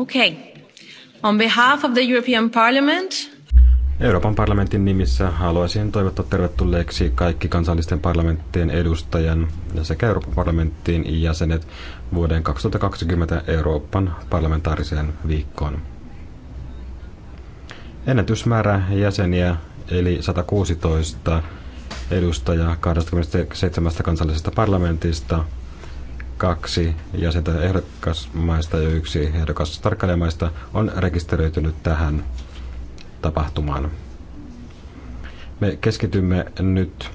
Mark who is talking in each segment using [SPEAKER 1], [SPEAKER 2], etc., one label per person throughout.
[SPEAKER 1] Okay. On behalf of the European Parliament,
[SPEAKER 2] Euroopan parlamentin nimissä haluaisin toivottaa tervetulleeksi kaikki kansallisten parlamenttien edustajan sekä Euroopan parlamenttiin jäsenet vuoden 2020 Euroopan parlamentaariseen viikkoon. Ennätysmäärä jäseniä eli 116 edustajaa 27 kansallisesta parlamentista kaksi jäsentä ehdokasmaista ja yksi ehdokas tarkkailijamaista on rekisteröitynyt tähän tapahtumaan. Me keskitymme nyt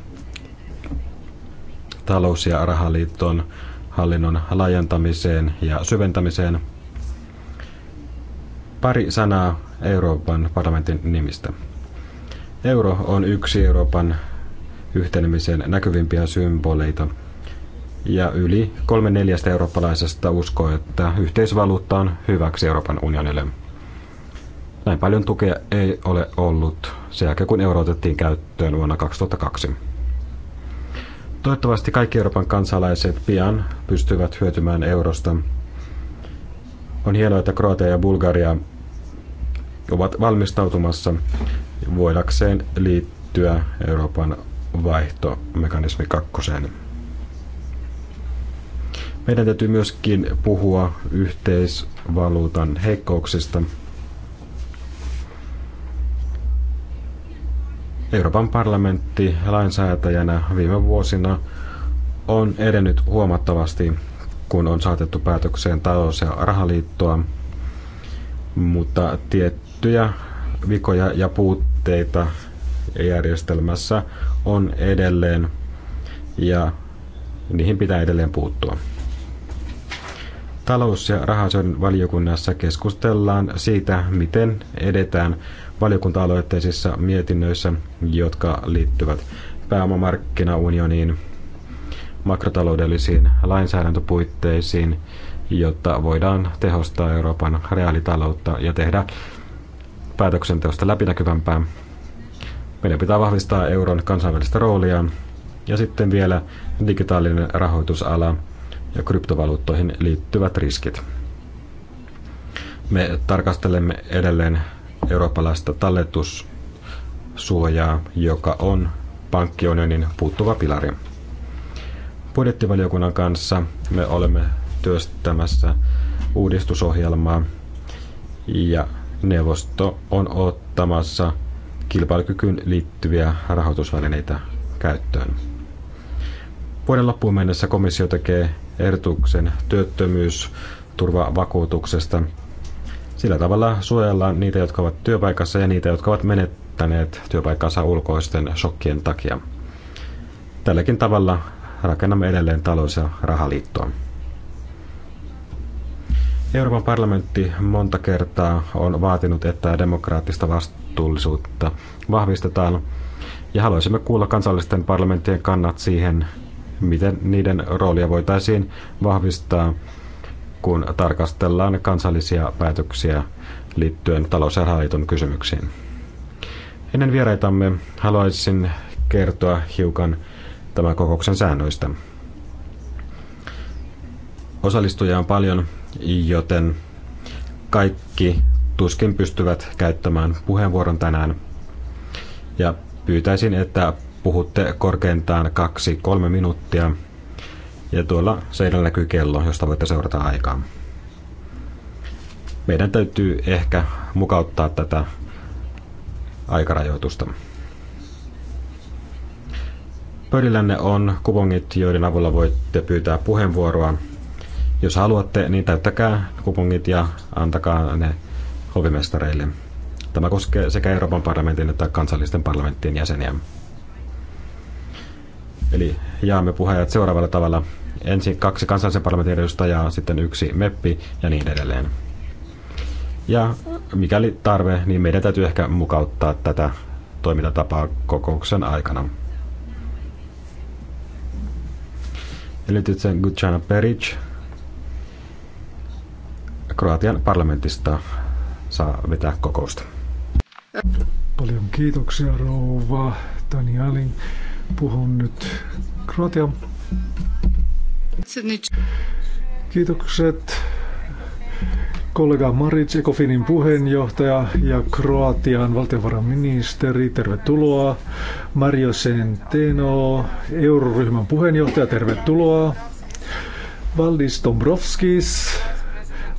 [SPEAKER 2] talous- ja rahaliiton hallinnon laajentamiseen ja syventämiseen. Pari sanaa Euroopan parlamentin nimistä. Euro on yksi Euroopan yhtenemisen näkyvimpiä symboleita – ja yli kolme neljästä eurooppalaisesta uskoo, että yhteisvaluutta on hyväksi Euroopan unionille. Näin paljon tukea ei ole ollut sen jälkeen, kun euro otettiin käyttöön vuonna 2002. Toivottavasti kaikki Euroopan kansalaiset pian pystyvät hyötymään eurosta. On hienoa, että Kroatia ja Bulgaria ovat valmistautumassa voidakseen liittyä Euroopan vaihtomekanismi kakkoseen. Meidän täytyy myöskin puhua yhteisvaluutan heikkouksista. Euroopan parlamentti lainsäätäjänä viime vuosina on edennyt huomattavasti, kun on saatettu päätökseen talous- ja rahaliittoa, mutta tiettyjä vikoja ja puutteita järjestelmässä on edelleen ja niihin pitää edelleen puuttua. Talous- ja rahasioiden valiokunnassa keskustellaan siitä, miten edetään valiokunta-aloitteisissa mietinnöissä, jotka liittyvät pääomamarkkinaunioniin, makrotaloudellisiin lainsäädäntöpuitteisiin, jotta voidaan tehostaa Euroopan reaalitaloutta ja tehdä päätöksenteosta läpinäkyvämpää. Meidän pitää vahvistaa euron kansainvälistä roolia ja sitten vielä digitaalinen rahoitusala – ja kryptovaluuttoihin liittyvät riskit. Me tarkastelemme edelleen eurooppalaista talletussuojaa, joka on pankkiunionin puuttuva pilari. Budjettivaliokunnan kanssa me olemme työstämässä uudistusohjelmaa ja neuvosto on ottamassa kilpailukykyyn liittyviä rahoitusvälineitä käyttöön. Vuoden loppuun mennessä komissio tekee ehdotuksen työttömyysturvavakuutuksesta. Sillä tavalla suojellaan niitä, jotka ovat työpaikassa ja niitä, jotka ovat menettäneet työpaikkansa ulkoisten shokkien takia. Tälläkin tavalla rakennamme edelleen talous- ja rahaliittoa. Euroopan parlamentti monta kertaa on vaatinut, että demokraattista vastuullisuutta vahvistetaan ja haluaisimme kuulla kansallisten parlamenttien kannat siihen, miten niiden roolia voitaisiin vahvistaa, kun tarkastellaan kansallisia päätöksiä liittyen talous- ja kysymyksiin. Ennen vieraitamme haluaisin kertoa hiukan tämän kokouksen säännöistä. Osallistujia on paljon, joten kaikki tuskin pystyvät käyttämään puheenvuoron tänään. Ja pyytäisin, että puhutte korkeintaan kaksi, kolme minuuttia. Ja tuolla seinällä näkyy kello, josta voitte seurata aikaa. Meidän täytyy ehkä mukauttaa tätä aikarajoitusta. Pöydillänne on kupongit, joiden avulla voitte pyytää puheenvuoroa. Jos haluatte, niin täyttäkää kupongit ja antakaa ne hovimestareille. Tämä koskee sekä Euroopan parlamentin että kansallisten parlamenttien jäseniä. Eli jaamme puheenjohtajat seuraavalla tavalla. Ensin kaksi kansallisen parlamentin edustajaa, sitten yksi meppi ja niin edelleen. Ja mikäli tarve, niin meidän täytyy ehkä mukauttaa tätä toimintatapaa kokouksen aikana. Eli sen Gutjana Peric Kroatian parlamentista saa vetää kokousta.
[SPEAKER 3] Paljon kiitoksia rouva Tani Alin. Puhun nyt Kroatian. Kiitokset kollega Maric, Ekofinin puheenjohtaja ja Kroatian valtiovarainministeri, tervetuloa. Mario Centeno, euroryhmän puheenjohtaja, tervetuloa. Valdis Dombrovskis,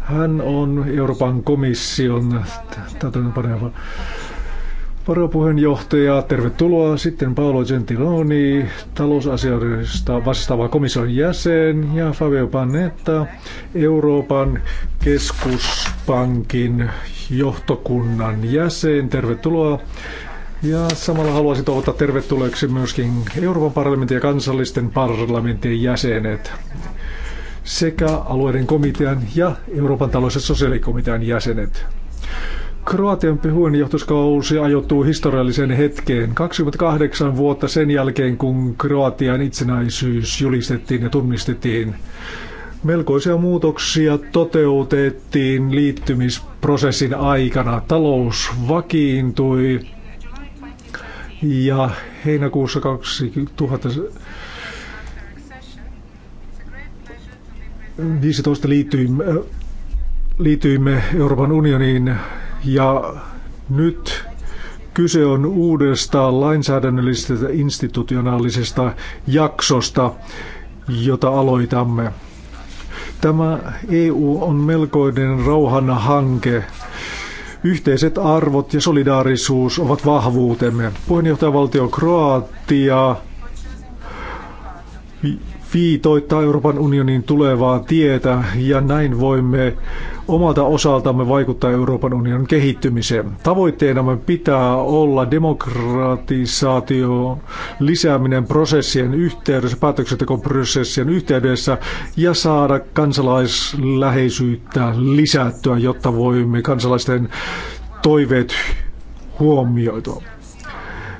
[SPEAKER 3] hän on Euroopan komission täytäntöönpaneva Varapuheenjohtaja, tervetuloa. Sitten Paolo Gentiloni, talousasioista vastaava komission jäsen ja Fabio Panetta, Euroopan keskuspankin johtokunnan jäsen. Tervetuloa. Ja samalla haluaisin toivottaa tervetulleeksi myöskin Euroopan parlamentin ja kansallisten parlamenttien jäsenet sekä alueiden komitean ja Euroopan talous- ja sosiaalikomitean jäsenet. Kroatian puhuen johtoskausi ajoittuu historialliseen hetkeen. 28 vuotta sen jälkeen, kun Kroatian itsenäisyys julistettiin ja tunnistettiin. Melkoisia muutoksia toteutettiin liittymisprosessin aikana. Talous vakiintui ja heinäkuussa 2000 15 liityimme, liityimme Euroopan unioniin ja nyt kyse on uudesta lainsäädännöllisestä institutionaalisesta jaksosta, jota aloitamme. Tämä EU on melkoinen rauhan hanke. Yhteiset arvot ja solidaarisuus ovat vahvuutemme. Puheenjohtajavaltio Kroatia viitoittaa Euroopan unionin tulevaa tietä ja näin voimme omalta osaltamme vaikuttaa Euroopan unionin kehittymiseen. Tavoitteenamme pitää olla demokratisaatio lisääminen prosessien yhteydessä, päätöksentekoprosessien yhteydessä ja saada kansalaisläheisyyttä lisättyä, jotta voimme kansalaisten toiveet huomioitua.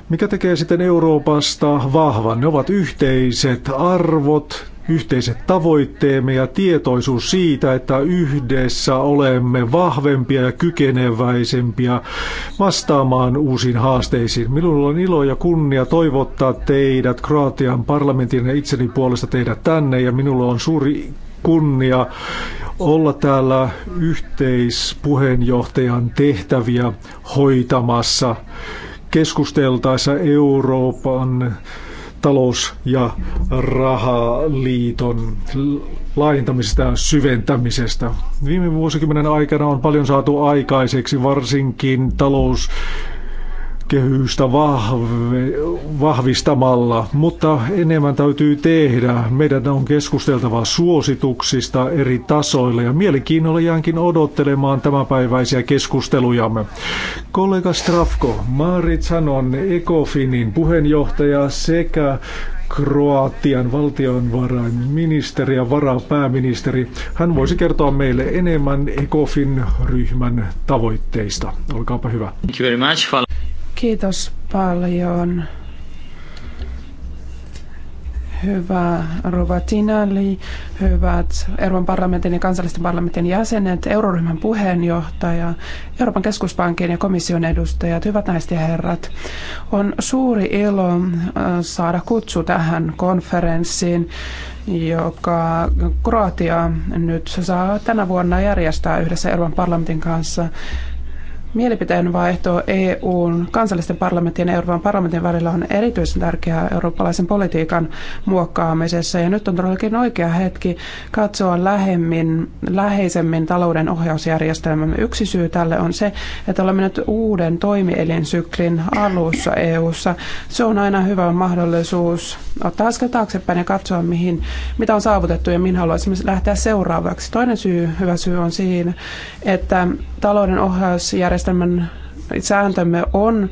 [SPEAKER 3] Mikä tekee sitten Euroopasta vahvan? Ne ovat yhteiset arvot, yhteiset tavoitteemme ja tietoisuus siitä, että yhdessä olemme vahvempia ja kykeneväisempiä vastaamaan uusiin haasteisiin. Minulla on ilo ja kunnia toivottaa teidät Kroatian parlamentin ja itseni puolesta teidät tänne ja minulla on suuri kunnia olla täällä yhteispuheenjohtajan tehtäviä hoitamassa keskusteltaessa Euroopan talous- ja rahaliiton laajentamisesta ja syventämisestä. Viime vuosikymmenen aikana on paljon saatu aikaiseksi, varsinkin talous- kehystä vahvistamalla, mutta enemmän täytyy tehdä. Meidän on keskusteltava suosituksista eri tasoilla ja mielenkiinnolla jäänkin odottelemaan tämänpäiväisiä keskustelujamme. Kollega Strafko, Maarit Sanon, Ecofinin puheenjohtaja sekä Kroatian valtionvarainministeri ja varapääministeri. Hän voisi kertoa meille enemmän ECOFIN-ryhmän tavoitteista. Olkaapa hyvä.
[SPEAKER 4] Thank
[SPEAKER 1] you very much.
[SPEAKER 3] Kiitos paljon.
[SPEAKER 5] Hyvä Rova Tinali, hyvät Euroopan parlamentin ja kansallisten parlamentin jäsenet, euroryhmän puheenjohtaja, Euroopan keskuspankin ja komission edustajat, hyvät naiset ja herrat. On suuri ilo äh, saada kutsu tähän konferenssiin, joka Kroatia nyt saa tänä vuonna järjestää yhdessä Euroopan parlamentin kanssa. Mielipiteen vaihto EUn kansallisten parlamenttien ja Euroopan parlamentin välillä on erityisen tärkeää eurooppalaisen politiikan muokkaamisessa. Ja nyt on todellakin oikea hetki katsoa lähemmin, läheisemmin talouden ohjausjärjestelmän Yksi syy tälle on se, että olemme nyt uuden toimielinsyklin alussa EUssa. Se on aina hyvä mahdollisuus ottaa askel taaksepäin ja katsoa, mihin, mitä on saavutettu ja mihin haluaisimme lähteä seuraavaksi. Toinen syy, hyvä syy on siinä, että talouden ohjausjärjestelmän sääntömme on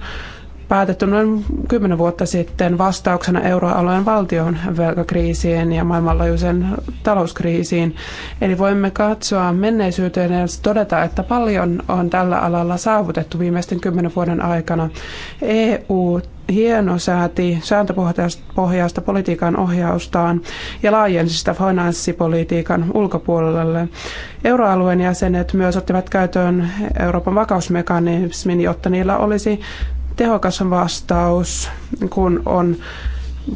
[SPEAKER 5] päätetty noin kymmenen vuotta sitten vastauksena euroalueen valtion velkakriisiin ja maailmanlaajuiseen talouskriisiin. Eli voimme katsoa menneisyyteen ja todeta, että paljon on tällä alalla saavutettu viimeisten kymmenen vuoden aikana. EU hienosääti sääntöpohjaista politiikan ohjaustaan ja laajensi sitä finanssipolitiikan ulkopuolelle. Euroalueen jäsenet myös ottivat käyttöön Euroopan vakausmekanismin, jotta niillä olisi tehokas vastaus, kun on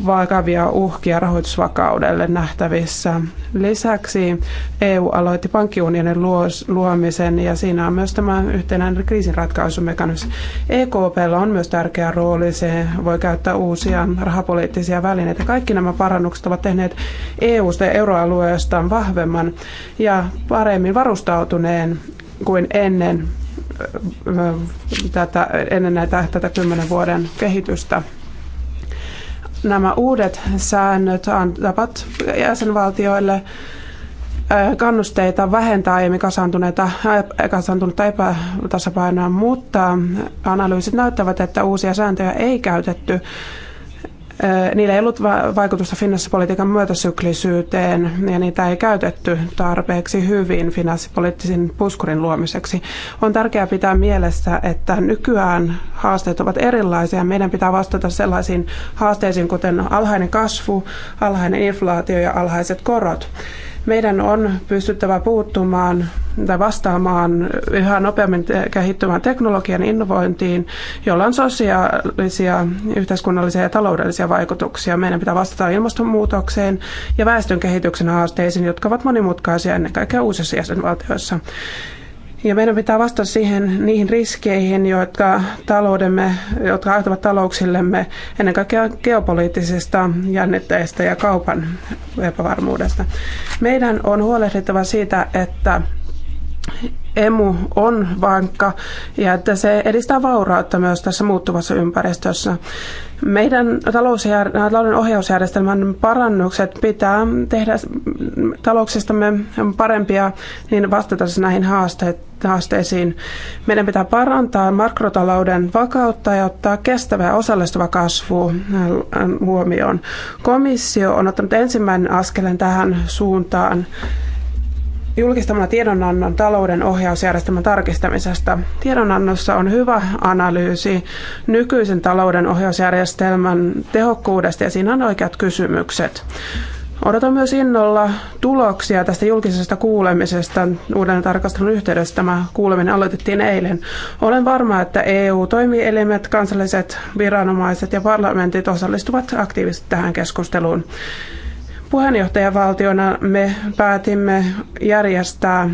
[SPEAKER 5] vakavia uhkia rahoitusvakaudelle nähtävissä. Lisäksi EU aloitti pankkiunionin luomisen ja siinä on myös tämä yhtenäinen kriisinratkaisumekanismi. EKPllä on myös tärkeä rooli, se voi käyttää uusia rahapoliittisia välineitä. Kaikki nämä parannukset ovat tehneet EUsta ja euroalueesta vahvemman ja paremmin varustautuneen kuin ennen tätä, ennen näitä, tätä kymmenen vuoden kehitystä. Nämä uudet säännöt antavat jäsenvaltioille kannusteita vähentää aiemmin kasaantuneita, kasaantunutta epätasapainoa, mutta analyysit näyttävät, että uusia sääntöjä ei käytetty niillä ei ollut vaikutusta finanssipolitiikan myötäsyklisyyteen ja niitä ei käytetty tarpeeksi hyvin finanssipoliittisen puskurin luomiseksi. On tärkeää pitää mielessä, että nykyään haasteet ovat erilaisia. Meidän pitää vastata sellaisiin haasteisiin kuten alhainen kasvu, alhainen inflaatio ja alhaiset korot. Meidän on pystyttävä puuttumaan tai vastaamaan yhä nopeammin kehittyvään teknologian innovointiin, jolla on sosiaalisia, yhteiskunnallisia ja taloudellisia vaikutuksia. Meidän pitää vastata ilmastonmuutokseen ja väestön kehityksen haasteisiin, jotka ovat monimutkaisia ennen kaikkea uusissa jäsenvaltioissa. Ja meidän pitää vastata siihen niihin riskeihin, jotka taloudemme, jotka aiheuttavat talouksillemme ennen kaikkea geopoliittisista jännitteistä ja kaupan epävarmuudesta. Meidän on huolehdittava siitä, että emu on vankka ja että se edistää vaurautta myös tässä muuttuvassa ympäristössä. Meidän talouden ohjausjärjestelmän parannukset pitää tehdä talouksistamme parempia, niin vastata siis näihin haasteisiin. Meidän pitää parantaa makrotalouden vakautta ja ottaa kestävä ja osallistuva kasvu äh, huomioon. Komissio on ottanut ensimmäinen askeleen tähän suuntaan julkistamalla tiedonannon talouden ohjausjärjestelmän tarkistamisesta. Tiedonannossa on hyvä analyysi nykyisen talouden ohjausjärjestelmän tehokkuudesta ja siinä on oikeat kysymykset. Odotan myös innolla tuloksia tästä julkisesta kuulemisesta. Uuden tarkastelun yhteydessä tämä kuuleminen aloitettiin eilen. Olen varma, että EU-toimielimet, kansalliset viranomaiset ja parlamentit osallistuvat aktiivisesti tähän keskusteluun. Puheenjohtajavaltiona me päätimme järjestää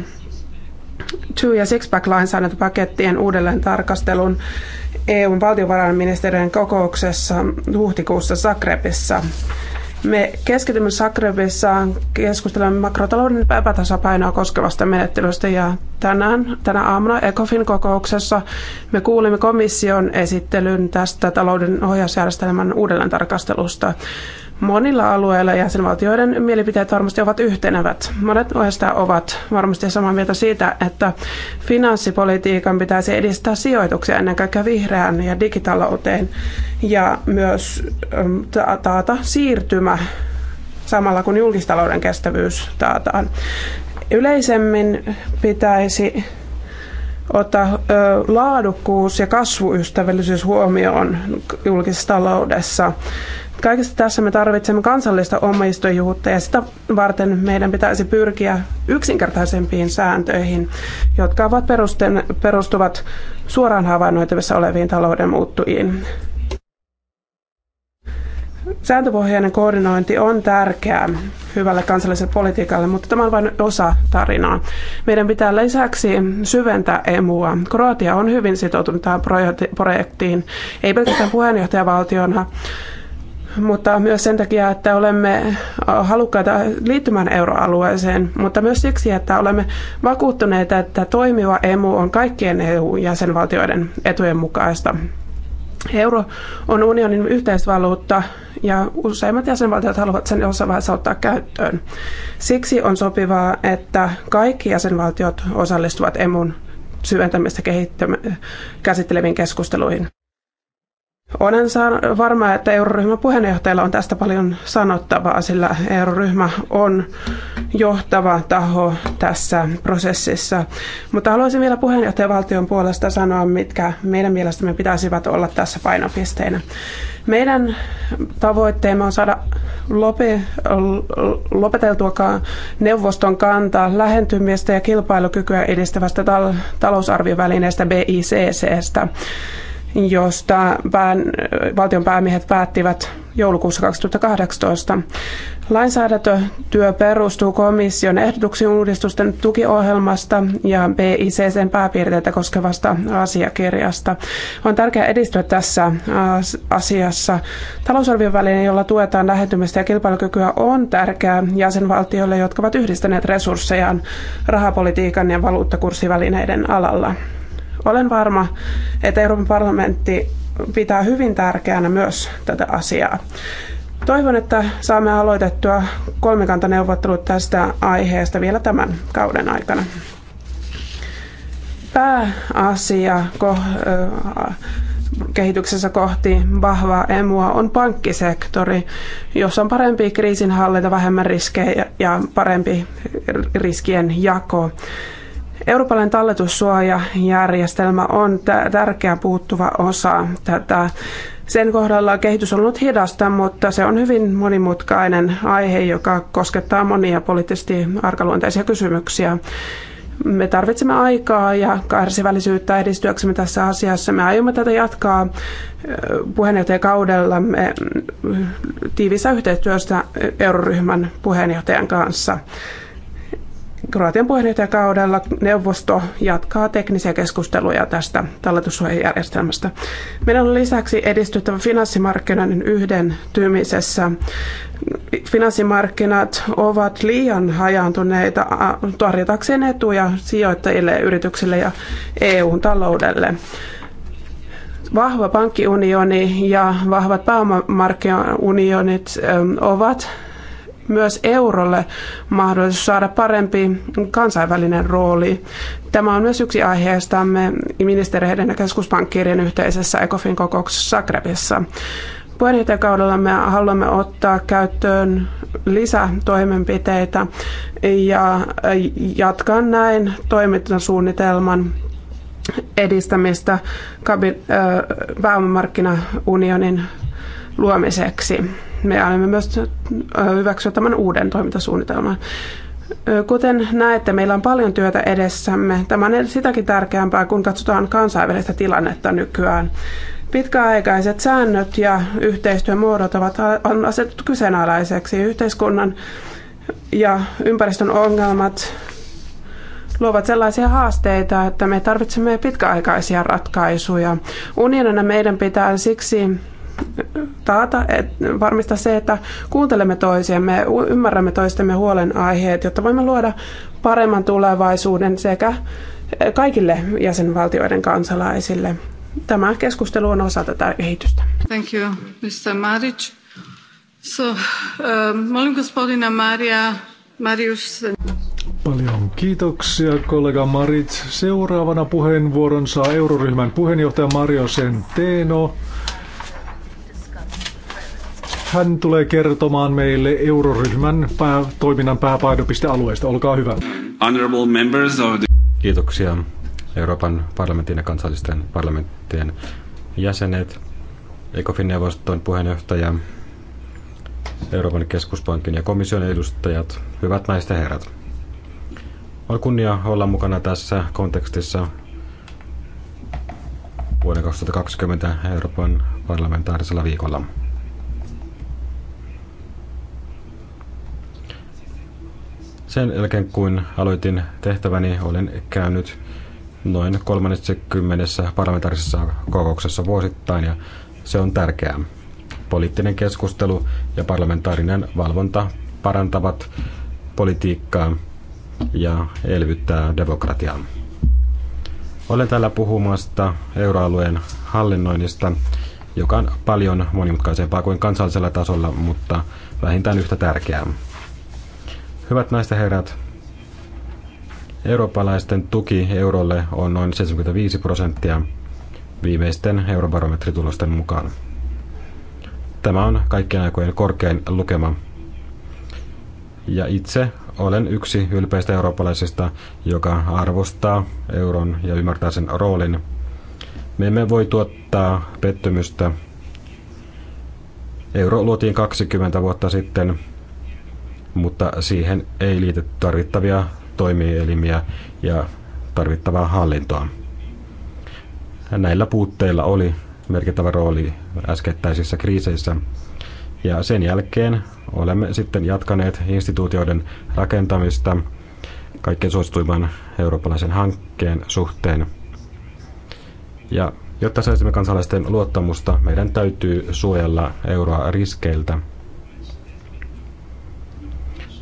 [SPEAKER 5] Two- ja Sixpack-lainsäädäntöpakettien uudelleen tarkastelun EUn valtiovarainministeriön kokouksessa huhtikuussa Zagrebissa. Me keskitymme Zagrebissa keskustelemaan makrotalouden epätasapainoa koskevasta menettelystä ja tänään, tänä aamuna ECOFIN kokouksessa me kuulimme komission esittelyn tästä talouden ohjausjärjestelmän uudelleen tarkastelusta. Monilla alueilla jäsenvaltioiden mielipiteet varmasti ovat yhtenevät. Monet noista ovat varmasti samaa mieltä siitä, että finanssipolitiikan pitäisi edistää sijoituksia ennen kaikkea vihreään ja digitalouteen ja myös ähm, taata siirtymä samalla kun julkistalouden kestävyys taataan. Yleisemmin pitäisi ottaa ö, laadukkuus ja kasvuystävällisyys huomioon julkistaloudessa. Kaikessa tässä me tarvitsemme kansallista omistajuutta ja sitä varten meidän pitäisi pyrkiä yksinkertaisempiin sääntöihin, jotka ovat perusten, perustuvat suoraan havainnoitavissa oleviin talouden muuttujiin. Sääntöpohjainen koordinointi on tärkeää hyvälle kansalliselle politiikalle, mutta tämä on vain osa tarinaa. Meidän pitää lisäksi syventää emua. Kroatia on hyvin sitoutunut tähän projektiin, ei pelkästään puheenjohtajavaltiona, mutta myös sen takia, että olemme halukkaita liittymään euroalueeseen, mutta myös siksi, että olemme vakuuttuneita, että toimiva EMU on kaikkien EU-jäsenvaltioiden etujen mukaista. Euro on unionin yhteisvaluutta ja useimmat jäsenvaltiot haluavat sen jossain vaiheessa ottaa käyttöön. Siksi on sopivaa, että kaikki jäsenvaltiot osallistuvat emun syventämistä käsitteleviin keskusteluihin. Olen varma, että euroryhmän puheenjohtajalla on tästä paljon sanottavaa, sillä euroryhmä on johtava taho tässä prosessissa. Mutta haluaisin vielä puheenjohtajavaltion puolesta sanoa, mitkä meidän mielestämme pitäisivät olla tässä painopisteinä. Meidän tavoitteemme on saada lope, lopeteltua neuvoston kantaa lähentymistä ja kilpailukykyä edistävästä tal- talousarviovälineestä BICCstä josta pään, valtion päämiehet päättivät joulukuussa 2018. Lainsäädäntötyö perustuu komission ehdotuksiin uudistusten tukiohjelmasta ja BICCn pääpiirteitä koskevasta asiakirjasta. On tärkeää edistyä tässä asiassa. Talousarvion väline, jolla tuetaan lähentymistä ja kilpailukykyä, on tärkeää jäsenvaltioille, jotka ovat yhdistäneet resurssejaan rahapolitiikan ja valuuttakurssivälineiden alalla. Olen varma, että Euroopan parlamentti pitää hyvin tärkeänä myös tätä asiaa. Toivon, että saamme aloitettua kolmikantaneuvottelut tästä aiheesta vielä tämän kauden aikana. Pääasia kehityksessä kohti vahvaa emua on pankkisektori, jossa on parempi kriisinhallinta, vähemmän riskejä ja parempi riskien jako. Eurooppalainen talletussuojajärjestelmä on tärkeä puuttuva osa tätä. Sen kohdalla kehitys on ollut hidasta, mutta se on hyvin monimutkainen aihe, joka koskettaa monia poliittisesti arkaluonteisia kysymyksiä. Me tarvitsemme aikaa ja kärsivällisyyttä edistyäksemme tässä asiassa. Me aiomme tätä jatkaa puheenjohtajakaudella me mm, tiivissä yhteistyössä euroryhmän puheenjohtajan kanssa. Kroatian puheenjohtajakaudella neuvosto jatkaa teknisiä keskusteluja tästä talletussuojajärjestelmästä. Meidän on lisäksi edistyttävä finanssimarkkinoiden yhdentymisessä. Finanssimarkkinat ovat liian hajaantuneita tarjotakseen etuja sijoittajille, yrityksille ja EUn taloudelle vahva pankkiunioni ja vahvat pääomamarkkinaunionit ovat myös eurolle mahdollisuus saada parempi kansainvälinen rooli. Tämä on myös yksi aiheistamme ministereiden ja keskuspankkirjan yhteisessä ECOFIN kokouksessa Sakrebissa. Puheenjohtajakaudella me haluamme ottaa käyttöön lisätoimenpiteitä ja jatkaa näin toimintasuunnitelman edistämistä kabi- pääomamarkkinaunionin luomiseksi me aiomme myös hyväksyä tämän uuden toimintasuunnitelman. Kuten näette, meillä on paljon työtä edessämme. Tämä on sitäkin tärkeämpää, kun katsotaan kansainvälistä tilannetta nykyään. Pitkäaikaiset säännöt ja yhteistyömuodot ovat on asetettu kyseenalaiseksi. Yhteiskunnan ja ympäristön ongelmat luovat sellaisia haasteita, että me tarvitsemme pitkäaikaisia ratkaisuja. Unionina meidän pitää siksi taata, et, varmistaa se, että kuuntelemme toisiamme, ymmärrämme toistemme huolenaiheet, jotta voimme luoda paremman tulevaisuuden sekä eh, kaikille jäsenvaltioiden kansalaisille. Tämä keskustelu on osa tätä kehitystä. Thank you, Mr. Maric. So, um, molim gospodina Maria Marius.
[SPEAKER 3] Paljon kiitoksia kollega Marit. Seuraavana puheenvuoron saa euroryhmän puheenjohtaja Mario Centeno hän tulee kertomaan meille euroryhmän pää, toiminnan pääpainopistealueesta. Olkaa hyvä.
[SPEAKER 2] Honorable members of the... Kiitoksia Euroopan parlamentin ja kansallisten parlamenttien jäsenet, ECOFIN-neuvoston puheenjohtaja, Euroopan keskuspankin ja komission edustajat, hyvät naiset ja herrat. On kunnia olla mukana tässä kontekstissa vuoden 2020 Euroopan parlamentaarisella viikolla. Sen jälkeen kun aloitin tehtäväni, olen käynyt noin 30 parlamentaarisessa kokouksessa vuosittain ja se on tärkeää. Poliittinen keskustelu ja parlamentaarinen valvonta parantavat politiikkaa ja elvyttää demokratiaa. Olen täällä puhumasta euroalueen hallinnoinnista, joka on paljon monimutkaisempaa kuin kansallisella tasolla, mutta vähintään yhtä tärkeää. Hyvät naiset ja herrat, eurooppalaisten tuki eurolle on noin 75 prosenttia viimeisten eurobarometritulosten mukaan. Tämä on kaikkien aikojen korkein lukema. Ja itse olen yksi ylpeistä eurooppalaisista, joka arvostaa euron ja ymmärtää sen roolin. Me emme voi tuottaa pettymystä. Euro luotiin 20 vuotta sitten mutta siihen ei liity tarvittavia toimielimiä ja tarvittavaa hallintoa. Näillä puutteilla oli merkittävä rooli äskettäisissä kriiseissä, ja sen jälkeen olemme sitten jatkaneet instituutioiden rakentamista kaikkein suosituimman eurooppalaisen hankkeen suhteen. Ja jotta saisimme kansalaisten luottamusta, meidän täytyy suojella euroa riskeiltä –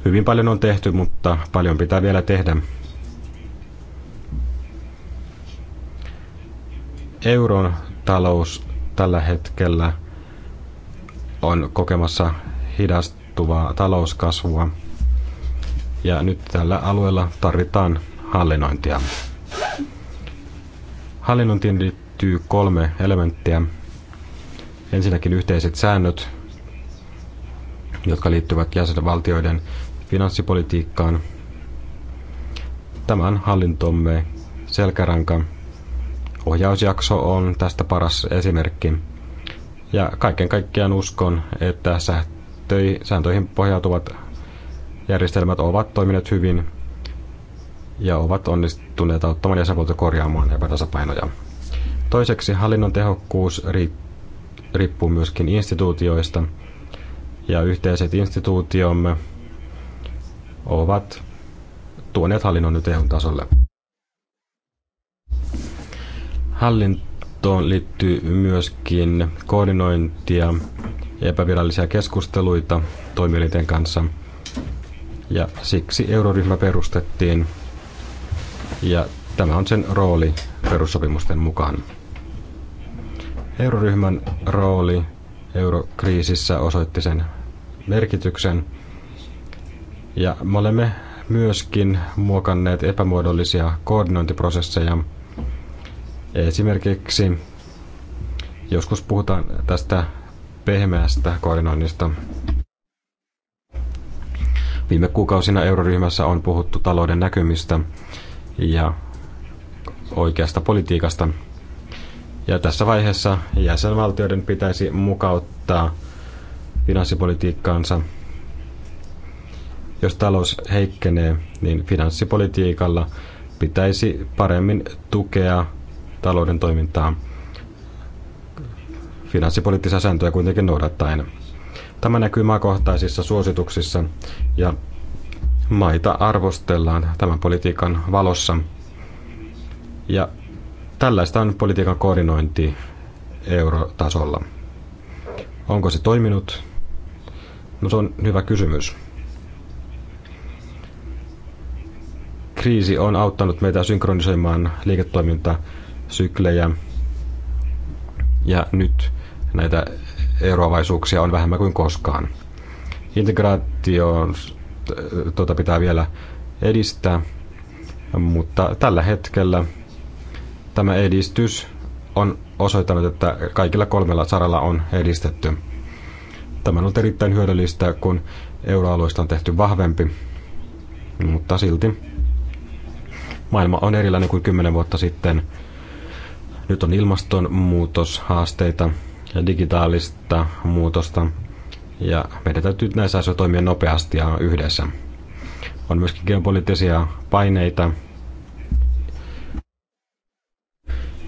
[SPEAKER 2] Hyvin paljon on tehty, mutta paljon pitää vielä tehdä. Euron talous tällä hetkellä on kokemassa hidastuvaa talouskasvua. Ja nyt tällä alueella tarvitaan hallinnointia. Hallinnointiin liittyy kolme elementtiä. Ensinnäkin yhteiset säännöt, jotka liittyvät jäsenvaltioiden finanssipolitiikkaan. tämän hallintomme selkäranka. Ohjausjakso on tästä paras esimerkki. Ja kaiken kaikkiaan uskon, että sääntöihin pohjautuvat järjestelmät ovat toimineet hyvin ja ovat onnistuneet auttamaan jäsenvaltioita korjaamaan epätasapainoja. Toiseksi hallinnon tehokkuus riippuu myöskin instituutioista ja yhteiset instituutiomme ovat tuoneet hallinnon nyt EUn tasolle. Hallintoon liittyy myöskin koordinointia ja epävirallisia keskusteluita toimielinten kanssa. Ja siksi euroryhmä perustettiin ja tämä on sen rooli perussopimusten mukaan. Euroryhmän rooli eurokriisissä osoitti sen merkityksen – ja me olemme myöskin muokanneet epämuodollisia koordinointiprosesseja. Esimerkiksi joskus puhutaan tästä pehmeästä koordinoinnista. Viime kuukausina euroryhmässä on puhuttu talouden näkymistä ja oikeasta politiikasta. Ja tässä vaiheessa jäsenvaltioiden pitäisi mukauttaa finanssipolitiikkaansa jos talous heikkenee, niin finanssipolitiikalla pitäisi paremmin tukea talouden toimintaa finanssipoliittisia sääntöjä kuitenkin noudattaen. Tämä näkyy maakohtaisissa suosituksissa ja maita arvostellaan tämän politiikan valossa. Ja tällaista on politiikan koordinointi eurotasolla. Onko se toiminut? No se on hyvä kysymys. kriisi on auttanut meitä synkronisoimaan liiketoimintasyklejä. Ja nyt näitä eroavaisuuksia on vähemmän kuin koskaan. Integraatio äh, tuota pitää vielä edistää, mutta tällä hetkellä tämä edistys on osoittanut, että kaikilla kolmella saralla on edistetty. Tämä on ollut erittäin hyödyllistä, kun euroalueista on tehty vahvempi, mutta silti maailma on erilainen kuin kymmenen vuotta sitten. Nyt on ilmastonmuutoshaasteita ja digitaalista muutosta. Ja meidän täytyy näissä asioissa toimia nopeasti ja yhdessä. On myöskin geopoliittisia paineita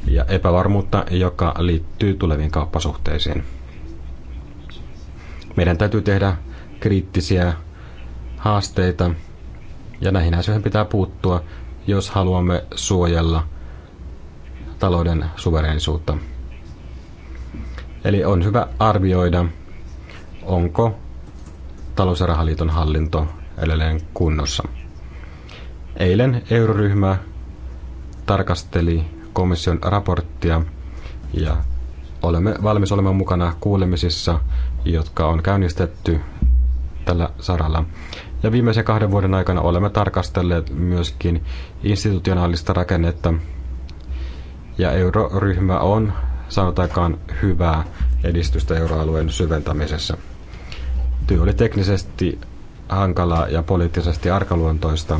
[SPEAKER 2] ja epävarmuutta, joka liittyy tuleviin kauppasuhteisiin. Meidän täytyy tehdä kriittisiä haasteita ja näihin asioihin pitää puuttua jos haluamme suojella talouden suverenisuutta. Eli on hyvä arvioida, onko talous- ja rahaliiton hallinto edelleen kunnossa. Eilen euroryhmä tarkasteli komission raporttia ja olemme valmis olemaan mukana kuulemisissa, jotka on käynnistetty tällä saralla. Ja viimeisen kahden vuoden aikana olemme tarkastelleet myöskin institutionaalista rakennetta. Ja euroryhmä on sanotaankaan hyvää edistystä euroalueen syventämisessä. Työ oli teknisesti hankalaa ja poliittisesti arkaluontoista.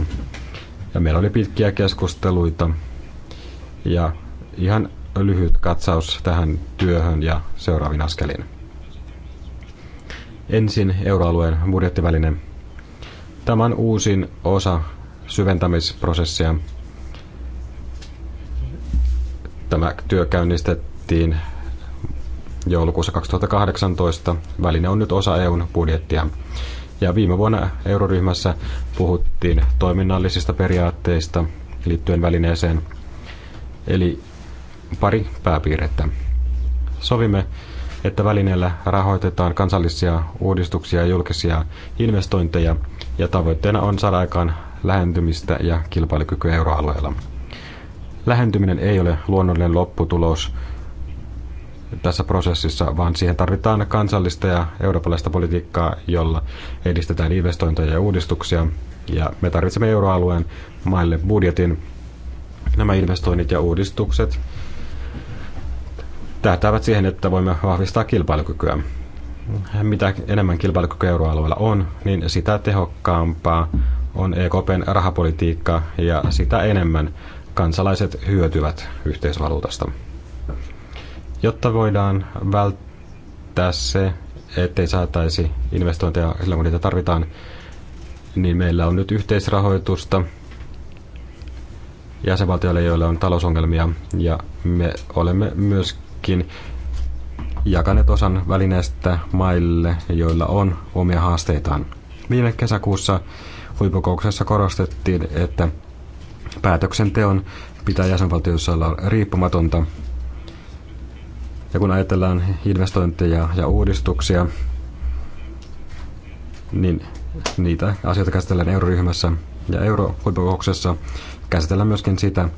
[SPEAKER 2] Ja meillä oli pitkiä keskusteluita ja ihan lyhyt katsaus tähän työhön ja seuraaviin askelin. Ensin euroalueen budjettivälinen Tämä on uusin osa syventämisprosessia. Tämä työ käynnistettiin joulukuussa 2018. Väline on nyt osa EUn budjettia. Ja viime vuonna euroryhmässä puhuttiin toiminnallisista periaatteista liittyen välineeseen. Eli pari pääpiirrettä. Sovimme että välineellä rahoitetaan kansallisia uudistuksia ja julkisia investointeja, ja tavoitteena on saada aikaan lähentymistä ja kilpailukykyä euroalueella. Lähentyminen ei ole luonnollinen lopputulos tässä prosessissa, vaan siihen tarvitaan kansallista ja eurooppalaista politiikkaa, jolla edistetään investointeja ja uudistuksia. Ja me tarvitsemme euroalueen maille budjetin. Nämä investoinnit ja uudistukset tähtäävät siihen, että voimme vahvistaa kilpailukykyä. Mitä enemmän kilpailukyky euroalueella on, niin sitä tehokkaampaa on EKPn rahapolitiikka ja sitä enemmän kansalaiset hyötyvät yhteisvaluutasta. Jotta voidaan välttää se, ettei saataisi investointeja silloin, kun niitä tarvitaan, niin meillä on nyt yhteisrahoitusta jäsenvaltioille, joilla on talousongelmia, ja me olemme myös myöskin jakaneet osan välineestä maille, joilla on omia haasteitaan. Viime kesäkuussa huippukouksessa korostettiin, että päätöksenteon pitää jäsenvaltioissa olla riippumatonta. Ja kun ajatellaan investointeja ja uudistuksia, niin niitä asioita käsitellään euroryhmässä ja eurohuippukouksessa käsitellään myöskin sitä,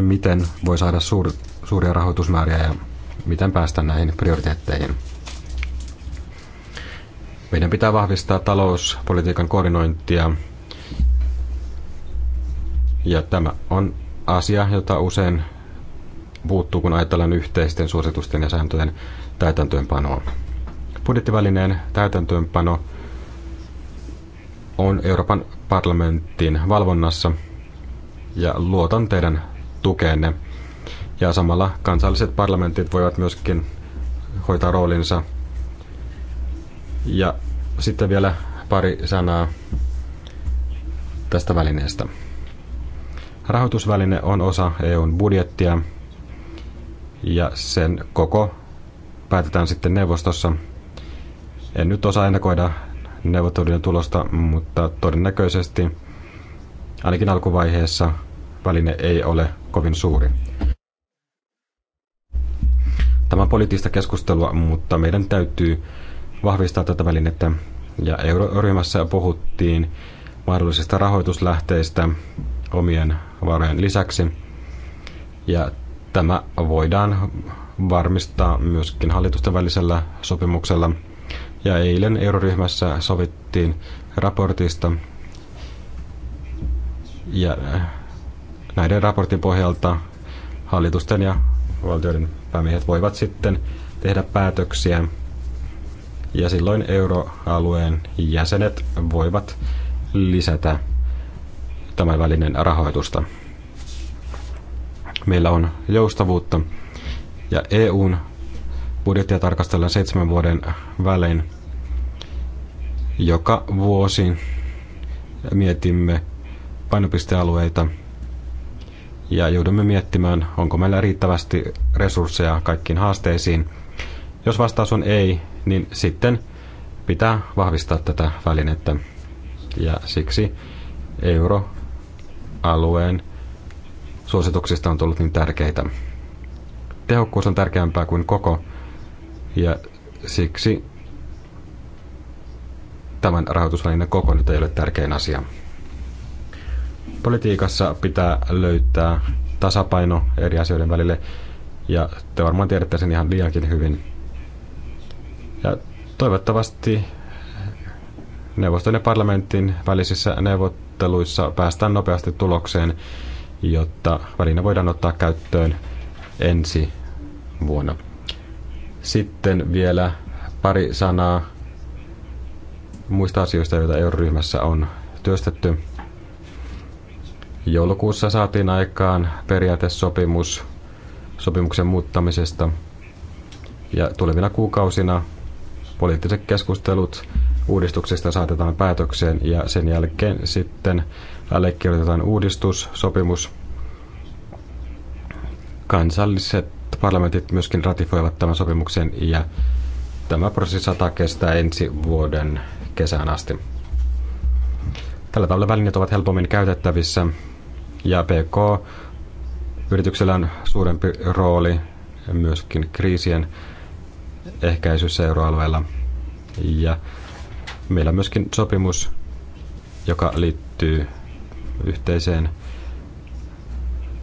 [SPEAKER 2] miten voi saada suurta suuria rahoitusmääriä ja miten päästä näihin prioriteetteihin. Meidän pitää vahvistaa talouspolitiikan koordinointia ja tämä on asia, jota usein puuttuu, kun ajatellaan yhteisten suositusten ja sääntöjen täytäntöönpanoa. Budjettivälineen täytäntöönpano on Euroopan parlamentin valvonnassa ja luotan teidän tukeenne, ja samalla kansalliset parlamentit voivat myöskin hoitaa roolinsa. Ja sitten vielä pari sanaa tästä välineestä. Rahoitusväline on osa EUn budjettia ja sen koko päätetään sitten neuvostossa. En nyt osaa ennakoida neuvottelujen tulosta, mutta todennäköisesti ainakin alkuvaiheessa väline ei ole kovin suuri. Tämä on poliittista keskustelua, mutta meidän täytyy vahvistaa tätä välinettä. Ja euroryhmässä puhuttiin mahdollisista rahoituslähteistä omien varojen lisäksi. Ja tämä voidaan varmistaa myöskin hallitusten välisellä sopimuksella. Ja eilen euroryhmässä sovittiin raportista. Ja äh, näiden raportin pohjalta hallitusten ja valtioiden päämiehet voivat sitten tehdä päätöksiä ja silloin euroalueen jäsenet voivat lisätä tämän välinen rahoitusta. Meillä on joustavuutta ja EUn budjettia tarkastellaan seitsemän vuoden välein. Joka vuosi mietimme painopistealueita ja joudumme miettimään, onko meillä riittävästi resursseja kaikkiin haasteisiin. Jos vastaus on ei, niin sitten pitää vahvistaa tätä välinettä. Ja siksi euroalueen suosituksista on tullut niin tärkeitä. Tehokkuus on tärkeämpää kuin koko, ja siksi tämän rahoitusvälineen koko nyt ei ole tärkein asia. Politiikassa pitää löytää tasapaino eri asioiden välille, ja te varmaan tiedätte sen ihan liiankin hyvin. Ja toivottavasti neuvoston ja parlamentin välisissä neuvotteluissa päästään nopeasti tulokseen, jotta väline voidaan ottaa käyttöön ensi vuonna. Sitten vielä pari sanaa muista asioista, joita euroryhmässä on työstetty. Joulukuussa saatiin aikaan periaatesopimus sopimuksen muuttamisesta. Ja tulevina kuukausina poliittiset keskustelut uudistuksesta saatetaan päätökseen ja sen jälkeen sitten allekirjoitetaan uudistussopimus. Kansalliset parlamentit myöskin ratifioivat tämän sopimuksen ja tämä prosessi saattaa kestää ensi vuoden kesään asti. Tällä tavalla välineet ovat helpommin käytettävissä ja PK-yrityksellä on suurempi rooli myöskin kriisien ehkäisyssä euroalueella. Ja meillä on myöskin sopimus, joka liittyy yhteiseen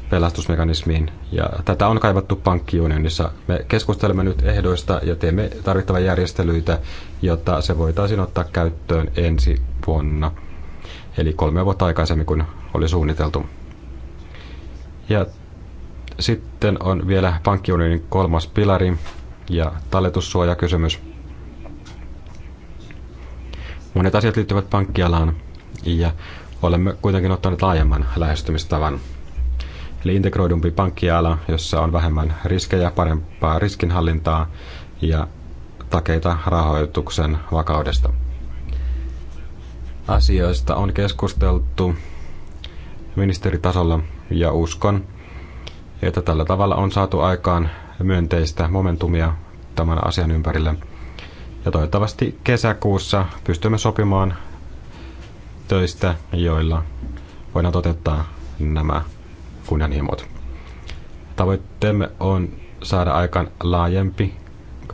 [SPEAKER 2] pelastusmekanismiin. Ja tätä on kaivattu pankkiunionissa. Me keskustelemme nyt ehdoista ja teemme tarvittavia järjestelyitä, jotta se voitaisiin ottaa käyttöön ensi vuonna. Eli kolme vuotta aikaisemmin kuin oli suunniteltu. Ja sitten on vielä pankkiunionin kolmas pilari ja talletussuojakysymys. Monet asiat liittyvät pankkialaan ja olemme kuitenkin ottaneet laajemman lähestymistavan. Eli integroidumpi pankkiala, jossa on vähemmän riskejä, parempaa riskinhallintaa ja takeita rahoituksen vakaudesta. Asioista on keskusteltu ministeritasolla ja uskon, että tällä tavalla on saatu aikaan myönteistä momentumia tämän asian ympärille. Ja toivottavasti kesäkuussa pystymme sopimaan töistä, joilla voidaan toteuttaa nämä kunnianhimot. Tavoitteemme on saada aikaan laajempi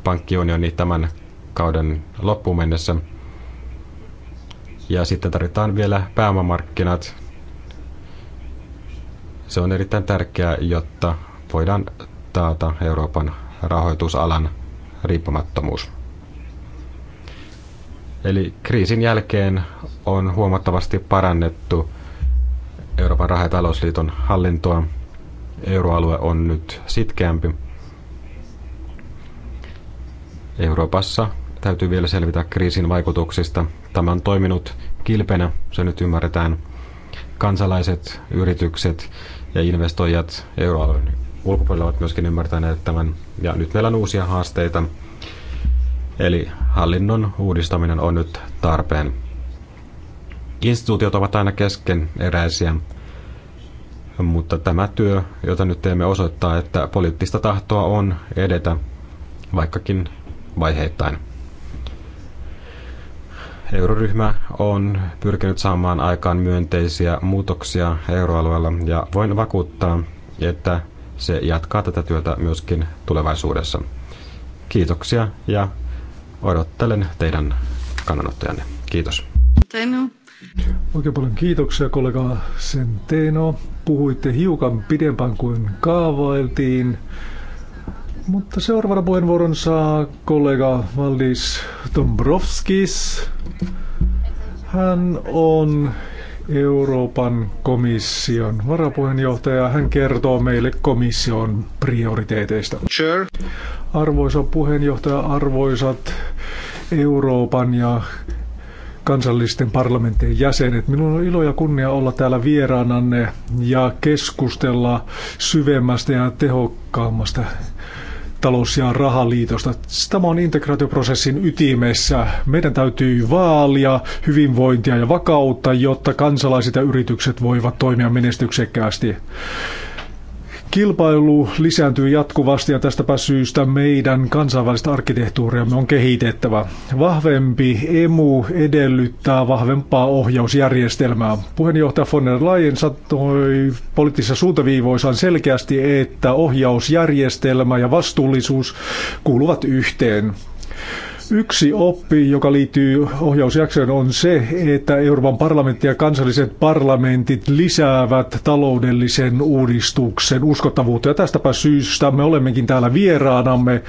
[SPEAKER 2] pankkiunioni tämän kauden loppuun mennessä. Ja sitten tarvitaan vielä pääomamarkkinat se on erittäin tärkeää, jotta voidaan taata Euroopan rahoitusalan riippumattomuus. Eli kriisin jälkeen on huomattavasti parannettu Euroopan raha- ja talousliiton hallintoa. Euroalue on nyt sitkeämpi. Euroopassa täytyy vielä selvitä kriisin vaikutuksista. Tämä on toiminut kilpenä, se nyt ymmärretään. Kansalaiset, yritykset ja investoijat euroalueen ulkopuolella ovat myöskin ymmärtäneet tämän. Ja nyt meillä on uusia haasteita. Eli hallinnon uudistaminen on nyt tarpeen. Instituutiot ovat aina eräisiä, mutta tämä työ, jota nyt teemme, osoittaa, että poliittista tahtoa on edetä, vaikkakin vaiheittain. Euroryhmä on pyrkinyt saamaan aikaan myönteisiä muutoksia euroalueella ja voin vakuuttaa, että se jatkaa tätä työtä myöskin tulevaisuudessa. Kiitoksia ja odottelen teidän kannanottojanne. Kiitos.
[SPEAKER 3] Teino. Oikein paljon kiitoksia kollega Senteno. Puhuitte hiukan pidempään kuin kaavailtiin. Mutta seuraavana puheenvuoron saa kollega Valdis Dombrovskis. Hän on Euroopan komission varapuheenjohtaja. Hän kertoo meille komission prioriteeteista. Sure. Arvoisa puheenjohtaja, arvoisat Euroopan ja kansallisten parlamenttien jäsenet. Minulla on ilo ja kunnia olla täällä vieraananne ja keskustella syvemmästä ja tehokkaammasta talous- ja rahaliitosta. Tämä on integraatioprosessin ytimessä. Meidän täytyy vaalia hyvinvointia ja vakautta, jotta kansalaiset ja yritykset voivat toimia menestyksekkäästi. Kilpailu lisääntyy jatkuvasti ja tästäpä syystä meidän kansainvälistä arkkitehtuuriamme on kehitettävä. Vahvempi emu edellyttää vahvempaa ohjausjärjestelmää. Puheenjohtaja von der Leyen sanoi poliittisissa suuntaviivoissaan selkeästi, että ohjausjärjestelmä ja vastuullisuus kuuluvat yhteen. Yksi oppi, joka liittyy ohjausjaksoon, on se, että Euroopan parlamentti ja kansalliset parlamentit lisäävät taloudellisen uudistuksen uskottavuutta. Ja tästäpä syystä me olemmekin täällä vieraanamme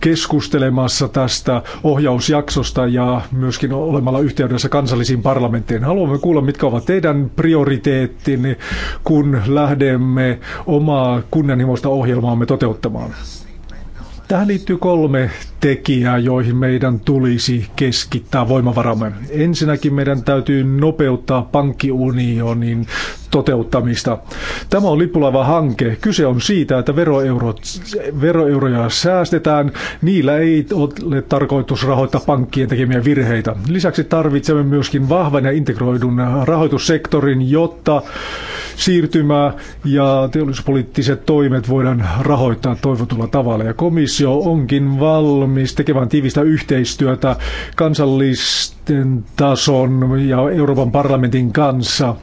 [SPEAKER 3] keskustelemassa tästä ohjausjaksosta ja myöskin olemalla yhteydessä kansallisiin parlamentteihin. Haluamme kuulla, mitkä ovat teidän prioriteettinne, kun lähdemme omaa kunnianhimoista ohjelmaamme toteuttamaan. Tähän liittyy kolme tekijää, joihin meidän tulisi keskittää voimavaramme. Ensinnäkin meidän täytyy nopeuttaa pankkiunionin toteuttamista. Tämä on lippulava hanke Kyse on siitä, että veroeurot, veroeuroja säästetään. Niillä ei ole tarkoitus rahoittaa pankkien tekemiä virheitä. Lisäksi tarvitsemme myöskin vahvan ja integroidun rahoitussektorin, jotta siirtymää ja teollisuuspoliittiset toimet voidaan rahoittaa toivotulla tavalla. Ja komissio onkin valmis tekemään tiivistä yhteistyötä kansallisten tason ja Euroopan parlamentin kanssa –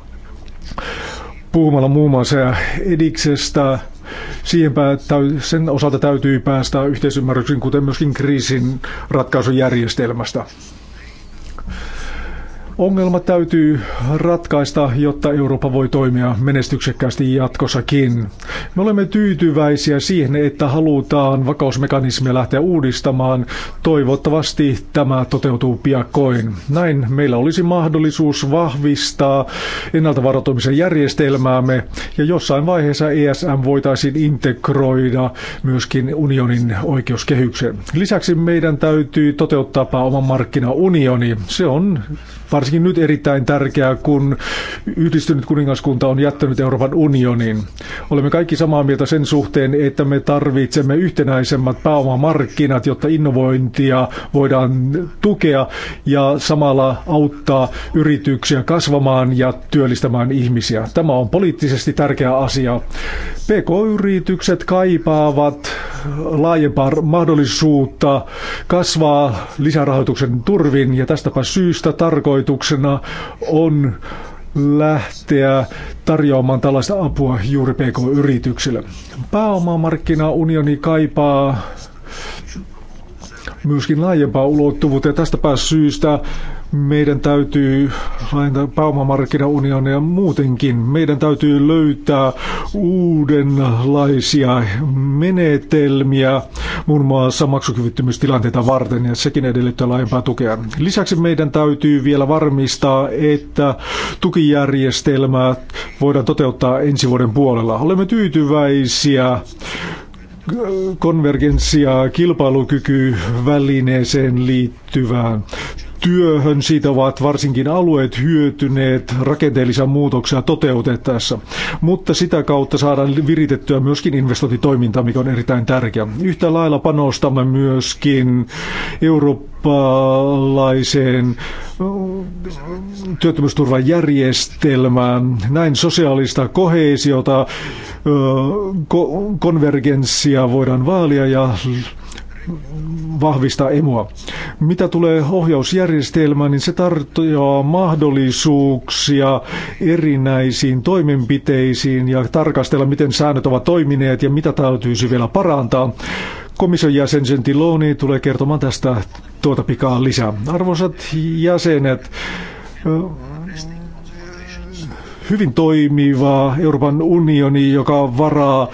[SPEAKER 3] puhumalla muun muassa ediksestä. Siihen sen osalta täytyy päästä yhteisymmärryksiin, kuten myöskin kriisin ratkaisujärjestelmästä. Ongelma täytyy ratkaista, jotta Eurooppa voi toimia menestyksekkäästi jatkossakin. Me olemme tyytyväisiä siihen, että halutaan vakausmekanismia lähteä uudistamaan. Toivottavasti tämä toteutuu piakkoin. Näin meillä olisi mahdollisuus vahvistaa ennaltavaroitumisen järjestelmäämme ja jossain vaiheessa ESM voitaisiin integroida myöskin unionin oikeuskehykseen. Lisäksi meidän täytyy toteuttaa pääoman markkinaunioni. Se on varsin varsinkin nyt erittäin tärkeää, kun yhdistynyt kuningaskunta on jättänyt Euroopan unionin. Olemme kaikki samaa mieltä sen suhteen, että me tarvitsemme yhtenäisemmät pääomamarkkinat, jotta innovointia voidaan tukea ja samalla auttaa yrityksiä kasvamaan ja työllistämään ihmisiä. Tämä on poliittisesti tärkeä asia. PK-yritykset kaipaavat laajempaa mahdollisuutta kasvaa lisärahoituksen turvin ja tästäpä syystä tarkoitus tarkoituksena on lähteä tarjoamaan tällaista apua juuri PK-yrityksille. Pääomamarkkinaunioni kaipaa myöskin laajempaa ulottuvuutta ja tästäpä syystä meidän täytyy pääomamarkkinaunionia muutenkin. Meidän täytyy löytää uudenlaisia menetelmiä muun muassa maksukyvyttömyystilanteita varten ja sekin edellyttää laajempaa tukea. Lisäksi meidän täytyy vielä varmistaa, että tukijärjestelmää voidaan toteuttaa ensi vuoden puolella. Olemme tyytyväisiä konvergenssia kilpailukykyvälineeseen liittyvään työhön. Siitä ovat varsinkin alueet hyötyneet rakenteellisia muutoksia toteutettaessa. Mutta sitä kautta saadaan viritettyä myöskin investointitoimintaa, mikä on erittäin tärkeää. Yhtä lailla panostamme myöskin eurooppalaiseen mm, työttömyysturvajärjestelmään. Näin sosiaalista kohesiota, konvergenssia voidaan vaalia ja vahvistaa emoa. Mitä tulee ohjausjärjestelmään, niin se tarjoaa mahdollisuuksia erinäisiin toimenpiteisiin ja tarkastella, miten säännöt ovat toimineet ja mitä täytyisi vielä parantaa. Komission jäsen Gentiloni tulee kertomaan tästä tuota pikaa lisää. Arvoisat jäsenet, hyvin toimiva Euroopan unioni, joka varaa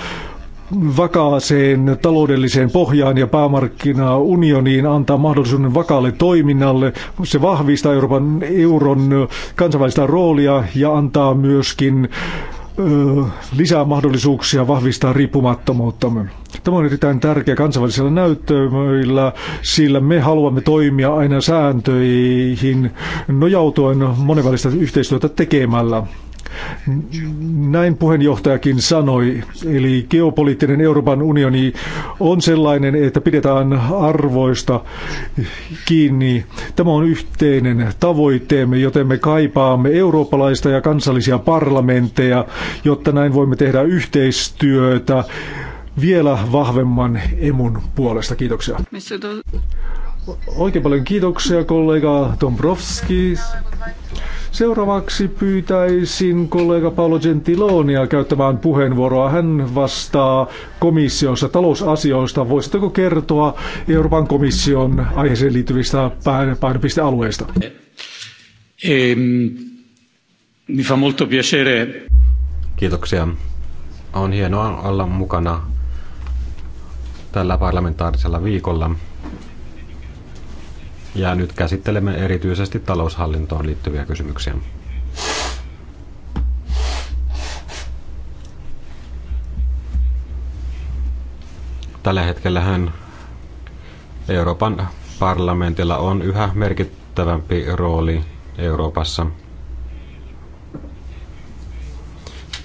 [SPEAKER 3] vakaaseen taloudelliseen pohjaan ja päämarkkinaunioniin antaa mahdollisuuden vakaalle toiminnalle. Se vahvistaa Euroopan euron kansainvälistä roolia ja antaa myöskin ö, lisää mahdollisuuksia vahvistaa riippumattomuuttamme. Tämä on erittäin tärkeä kansainvälisillä näyttöillä, sillä me haluamme toimia aina sääntöihin nojautuen monenvälistä yhteistyötä tekemällä. Näin puheenjohtajakin sanoi, eli geopoliittinen Euroopan unioni on sellainen, että pidetään arvoista kiinni. Tämä on yhteinen tavoitteemme, joten me kaipaamme eurooppalaista ja kansallisia parlamentteja, jotta näin voimme tehdä yhteistyötä vielä vahvemman emun puolesta. Kiitoksia. Oikein paljon kiitoksia kollega Dombrovski. Seuraavaksi pyytäisin kollega Paolo Gentilonia käyttämään puheenvuoroa. Hän vastaa komissionsa talousasioista. Voisitteko kertoa Euroopan komission aiheeseen liittyvistä painopistealueista?
[SPEAKER 2] Mi fa molto piacere. Kiitoksia. On hienoa olla mukana tällä parlamentaarisella viikolla ja nyt käsittelemme erityisesti taloushallintoon liittyviä kysymyksiä. Tällä hetkellähän Euroopan parlamentilla on yhä merkittävämpi rooli Euroopassa.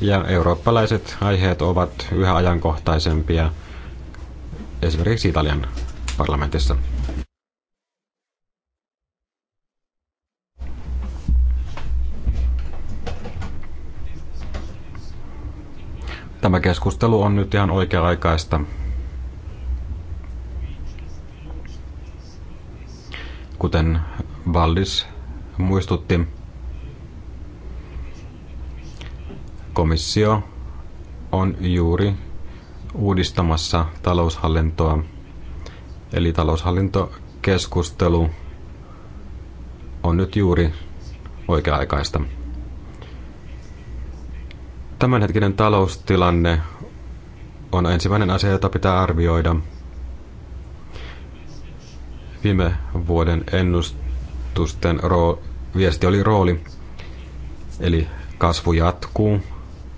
[SPEAKER 2] Ja eurooppalaiset aiheet ovat yhä ajankohtaisempia esimerkiksi Italian parlamentissa. Tämä keskustelu on nyt ihan oikea-aikaista. Kuten Vallis muistutti, komissio on juuri uudistamassa taloushallintoa. Eli taloushallintokeskustelu on nyt juuri oikea-aikaista. Tämänhetkinen taloustilanne on ensimmäinen asia, jota pitää arvioida. Viime vuoden ennustusten rool, viesti oli rooli, eli kasvu jatkuu.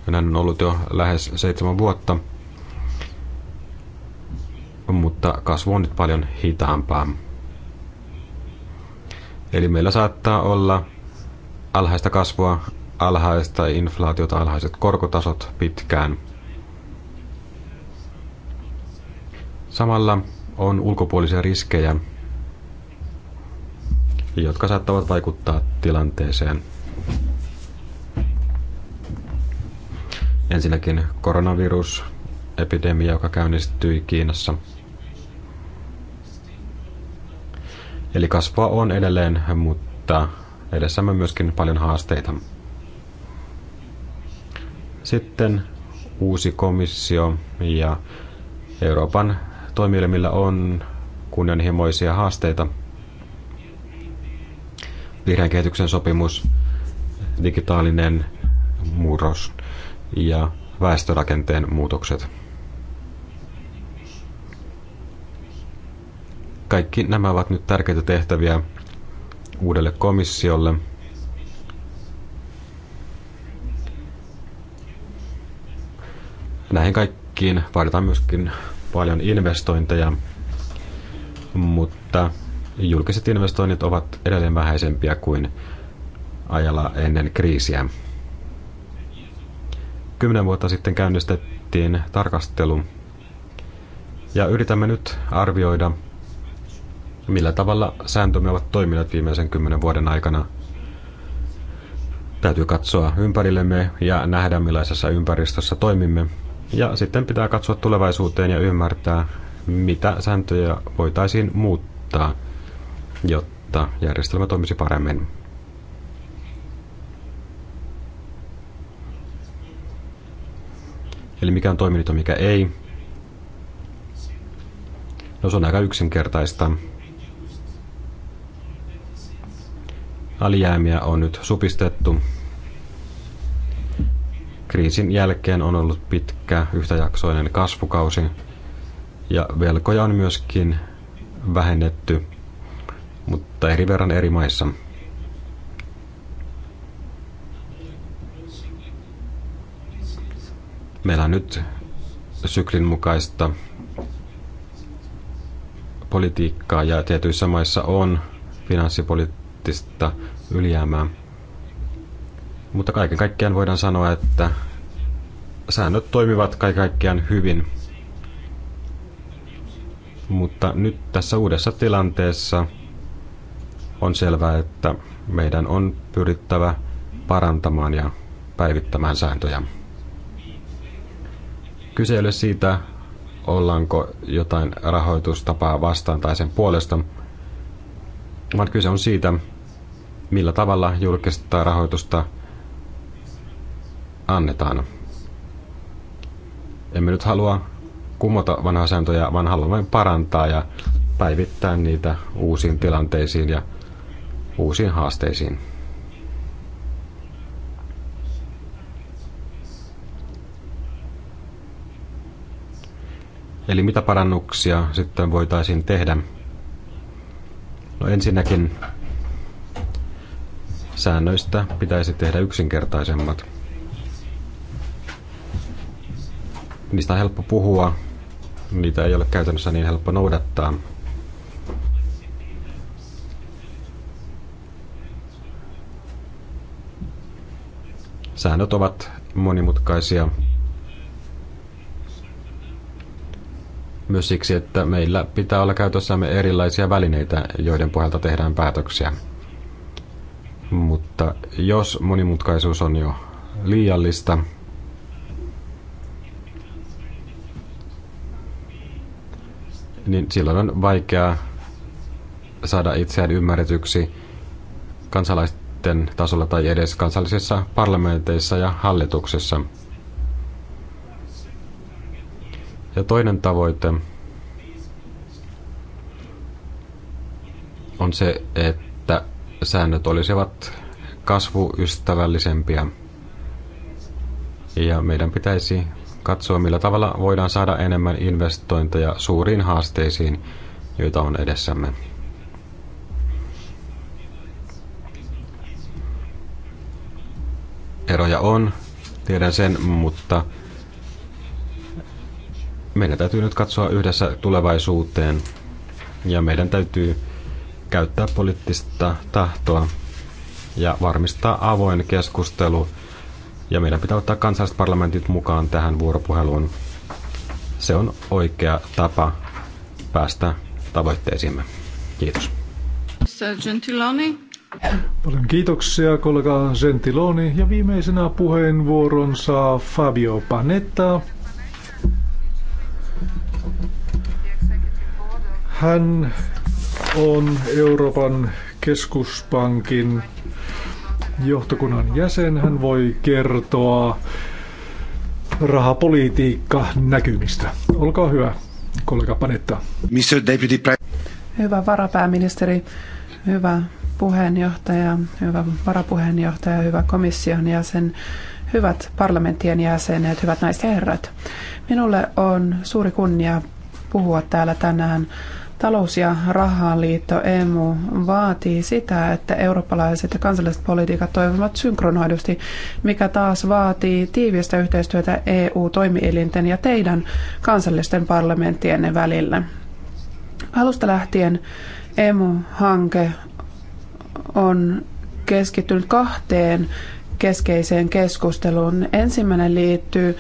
[SPEAKER 2] Näin on ollut jo lähes seitsemän vuotta, mutta kasvu on nyt paljon hitaampaa. Eli meillä saattaa olla alhaista kasvua alhaista inflaatiota, alhaiset korkotasot pitkään. Samalla on ulkopuolisia riskejä, jotka saattavat vaikuttaa tilanteeseen. Ensinnäkin koronavirusepidemia, joka käynnistyi Kiinassa. Eli kasvua on edelleen, mutta edessämme myöskin paljon haasteita. Sitten uusi komissio ja Euroopan toimielimillä on kunnianhimoisia haasteita. Vihreän kehityksen sopimus, digitaalinen murros ja väestörakenteen muutokset. Kaikki nämä ovat nyt tärkeitä tehtäviä uudelle komissiolle – Näihin kaikkiin vaaditaan myöskin paljon investointeja, mutta julkiset investoinnit ovat edelleen vähäisempiä kuin ajalla ennen kriisiä. Kymmenen vuotta sitten käynnistettiin tarkastelu ja yritämme nyt arvioida, millä tavalla sääntömme ovat toimineet viimeisen kymmenen vuoden aikana. Täytyy katsoa ympärillemme ja nähdä, millaisessa ympäristössä toimimme ja sitten pitää katsoa tulevaisuuteen ja ymmärtää, mitä sääntöjä voitaisiin muuttaa, jotta järjestelmä toimisi paremmin. Eli mikä on toiminut ja mikä ei. No se on aika yksinkertaista. Alijäämiä on nyt supistettu Kriisin jälkeen on ollut pitkä yhtäjaksoinen kasvukausi ja velkoja on myöskin vähennetty, mutta eri verran eri maissa. Meillä on nyt syklin mukaista politiikkaa ja tietyissä maissa on finanssipoliittista ylijäämää – mutta kaiken kaikkiaan voidaan sanoa, että säännöt toimivat kaiken kaikkiaan hyvin. Mutta nyt tässä uudessa tilanteessa on selvää, että meidän on pyrittävä parantamaan ja päivittämään sääntöjä. Kyse ei ole siitä, ollaanko jotain rahoitustapaa vastaan tai sen puolesta, vaan kyse on siitä, millä tavalla julkista rahoitusta annetaan. Emme nyt halua kumota vanhaa sääntöjä, vaan haluamme parantaa ja päivittää niitä uusiin tilanteisiin ja uusiin haasteisiin. Eli mitä parannuksia sitten voitaisiin tehdä? No ensinnäkin säännöistä pitäisi tehdä yksinkertaisemmat. niistä on helppo puhua, niitä ei ole käytännössä niin helppo noudattaa. Säännöt ovat monimutkaisia myös siksi, että meillä pitää olla käytössämme erilaisia välineitä, joiden pohjalta tehdään päätöksiä. Mutta jos monimutkaisuus on jo liiallista, niin silloin on vaikea saada itseään ymmärretyksi kansalaisten tasolla tai edes kansallisissa parlamenteissa ja hallituksessa. Ja toinen tavoite on se, että säännöt olisivat kasvuystävällisempiä. Ja meidän pitäisi katsoa, millä tavalla voidaan saada enemmän investointeja suuriin haasteisiin, joita on edessämme. Eroja on, tiedän sen, mutta meidän täytyy nyt katsoa yhdessä tulevaisuuteen ja meidän täytyy käyttää poliittista tahtoa ja varmistaa avoin keskustelu – ja meidän pitää ottaa kansalliset parlamentit mukaan tähän vuoropuheluun. Se on oikea tapa päästä tavoitteisiimme. Kiitos.
[SPEAKER 3] Paljon kiitoksia kollega Gentiloni ja viimeisenä puheenvuoron saa Fabio Panetta. Hän on Euroopan keskuspankin johtokunnan jäsen. Hän voi kertoa rahapolitiikka näkymistä. Olkaa hyvä, kollega Panetta.
[SPEAKER 4] Mr. Deputy
[SPEAKER 5] Hyvä varapääministeri, hyvä puheenjohtaja, hyvä varapuheenjohtaja, hyvä komission jäsen, hyvät parlamenttien jäsenet, hyvät naiset ja herrat. Minulle on suuri kunnia puhua täällä tänään Talous- ja rahaliitto EMU vaatii sitä, että eurooppalaiset ja kansalliset politiikat toimivat synkronoidusti, mikä taas vaatii tiivistä yhteistyötä EU-toimielinten ja teidän kansallisten parlamenttienne välillä. Alusta lähtien EMU-hanke on keskittynyt kahteen keskeiseen keskusteluun. Ensimmäinen liittyy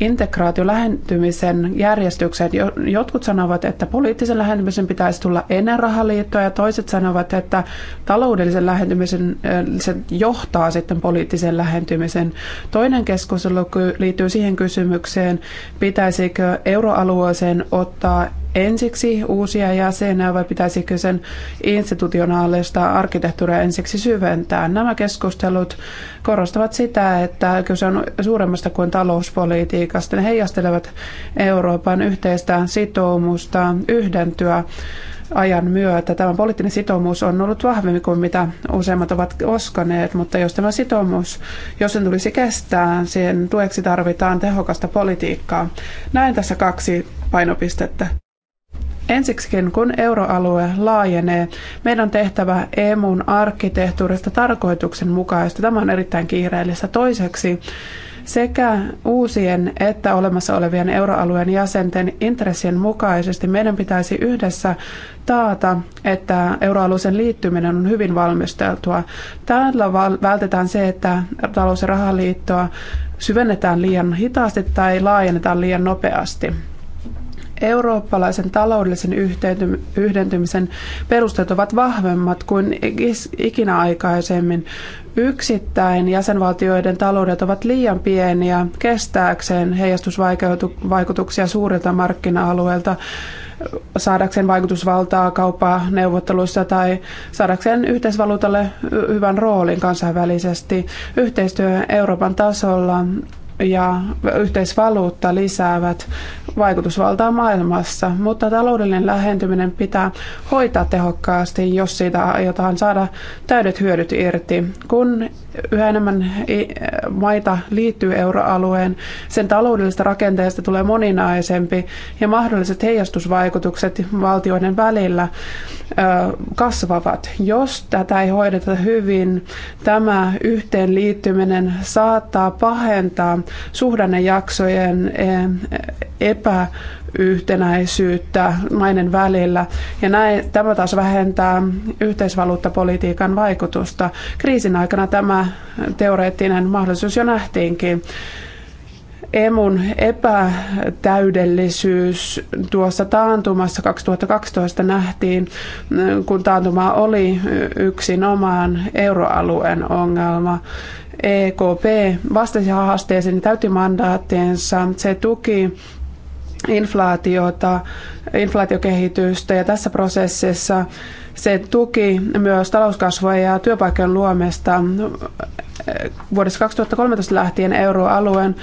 [SPEAKER 5] Integraatiolähentymisen lähentymisen Jotkut sanovat, että poliittisen lähentymisen pitäisi tulla ennen rahaliittoa ja toiset sanovat, että taloudellisen lähentymisen äh, se johtaa sitten poliittisen lähentymisen. Toinen keskustelu liittyy siihen kysymykseen, pitäisikö euroalueeseen ottaa ensiksi uusia jäseniä vai pitäisikö sen institutionaalista arkkitehtuuria ensiksi syventää. Nämä keskustelut korostavat sitä, että kyse on suuremmasta kuin talouspolitiikka politiikasta. Ne heijastelevat Euroopan yhteistä sitoumusta yhdentyä ajan myötä. Tämä poliittinen sitoumus on ollut vahvempi kuin mitä useimmat ovat oskaneet, mutta jos tämä sitoumus, jos sen tulisi kestää, sen tueksi tarvitaan tehokasta politiikkaa. Näen tässä kaksi painopistettä. Ensiksikin, kun euroalue laajenee, meidän on tehtävä EMUn arkkitehtuurista tarkoituksenmukaista. Tämä on erittäin kiireellistä. Toiseksi, sekä uusien että olemassa olevien euroalueen jäsenten intressien mukaisesti meidän pitäisi yhdessä taata, että euroalueen liittyminen on hyvin valmisteltua. Tällä vältetään se, että talous- ja rahaliittoa syvennetään liian hitaasti tai laajennetaan liian nopeasti. Eurooppalaisen taloudellisen yhdentymisen perusteet ovat vahvemmat kuin ikinä aikaisemmin. Yksittäin jäsenvaltioiden taloudet ovat liian pieniä kestääkseen heijastusvaikutuksia suurilta markkina-alueilta saadakseen vaikutusvaltaa kauppaa neuvotteluissa tai saadakseen yhteisvaluutalle hyvän roolin kansainvälisesti. Yhteistyö Euroopan tasolla ja yhteisvaluutta lisäävät vaikutusvaltaa maailmassa, mutta taloudellinen lähentyminen pitää hoitaa tehokkaasti, jos siitä aiotaan saada täydet hyödyt irti. Kun yhä enemmän maita liittyy euroalueen, sen taloudellisesta rakenteesta tulee moninaisempi ja mahdolliset heijastusvaikutukset valtioiden välillä kasvavat. Jos tätä ei hoideta hyvin, tämä yhteenliittyminen saattaa pahentaa suhdannejaksojen epä yhtenäisyyttä maiden välillä. Ja näin, tämä taas vähentää yhteisvaluuttapolitiikan vaikutusta. Kriisin aikana tämä teoreettinen mahdollisuus jo nähtiinkin. Emun epätäydellisyys tuossa taantumassa 2012 nähtiin, kun taantuma oli yksin omaan euroalueen ongelma. EKP vastasi haasteeseen, täytti mandaattiensa, se tuki inflaatiota, inflaatiokehitystä ja tässä prosessissa se tuki myös talouskasvua ja työpaikan luomista. Vuodesta 2013 lähtien euroalueen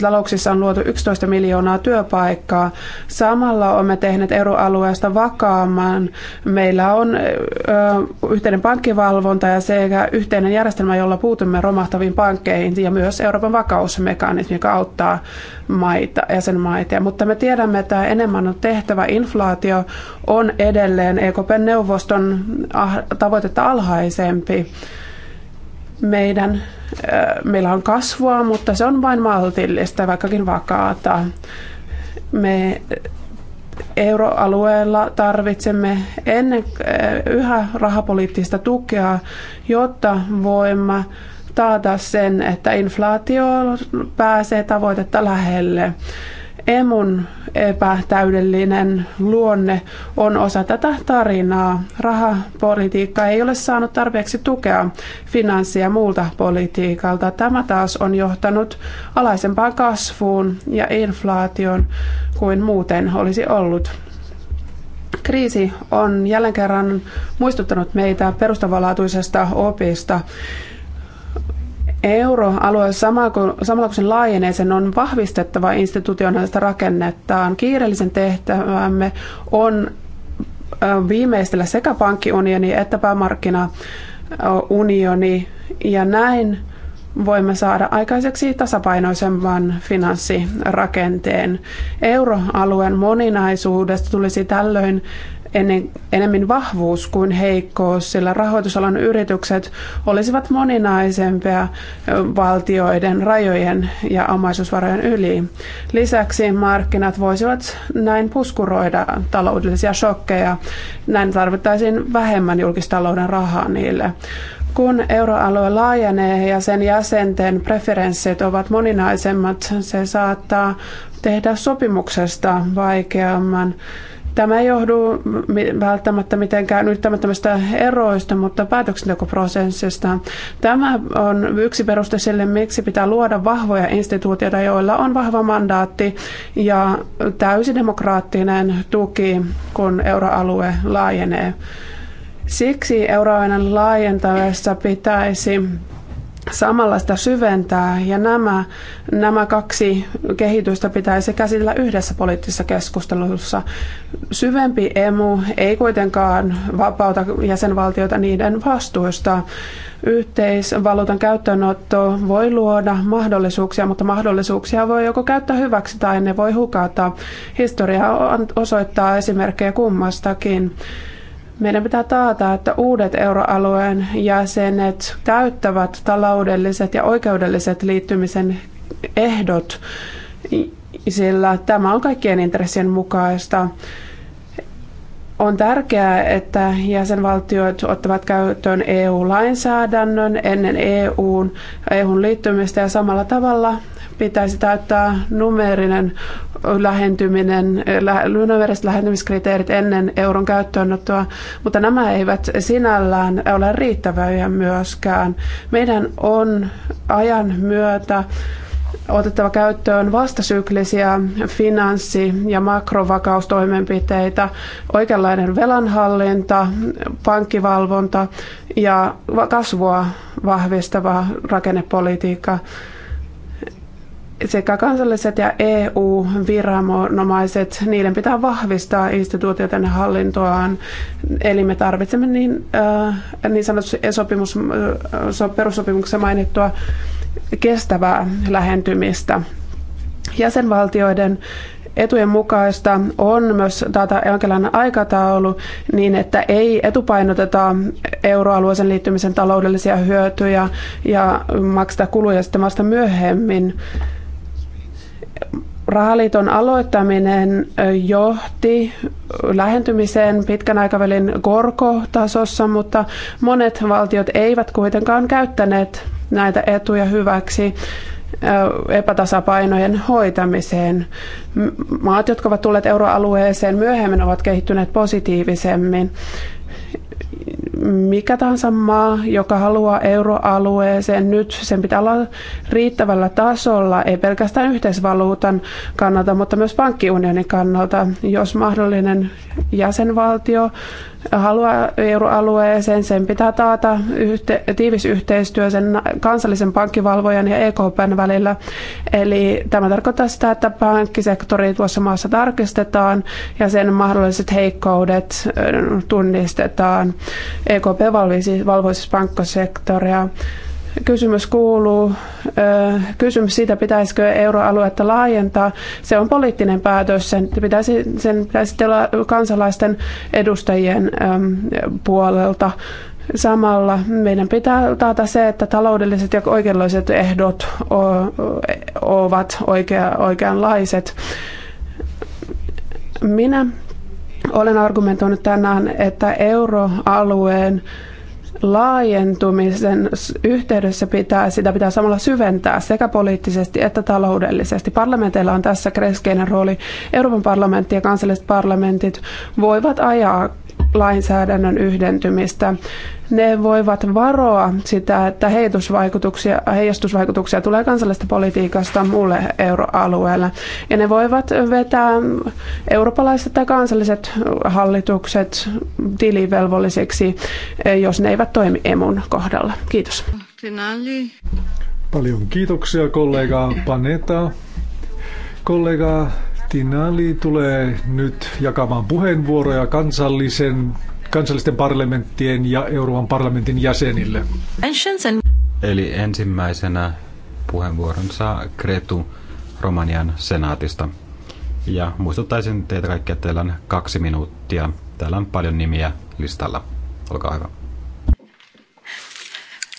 [SPEAKER 5] talouksissa on luotu 11 miljoonaa työpaikkaa. Samalla olemme tehneet euroalueesta vakaamman. Meillä on yhteinen pankkivalvonta ja sekä yhteinen järjestelmä, jolla puutumme romahtaviin pankkeihin ja myös Euroopan vakausmekanismi, joka auttaa maita, jäsenmaita. Mutta me tiedämme, että enemmän on tehtävä. Inflaatio on edelleen ekp neuvoston ah, tavoitetta alhaisempi. Meidän, äh, meillä on kasvua, mutta se on vain maltillista, vaikkakin vakaata. Me euroalueella tarvitsemme ennen, äh, yhä rahapoliittista tukea, jotta voimme taata sen, että inflaatio pääsee tavoitetta lähelle. Emun epätäydellinen luonne on osa tätä tarinaa. Rahapolitiikka ei ole saanut tarpeeksi tukea finanssia muulta politiikalta. Tämä taas on johtanut alaisempaan kasvuun ja inflaation kuin muuten olisi ollut. Kriisi on jälleen kerran muistuttanut meitä perustavanlaatuisesta opista. Euroalue samalla kun se laajenee, sen on vahvistettava institutionaalista rakennettaan. Kiireellisen tehtävämme on viimeistellä sekä pankkiunioni että päämarkkinaunioni ja näin voimme saada aikaiseksi tasapainoisemman finanssirakenteen. Euroalueen moninaisuudesta tulisi tällöin ennen, enemmän vahvuus kuin heikkous, sillä rahoitusalan yritykset olisivat moninaisempia valtioiden rajojen ja omaisuusvarojen yli. Lisäksi markkinat voisivat näin puskuroida taloudellisia shokkeja. Näin tarvittaisiin vähemmän julkistalouden rahaa niille. Kun euroalue laajenee ja sen jäsenten preferenssit ovat moninaisemmat, se saattaa tehdä sopimuksesta vaikeamman Tämä ei johdu välttämättä mitenkään yrittämättömistä eroista, mutta päätöksentekoprosessista. Tämä on yksi peruste sille, miksi pitää luoda vahvoja instituutioita, joilla on vahva mandaatti ja demokraattinen tuki, kun euroalue laajenee. Siksi euroalueen laajentavassa pitäisi samalla sitä syventää ja nämä, nämä kaksi kehitystä pitäisi käsitellä yhdessä poliittisessa keskustelussa. Syvempi emu ei kuitenkaan vapauta jäsenvaltioita niiden vastuista. Yhteisvaluutan käyttöönotto voi luoda mahdollisuuksia, mutta mahdollisuuksia voi joko käyttää hyväksi tai ne voi hukata. Historia osoittaa esimerkkejä kummastakin. Meidän pitää taata, että uudet euroalueen jäsenet täyttävät taloudelliset ja oikeudelliset liittymisen ehdot, sillä tämä on kaikkien intressien mukaista. On tärkeää, että jäsenvaltiot ottavat käyttöön EU-lainsäädännön ennen EUn, EUn liittymistä ja samalla tavalla pitäisi täyttää numeerinen lähentyminen, numeeriset lähentymiskriteerit ennen euron käyttöönottoa, mutta nämä eivät sinällään ole riittäviä myöskään. Meidän on ajan myötä otettava käyttöön vastasyklisiä finanssi- ja makrovakaustoimenpiteitä, oikeanlainen velanhallinta, pankkivalvonta ja kasvua vahvistava rakennepolitiikka sekä kansalliset ja EU-viranomaiset, niiden pitää vahvistaa instituutioiden hallintoaan. Eli me tarvitsemme niin, äh, niin sanotusti sopimus, äh, perussopimuksessa mainittua kestävää lähentymistä. Jäsenvaltioiden etujen mukaista on myös taata jonkinlainen aikataulu niin, että ei etupainoteta euroalueeseen liittymisen taloudellisia hyötyjä ja makseta kuluja sitten vasta myöhemmin rahaliiton aloittaminen johti lähentymiseen pitkän aikavälin korkotasossa, mutta monet valtiot eivät kuitenkaan käyttäneet näitä etuja hyväksi epätasapainojen hoitamiseen. Maat, jotka ovat tulleet euroalueeseen myöhemmin, ovat kehittyneet positiivisemmin mikä tahansa maa, joka haluaa euroalueeseen nyt, sen pitää olla riittävällä tasolla, ei pelkästään yhteisvaluutan kannalta, mutta myös pankkiunionin kannalta. Jos mahdollinen jäsenvaltio haluaa euroalueeseen, sen pitää taata yhte, tiivis yhteistyö sen kansallisen pankkivalvojan ja EKPn välillä. Eli tämä tarkoittaa sitä, että pankkisektori tuossa maassa tarkistetaan ja sen mahdolliset heikkoudet tunnistetaan. EKP valvoisi, siis pankkosektoria. Kysymys kuuluu, kysymys siitä, pitäisikö euroaluetta laajentaa. Se on poliittinen päätös, sen pitäisi, sen pitäisi olla kansalaisten edustajien puolelta. Samalla meidän pitää taata se, että taloudelliset ja oikeudelliset ehdot ovat oikea, oikeanlaiset. Minä olen argumentoinut tänään, että euroalueen laajentumisen yhteydessä pitää, sitä pitää samalla syventää sekä poliittisesti että taloudellisesti. Parlamenteilla on tässä keskeinen rooli. Euroopan parlamentti ja kansalliset parlamentit voivat ajaa lainsäädännön yhdentymistä. Ne voivat varoa sitä, että heijastusvaikutuksia, tulee kansallisesta politiikasta muulle euroalueelle. Ja ne voivat vetää eurooppalaiset tai kansalliset hallitukset tilivelvollisiksi, eh, jos ne eivät toimi emun kohdalla. Kiitos.
[SPEAKER 3] Paljon kiitoksia kollega Paneta. Kollega Tinali tulee nyt jakamaan puheenvuoroja kansallisen, kansallisten parlamenttien ja Euroopan parlamentin jäsenille.
[SPEAKER 2] Eli ensimmäisenä puheenvuoron saa Kretu Romanian senaatista. Ja muistuttaisin teitä kaikkia, että teillä on kaksi minuuttia. Täällä on paljon nimiä listalla. Olkaa hyvä.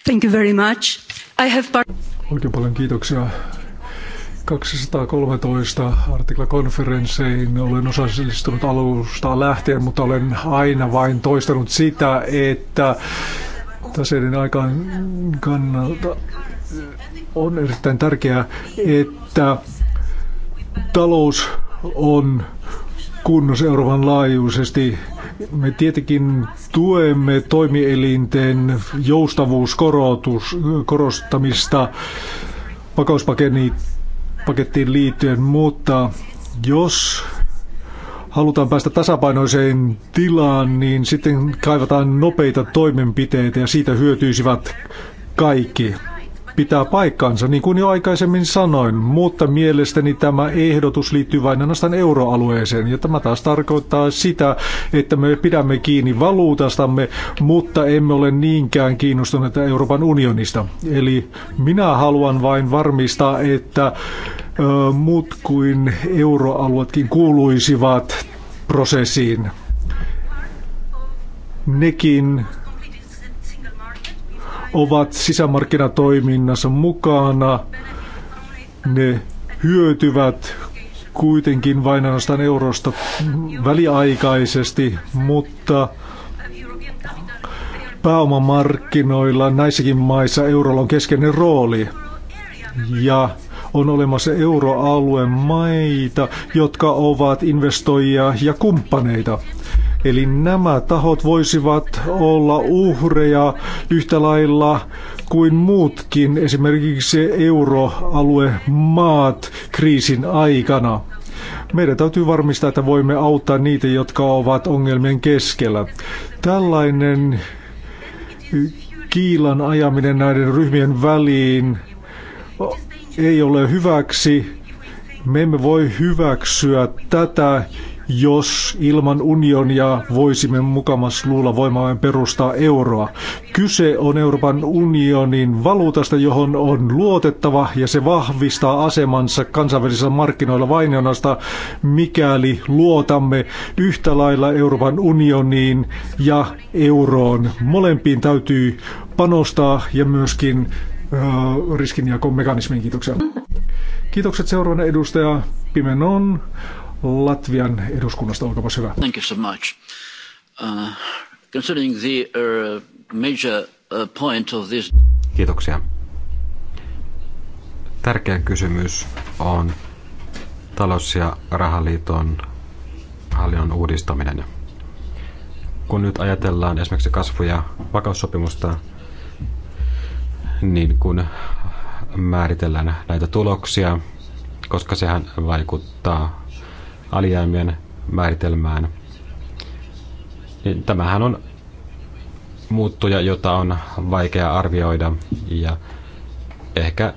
[SPEAKER 3] Thank you very much. I have part- Oikein paljon kiitoksia. 213 artiklakonferensseihin olen osallistunut alusta lähtien, mutta olen aina vain toistanut sitä, että taseiden aikaan kannalta on erittäin tärkeää, että talous on kunnossa Euroopan laajuisesti. Me tietenkin tuemme toimielinten joustavuuskorotus, korostamista, vakauspaketin pakettiin liittyen, mutta jos halutaan päästä tasapainoiseen tilaan, niin sitten kaivataan nopeita toimenpiteitä ja siitä hyötyisivät kaikki pitää paikkansa, niin kuin jo aikaisemmin sanoin, mutta mielestäni tämä ehdotus liittyy vain ainoastaan euroalueeseen, ja tämä taas tarkoittaa sitä, että me pidämme kiinni valuutastamme, mutta emme ole niinkään kiinnostuneita Euroopan unionista. Eli minä haluan vain varmistaa, että ö, muut kuin euroalueetkin kuuluisivat prosessiin. Nekin ovat sisämarkkinatoiminnassa mukana. Ne hyötyvät kuitenkin vain ainoastaan eurosta väliaikaisesti, mutta pääomamarkkinoilla näissäkin maissa eurolla on keskeinen rooli. Ja on olemassa euroalueen maita, jotka ovat investoijia ja kumppaneita. Eli nämä tahot voisivat olla uhreja yhtä lailla kuin muutkin, esimerkiksi maat kriisin aikana. Meidän täytyy varmistaa, että voimme auttaa niitä, jotka ovat ongelmien keskellä. Tällainen kiilan ajaminen näiden ryhmien väliin ei ole hyväksi. Me emme voi hyväksyä tätä, jos ilman unionia voisimme mukamas luulla voimamme perustaa euroa. Kyse on Euroopan unionin valuutasta, johon on luotettava ja se vahvistaa asemansa kansainvälisillä markkinoilla vain mikäli luotamme yhtä lailla Euroopan unioniin ja euroon. Molempiin täytyy panostaa ja myöskin riskinjakomekanismiin. Kiitoksia. Kiitokset seuraavana edustaja Pimenon. Latvian eduskunnasta, Olkaapas hyvä.
[SPEAKER 2] Thank you so much. Uh, concerning the uh, major uh, point of this... Kiitoksia. Tärkeä kysymys on talous- ja rahaliiton hallinnon uudistaminen. Kun nyt ajatellaan esimerkiksi kasvu- ja vakaussopimusta, niin kun määritellään näitä tuloksia, koska sehän vaikuttaa alijäämien määritelmään. Niin tämähän on muuttuja, jota on vaikea arvioida ja ehkä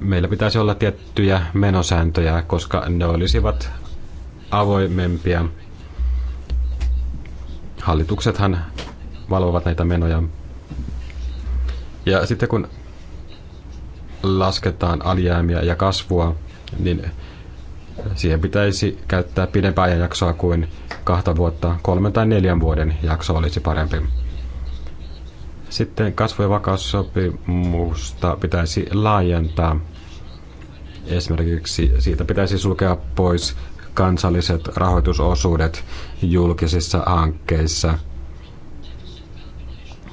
[SPEAKER 2] meillä pitäisi olla tiettyjä menosääntöjä, koska ne olisivat avoimempia. Hallituksethan valvovat näitä menoja. Ja sitten kun lasketaan alijäämiä ja kasvua, niin siihen pitäisi käyttää pidempää ajanjaksoa kuin kahta vuotta, kolmen tai neljän vuoden jakso olisi parempi. Sitten kasvu- ja vakaussopimusta pitäisi laajentaa. Esimerkiksi siitä pitäisi sulkea pois kansalliset rahoitusosuudet julkisissa hankkeissa –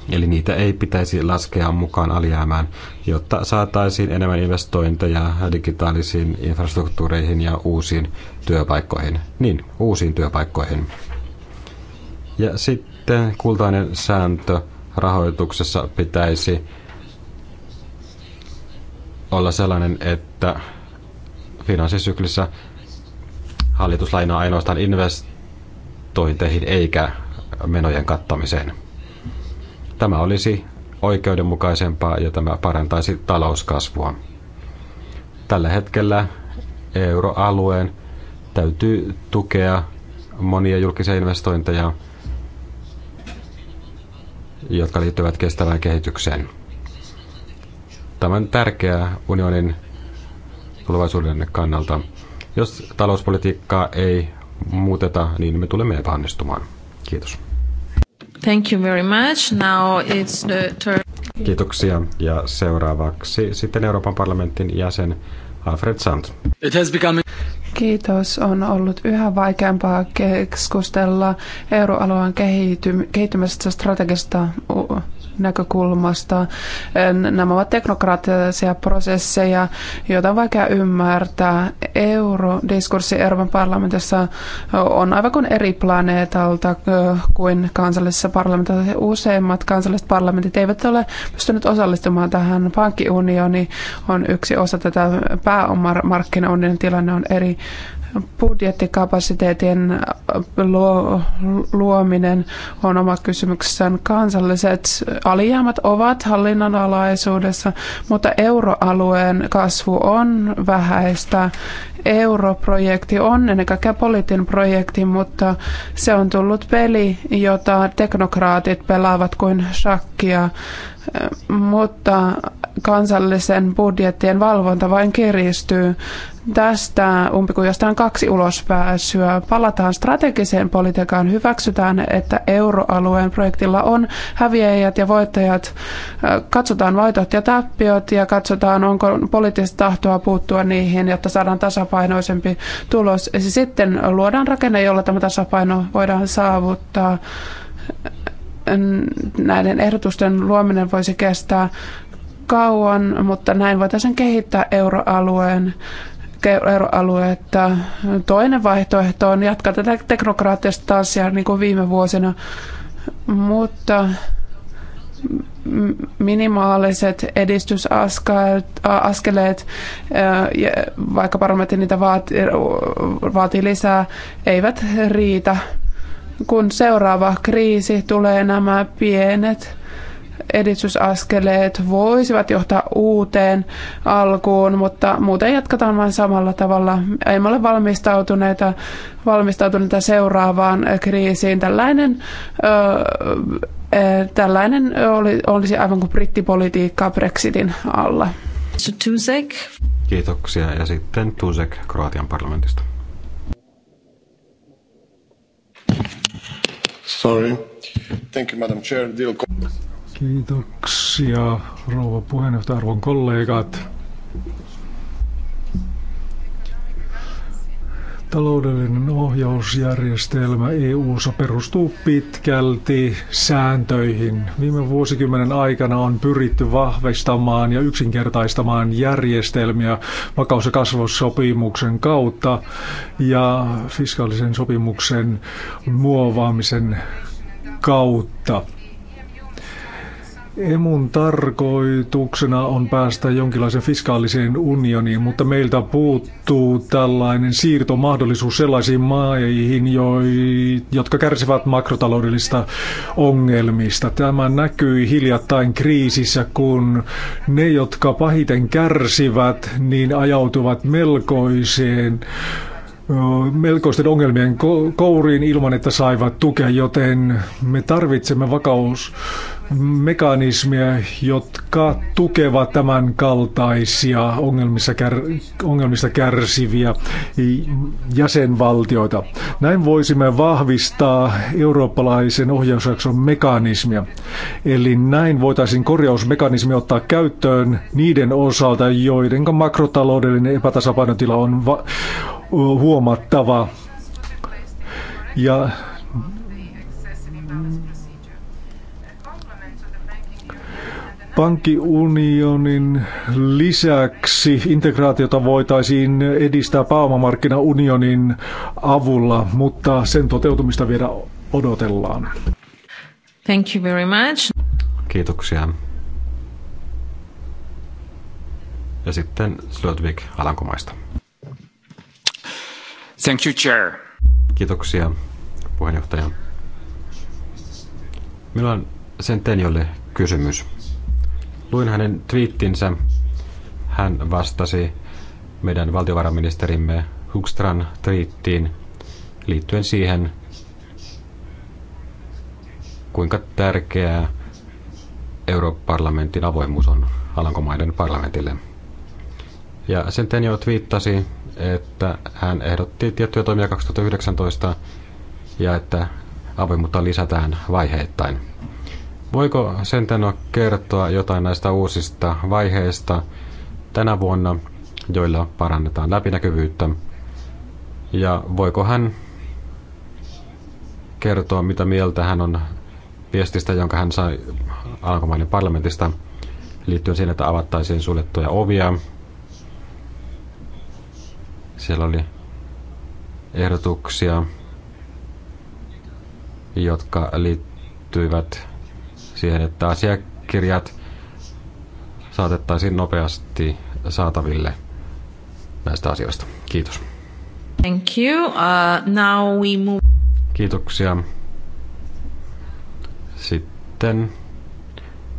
[SPEAKER 2] Eli niitä ei pitäisi laskea mukaan alijäämään, jotta saataisiin enemmän investointeja digitaalisiin infrastruktuureihin ja uusiin työpaikkoihin. Niin, uusiin työpaikkoihin. Ja sitten kultainen sääntö rahoituksessa pitäisi olla sellainen, että finanssisyklissä hallitus lainaa ainoastaan investointeihin eikä menojen kattamiseen. Tämä olisi oikeudenmukaisempaa ja tämä parantaisi talouskasvua. Tällä hetkellä euroalueen täytyy tukea monia julkisia investointeja, jotka liittyvät kestävään kehitykseen. Tämä on tärkeää unionin tulevaisuuden kannalta. Jos talouspolitiikkaa ei muuteta, niin me tulemme epäonnistumaan. Kiitos.
[SPEAKER 1] Thank you very much. Now it's the turn.
[SPEAKER 2] Kiitoksia. Ja seuraavaksi sitten Euroopan parlamentin jäsen Alfred Sand.
[SPEAKER 1] It has become...
[SPEAKER 5] Kiitos. On ollut yhä vaikeampaa keskustella euroalueen kehittymisestä strategista näkökulmasta. Nämä ovat teknokraattisia prosesseja, joita on vaikea ymmärtää. Eurodiskurssi Euroopan parlamentissa on aivan kuin eri planeetalta kuin kansallisessa parlamentissa. Useimmat kansalliset parlamentit eivät ole pystyneet osallistumaan tähän. Pankkiunioni on yksi osa tätä pääomamarkkinaunionin tilanne on eri budjettikapasiteetin luominen on oma kysymyksensä. Kansalliset alijäämät ovat hallinnan alaisuudessa, mutta euroalueen kasvu on vähäistä europrojekti on ennen kaikkea poliittinen projekti, mutta se on tullut peli, jota teknokraatit pelaavat kuin shakkia, mutta kansallisen budjettien valvonta vain kiristyy. Tästä umpikujasta on kaksi ulospääsyä. Palataan strategiseen politiikkaan, hyväksytään, että euroalueen projektilla on häviäjät ja voittajat. Katsotaan voitot ja tappiot ja katsotaan, onko poliittista tahtoa puuttua niihin, jotta saadaan tasapaino tasapainoisempi tulos. Sitten luodaan rakenne, jolla tämä tasapaino voidaan saavuttaa. Näiden ehdotusten luominen voisi kestää kauan, mutta näin voitaisiin kehittää euroalueen euroaluetta. Toinen vaihtoehto on jatkaa tätä teknokraattista tanssia niin kuin viime vuosina, mutta minimaaliset edistysaskeleet, vaikka parlamentti niitä vaatii, vaatii lisää, eivät riitä. Kun seuraava kriisi tulee, nämä pienet edistysaskeleet voisivat johtaa uuteen alkuun, mutta muuten jatketaan vain samalla tavalla. Emme ole valmistautuneita, valmistautuneita seuraavaan kriisiin. Tällainen ö, Tällainen oli, olisi aivan kuin brittipolitiikkaa Brexitin alla.
[SPEAKER 2] Kiitoksia. Ja sitten Tusek Kroatian parlamentista.
[SPEAKER 3] Sorry. Thank you, Madam Chair. Deal... Kiitoksia, rouva puheenjohtaja, arvon kollegat. Taloudellinen ohjausjärjestelmä EU:ssa perustuu pitkälti sääntöihin. Viime vuosikymmenen aikana on pyritty vahvistamaan ja yksinkertaistamaan järjestelmiä vakaus- ja kasvussopimuksen kautta ja fiskaalisen sopimuksen muovaamisen kautta. Emun tarkoituksena on päästä jonkinlaiseen fiskaaliseen unioniin, mutta meiltä puuttuu tällainen siirtomahdollisuus sellaisiin maihin, jotka kärsivät makrotaloudellista ongelmista. Tämä näkyy hiljattain kriisissä, kun ne, jotka pahiten kärsivät, niin ajautuvat melkoiseen melkoisten ongelmien kouriin ilman, että saivat tukea, joten me tarvitsemme vakaus mekanismia, jotka tukevat tämän kaltaisia ongelmissa kär, ongelmista kärsiviä jäsenvaltioita. Näin voisimme vahvistaa eurooppalaisen ohjausjakson mekanismia. Eli näin voitaisiin korjausmekanismi ottaa käyttöön niiden osalta, joiden makrotaloudellinen epätasapainotila on va- huomattava. Ja Pankkiunionin lisäksi integraatiota voitaisiin edistää pääomamarkkinaunionin avulla, mutta sen toteutumista vielä odotellaan.
[SPEAKER 1] Thank you very much.
[SPEAKER 2] Kiitoksia. Ja sitten Ludwig Alankomaista. Thank you, Chair. Kiitoksia, puheenjohtaja. Minulla on sen Tenjolle kysymys. Luin hänen twiittinsä. Hän vastasi meidän valtiovarainministerimme Hukstran twiittiin liittyen siihen, kuinka tärkeää europarlamentin avoimuus on Alankomaiden parlamentille. Ja Centennial twiittasi, että hän ehdotti tiettyjä toimia 2019 ja että avoimuutta lisätään vaiheittain. Voiko Senteno kertoa jotain näistä uusista vaiheista tänä vuonna, joilla parannetaan läpinäkyvyyttä? Ja voiko hän kertoa, mitä mieltä hän on viestistä, jonka hän sai alkomainen parlamentista liittyen siihen, että avattaisiin suljettuja ovia. Siellä oli ehdotuksia, jotka liittyivät siihen, että asiakirjat saatettaisiin nopeasti saataville näistä asioista. Kiitos.
[SPEAKER 1] Thank you. Uh, now we move...
[SPEAKER 2] Kiitoksia. Sitten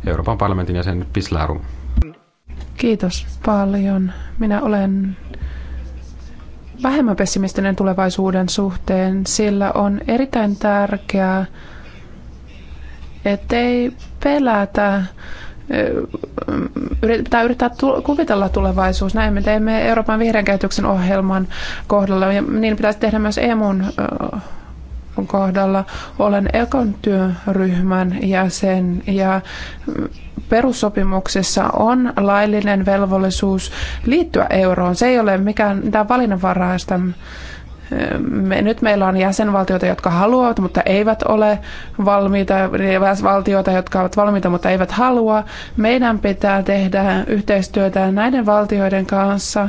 [SPEAKER 2] Euroopan parlamentin jäsen
[SPEAKER 5] Pislaru. Kiitos paljon. Minä olen vähemmän pessimistinen tulevaisuuden suhteen, sillä on erittäin tärkeää, ettei pelätä tai yrittää kuvitella tulevaisuus. Näin me teemme Euroopan vihreän kehityksen ohjelman kohdalla ja niin pitäisi tehdä myös EMUn kohdalla. Olen Ekon työryhmän jäsen ja perussopimuksessa on laillinen velvollisuus liittyä euroon. Se ei ole mikään valinnanvaraista me, nyt meillä on jäsenvaltioita, jotka haluavat, mutta eivät ole valmiita, valtioita, jotka ovat valmiita, mutta eivät halua. Meidän pitää tehdä yhteistyötä näiden valtioiden kanssa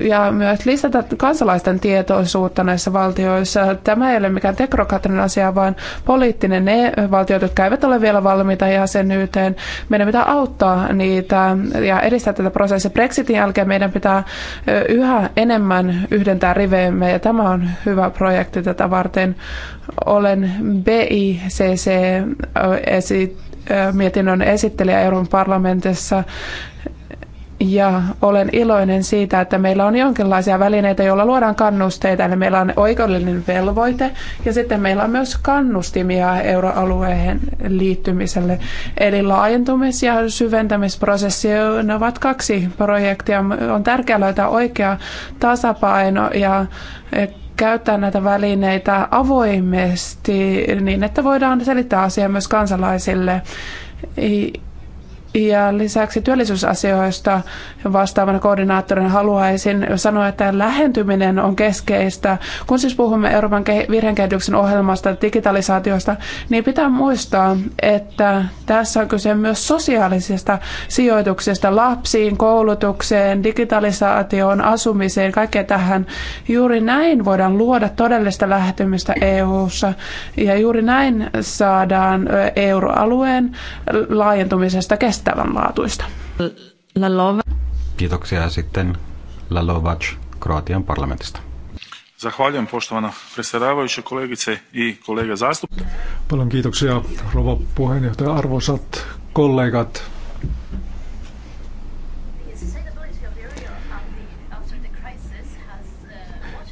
[SPEAKER 5] ja myös lisätä kansalaisten tietoisuutta näissä valtioissa. Tämä ei ole mikään teknokraattinen asia, vaan poliittinen. Ne valtiot, jotka eivät ole vielä valmiita jäsenyyteen, meidän pitää auttaa niitä ja edistää tätä prosessia. Brexitin jälkeen meidän pitää yhä enemmän yhdentää riveemme, ja tämä on hyvä projekti tätä varten. Olen bicc mietinnön esittelijä Euroopan parlamentissa ja olen iloinen siitä, että meillä on jonkinlaisia välineitä, joilla luodaan kannusteita. Eli meillä on oikeudellinen velvoite ja sitten meillä on myös kannustimia euroalueen liittymiselle. Eli laajentumis- ja syventämisprosessi ne ovat kaksi projektia. On tärkeää löytää oikea tasapaino ja käyttää näitä välineitä avoimesti niin, että voidaan selittää asiaa myös kansalaisille. Ja lisäksi työllisyysasioista vastaavana koordinaattorina haluaisin sanoa, että lähentyminen on keskeistä. Kun siis puhumme Euroopan virhenkehityksen ohjelmasta digitalisaatiosta, niin pitää muistaa, että tässä on kyse myös sosiaalisesta sijoituksesta lapsiin, koulutukseen, digitalisaatioon, asumiseen, kaikkeen tähän. Juuri näin voidaan luoda todellista lähentymistä EU-ssa ja juuri näin saadaan euroalueen laajentumisesta kestävää kestävänlaatuista. Lalova.
[SPEAKER 2] Kiitoksia sitten Lalovac
[SPEAKER 3] Kroatian parlamentista. Zahvaljujem
[SPEAKER 1] poštovana predsjedavajuća, kolegice i
[SPEAKER 4] kolege zastupnici.
[SPEAKER 3] Paljon kiitoksia rouva puheenjohtaja, arvoisat kollegat.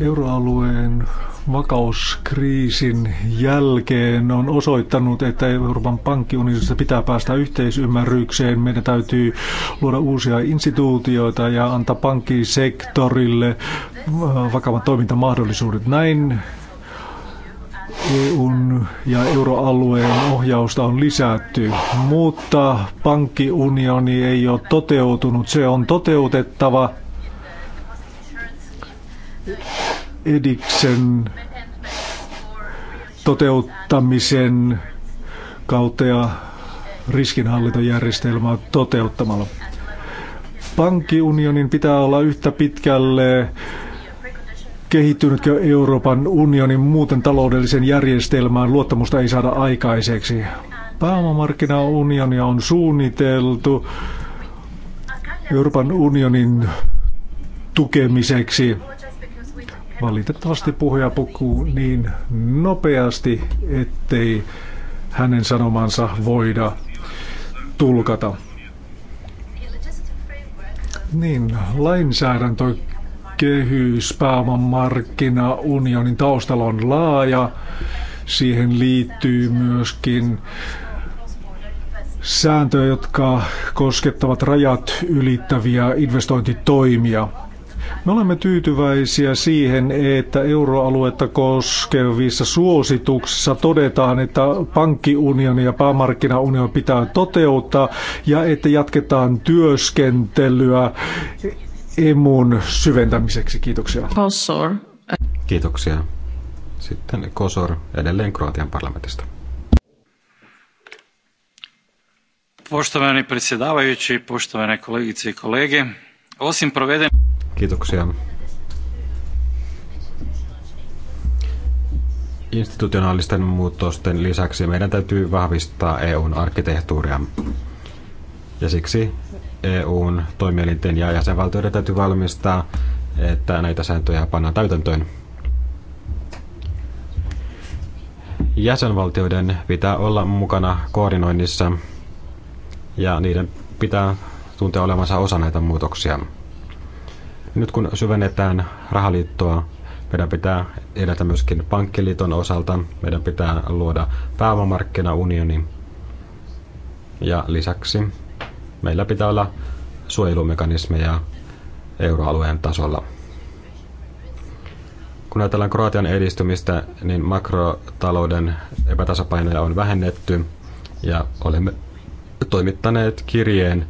[SPEAKER 3] Euroalueen vakauskriisin jälkeen on osoittanut, että Euroopan pankkiunionissa pitää päästä yhteisymmärrykseen. Meidän täytyy luoda uusia instituutioita ja antaa pankkisektorille äh, vakavat toimintamahdollisuudet. Näin EUn ja euroalueen ohjausta on lisätty, mutta pankkiunioni ei ole toteutunut. Se on toteutettava ediksen toteuttamisen kautta ja riskinhallintojärjestelmää toteuttamalla. Pankkiunionin pitää olla yhtä pitkälle kehittynytkö Euroopan unionin muuten taloudellisen järjestelmään luottamusta ei saada aikaiseksi. Pääomamarkkinaunionia on suunniteltu Euroopan unionin tukemiseksi. Valitettavasti puhuja pukuu niin nopeasti, ettei hänen sanomansa voida tulkata. Niin, lainsäädäntö kehys, pääomamarkkina, unionin taustalla on laaja. Siihen liittyy myöskin sääntöjä, jotka koskettavat rajat ylittäviä investointitoimia. Me olemme tyytyväisiä siihen, että euroaluetta koskevissa suosituksissa todetaan, että pankkiunioni ja päämarkkinaunioni pitää toteuttaa ja että jatketaan työskentelyä emun syventämiseksi. Kiitoksia. Kosor.
[SPEAKER 2] Kiitoksia. Sitten Kosor edelleen Kroatian parlamentista.
[SPEAKER 3] Poštovani
[SPEAKER 4] predsjedavajući, poštovane kolegice i kolege, osim proveden...
[SPEAKER 2] Kiitoksia. Institutionaalisten muutosten lisäksi meidän täytyy vahvistaa EUn arkkitehtuuria. Ja siksi EUn toimielinten ja jäsenvaltioiden täytyy valmistaa, että näitä sääntöjä pannaan täytäntöön. Jäsenvaltioiden pitää olla mukana koordinoinnissa ja niiden pitää tuntea olevansa osa näitä muutoksia. Nyt kun syvennetään rahaliittoa, meidän pitää edetä myöskin pankkiliiton osalta, meidän pitää luoda pääomamarkkinaunioni ja lisäksi meillä pitää olla suojelumekanismeja euroalueen tasolla. Kun ajatellaan Kroatian edistymistä, niin makrotalouden epätasapainoja on vähennetty ja olemme toimittaneet kirjeen.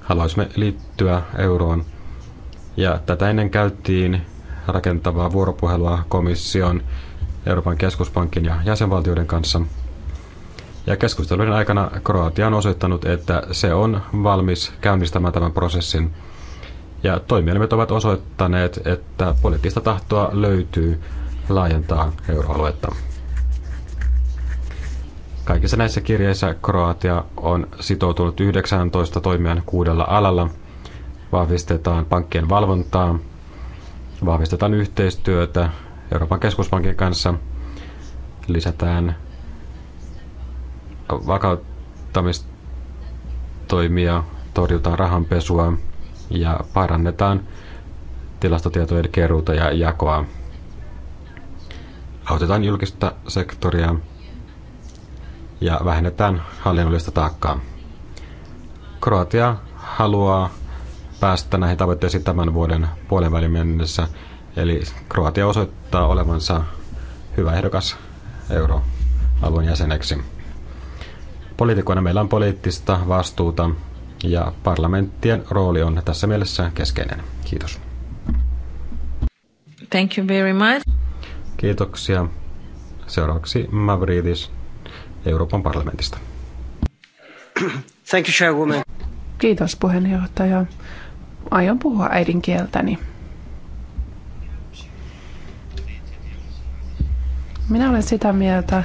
[SPEAKER 2] Haluaisimme liittyä euroon ja tätä ennen käyttiin rakentavaa vuoropuhelua komission, Euroopan keskuspankin ja jäsenvaltioiden kanssa. Ja keskustelujen aikana Kroatia on osoittanut, että se on valmis käynnistämään tämän prosessin. Ja toimielimet ovat osoittaneet, että poliittista tahtoa löytyy laajentaa euroaluetta. Kaikissa näissä kirjeissä Kroatia on sitoutunut 19 toimijan kuudella alalla – vahvistetaan pankkien valvontaa, vahvistetaan yhteistyötä Euroopan keskuspankin kanssa, lisätään vakauttamistoimia, torjutaan rahanpesua ja parannetaan tilastotietojen keruuta ja jakoa. Autetaan julkista sektoria ja vähennetään hallinnollista taakkaa. Kroatia haluaa päästä näihin tavoitteisiin tämän vuoden puolen mennessä. Eli Kroatia osoittaa olevansa hyvä ehdokas euroalueen jäseneksi. Poliitikoina meillä on poliittista vastuuta ja parlamenttien rooli on tässä mielessä keskeinen. Kiitos.
[SPEAKER 1] Thank you very much.
[SPEAKER 2] Kiitoksia. Seuraavaksi Mavridis Euroopan parlamentista. Thank you, Chairwoman.
[SPEAKER 5] Kiitos puheenjohtaja aion puhua äidinkieltäni. Minä olen sitä mieltä,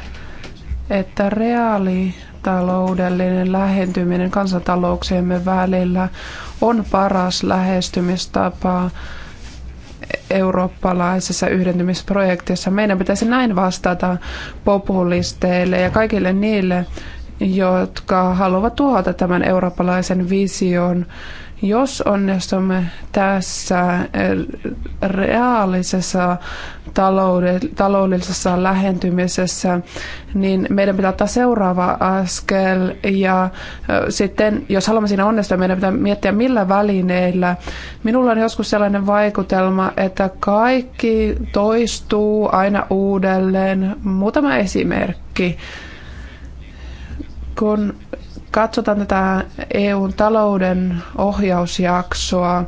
[SPEAKER 5] että reaalitaloudellinen lähentyminen kansantalouksiemme välillä on paras lähestymistapa eurooppalaisessa yhdentymisprojektissa. Meidän pitäisi näin vastata populisteille ja kaikille niille, jotka haluavat tuhota tämän eurooppalaisen vision jos onnistumme tässä eh, reaalisessa taloudellisessa lähentymisessä, niin meidän pitää ottaa seuraava askel. Ja eh, sitten, jos haluamme siinä onnistua, meidän pitää miettiä, millä välineillä. Minulla on joskus sellainen vaikutelma, että kaikki toistuu aina uudelleen. Muutama esimerkki kun katsotaan tätä EUn talouden ohjausjaksoa,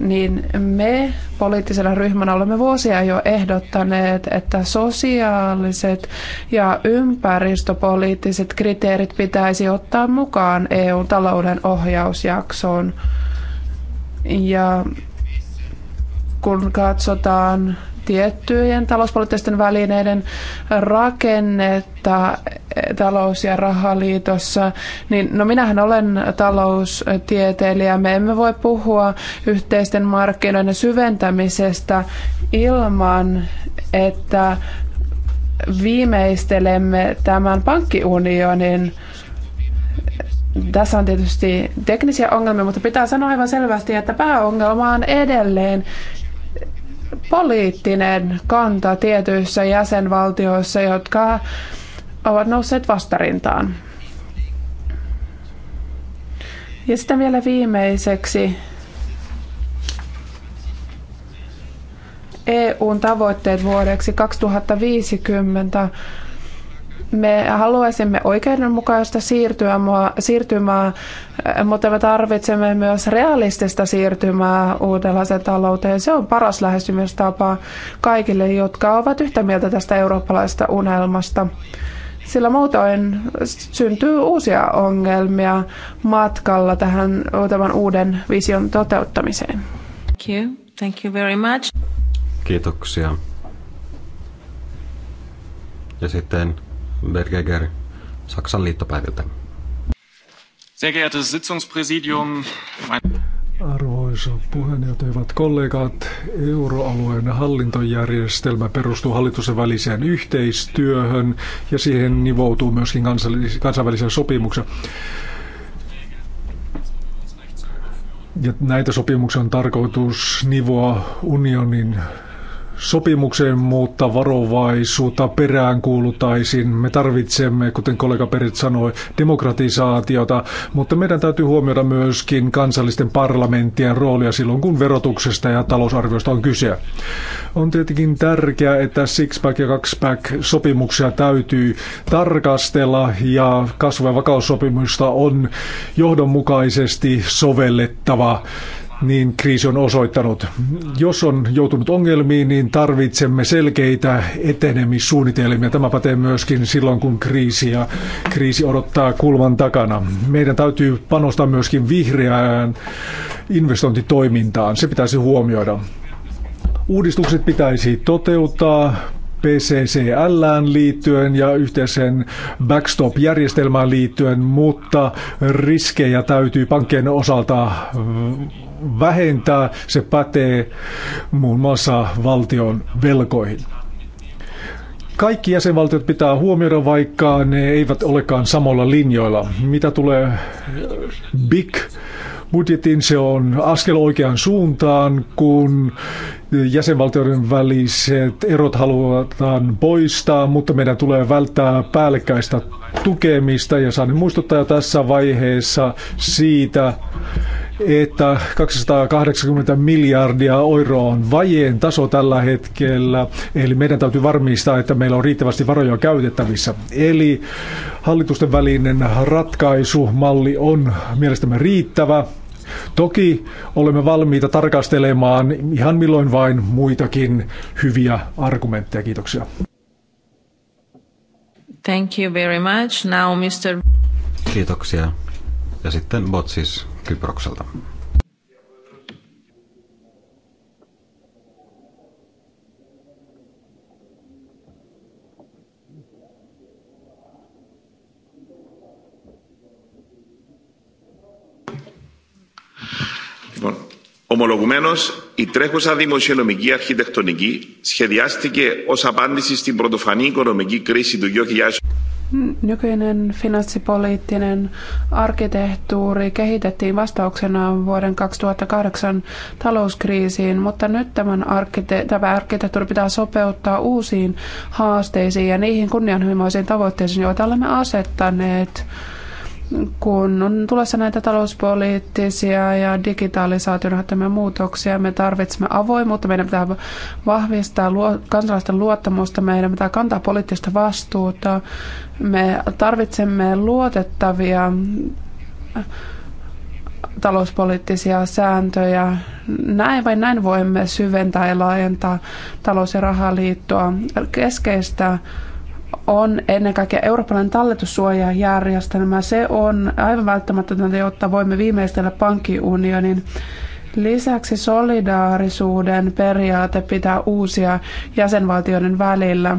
[SPEAKER 5] niin me poliittisena ryhmänä olemme vuosia jo ehdottaneet, että sosiaaliset ja ympäristöpoliittiset kriteerit pitäisi ottaa mukaan EUn talouden ohjausjaksoon. Ja kun katsotaan tiettyjen talouspoliittisten välineiden rakennetta talous- ja rahaliitossa, niin no minähän olen taloustieteilijä. Me emme voi puhua yhteisten markkinoiden syventämisestä ilman, että viimeistelemme tämän pankkiunionin tässä on tietysti teknisiä ongelmia, mutta pitää sanoa aivan selvästi, että pääongelma on edelleen poliittinen kanta tietyissä jäsenvaltioissa, jotka ovat nousseet vastarintaan. Ja sitten vielä viimeiseksi EUn tavoitteet vuodeksi 2050 me haluaisimme oikeudenmukaista siirtymää, siirtymää, eh, mutta me tarvitsemme myös realistista siirtymää uudenlaiseen talouteen. Se on paras lähestymistapa kaikille, jotka ovat yhtä mieltä tästä eurooppalaisesta unelmasta. Sillä muutoin syntyy uusia ongelmia matkalla tähän tämän uuden vision toteuttamiseen. Thank you. Thank
[SPEAKER 1] you very much.
[SPEAKER 2] Kiitoksia. Ja sitten Bergeger Saksan liittopäiviltä. Sehr geehrtes Sitzungspräsidium,
[SPEAKER 3] Arvoisa puheenjohtaja, hyvät kollegat, euroalueen hallintojärjestelmä perustuu hallitusten väliseen yhteistyöhön ja siihen nivoutuu myöskin kansainvälisiä sopimuksia. Ja näitä sopimuksia on tarkoitus nivoa unionin sopimukseen, muutta varovaisuutta peräänkuulutaisin. Me tarvitsemme, kuten kollega Perit sanoi, demokratisaatiota, mutta meidän täytyy huomioida myöskin kansallisten parlamenttien roolia silloin, kun verotuksesta ja talousarviosta on kyse. On tietenkin tärkeää, että six-pack ja two-pack sopimuksia täytyy tarkastella ja kasvu- ja vakaussopimusta on johdonmukaisesti sovellettava niin kriisi on osoittanut. Jos on joutunut ongelmiin, niin tarvitsemme selkeitä etenemissuunnitelmia. Tämä pätee myöskin silloin, kun kriisi, ja kriisi odottaa kulman takana. Meidän täytyy panostaa myöskin vihreään investointitoimintaan. Se pitäisi huomioida. Uudistukset pitäisi toteuttaa PCCL liittyen ja yhteiseen backstop-järjestelmään liittyen, mutta riskejä täytyy pankkien osalta vähentää. Se pätee muun muassa valtion velkoihin. Kaikki jäsenvaltiot pitää huomioida, vaikka ne eivät olekaan samalla linjoilla. Mitä tulee big budjetin, se on askel oikeaan suuntaan, kun jäsenvaltioiden väliset erot halutaan poistaa, mutta meidän tulee välttää päällekkäistä tukemista ja saan muistuttaa jo tässä vaiheessa siitä, että 280 miljardia euroa on vajeen taso tällä hetkellä, eli meidän täytyy varmistaa, että meillä on riittävästi varoja käytettävissä. Eli hallitusten välinen ratkaisumalli on mielestämme riittävä. Toki olemme valmiita tarkastelemaan ihan milloin vain muitakin hyviä argumentteja. Kiitoksia.
[SPEAKER 1] Thank you very much. Now, Mr.
[SPEAKER 2] Kiitoksia. Ja sitten Botsis Kyprokselta.
[SPEAKER 3] Ομολογουμένως, η τρέχουσα
[SPEAKER 1] δημοσιονομική αρχιτεκτονική σχεδιάστηκε ως απάντηση στην πρωτοφανή οικονομική κρίση του 2000.
[SPEAKER 5] Nykyinen finanssipoliittinen arkkitehtuuri kehitettiin vastauksena vuoden 2008 talouskriisiin, mutta nyt tämän arkkite- tämä arkkitehtuuri pitää sopeuttaa uusiin haasteisiin ja niihin kunnianhimoisiin tavoitteisiin, joita olemme asettaneet kun on tulossa näitä talouspoliittisia ja digitalisaation rahoittamia muutoksia, me tarvitsemme avoimuutta, meidän pitää vahvistaa luo, kansalaisten luottamusta, meidän pitää kantaa poliittista vastuuta, me tarvitsemme luotettavia talouspoliittisia sääntöjä. Näin vai näin voimme syventää ja laajentaa talous- ja rahaliittoa. Keskeistä on ennen kaikkea eurooppalainen talletussuojajärjestelmä. Se on aivan välttämätöntä, jotta voimme viimeistellä pankkiunionin. Lisäksi solidaarisuuden periaate pitää uusia jäsenvaltioiden välillä.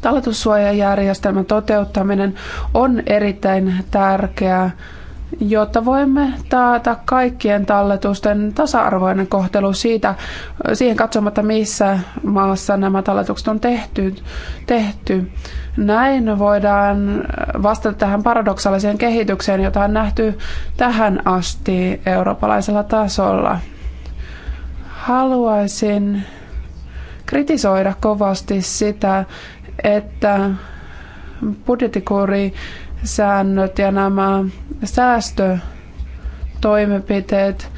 [SPEAKER 5] Talletussuojajärjestelmän toteuttaminen on erittäin tärkeää jotta voimme taata kaikkien talletusten tasa-arvoinen kohtelu siitä, siihen katsomatta, missä maassa nämä talletukset on tehty. tehty. Näin voidaan vastata tähän paradoksaaliseen kehitykseen, jota on nähty tähän asti eurooppalaisella tasolla. Haluaisin kritisoida kovasti sitä, että budjettikuri säännöt ja nämä säästötoimenpiteet,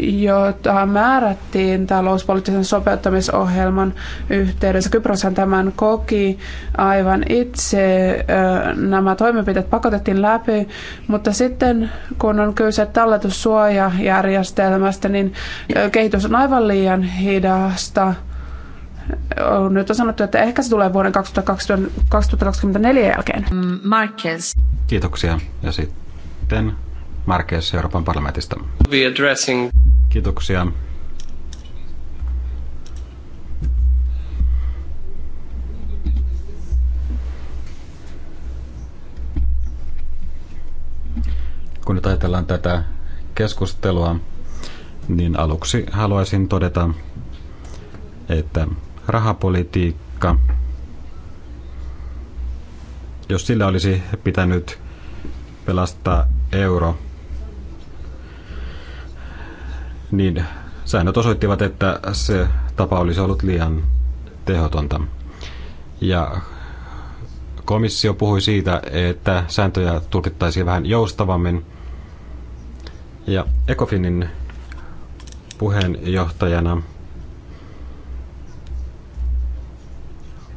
[SPEAKER 5] jota määrättiin talouspoliittisen sopeuttamisohjelman yhteydessä. Kyproshan tämän koki aivan itse. Nämä toimenpiteet pakotettiin läpi, mutta sitten kun on kyse talletussuojajärjestelmästä, niin kehitys on aivan liian hidasta on nyt on sanottu, että ehkä se tulee vuoden 2024 jälkeen. Mm, Marquez.
[SPEAKER 2] Kiitoksia. Ja sitten Marquez Euroopan parlamentista. Kiitoksia. Kun nyt ajatellaan tätä keskustelua, niin aluksi haluaisin todeta, että rahapolitiikka, jos sillä olisi pitänyt pelastaa euro, niin säännöt osoittivat, että se tapa olisi ollut liian tehotonta. Ja komissio puhui siitä, että sääntöjä tulkittaisiin vähän joustavammin. Ja Ecofinin puheenjohtajana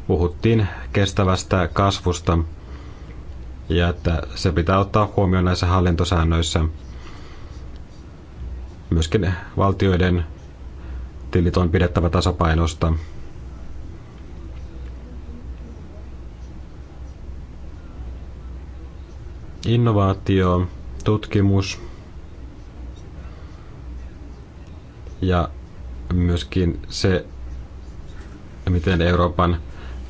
[SPEAKER 2] puhuttiin kestävästä kasvusta ja että se pitää ottaa huomioon näissä hallintosäännöissä. Myöskin valtioiden tilit on pidettävä tasapainosta. Innovaatio, tutkimus ja myöskin se, miten Euroopan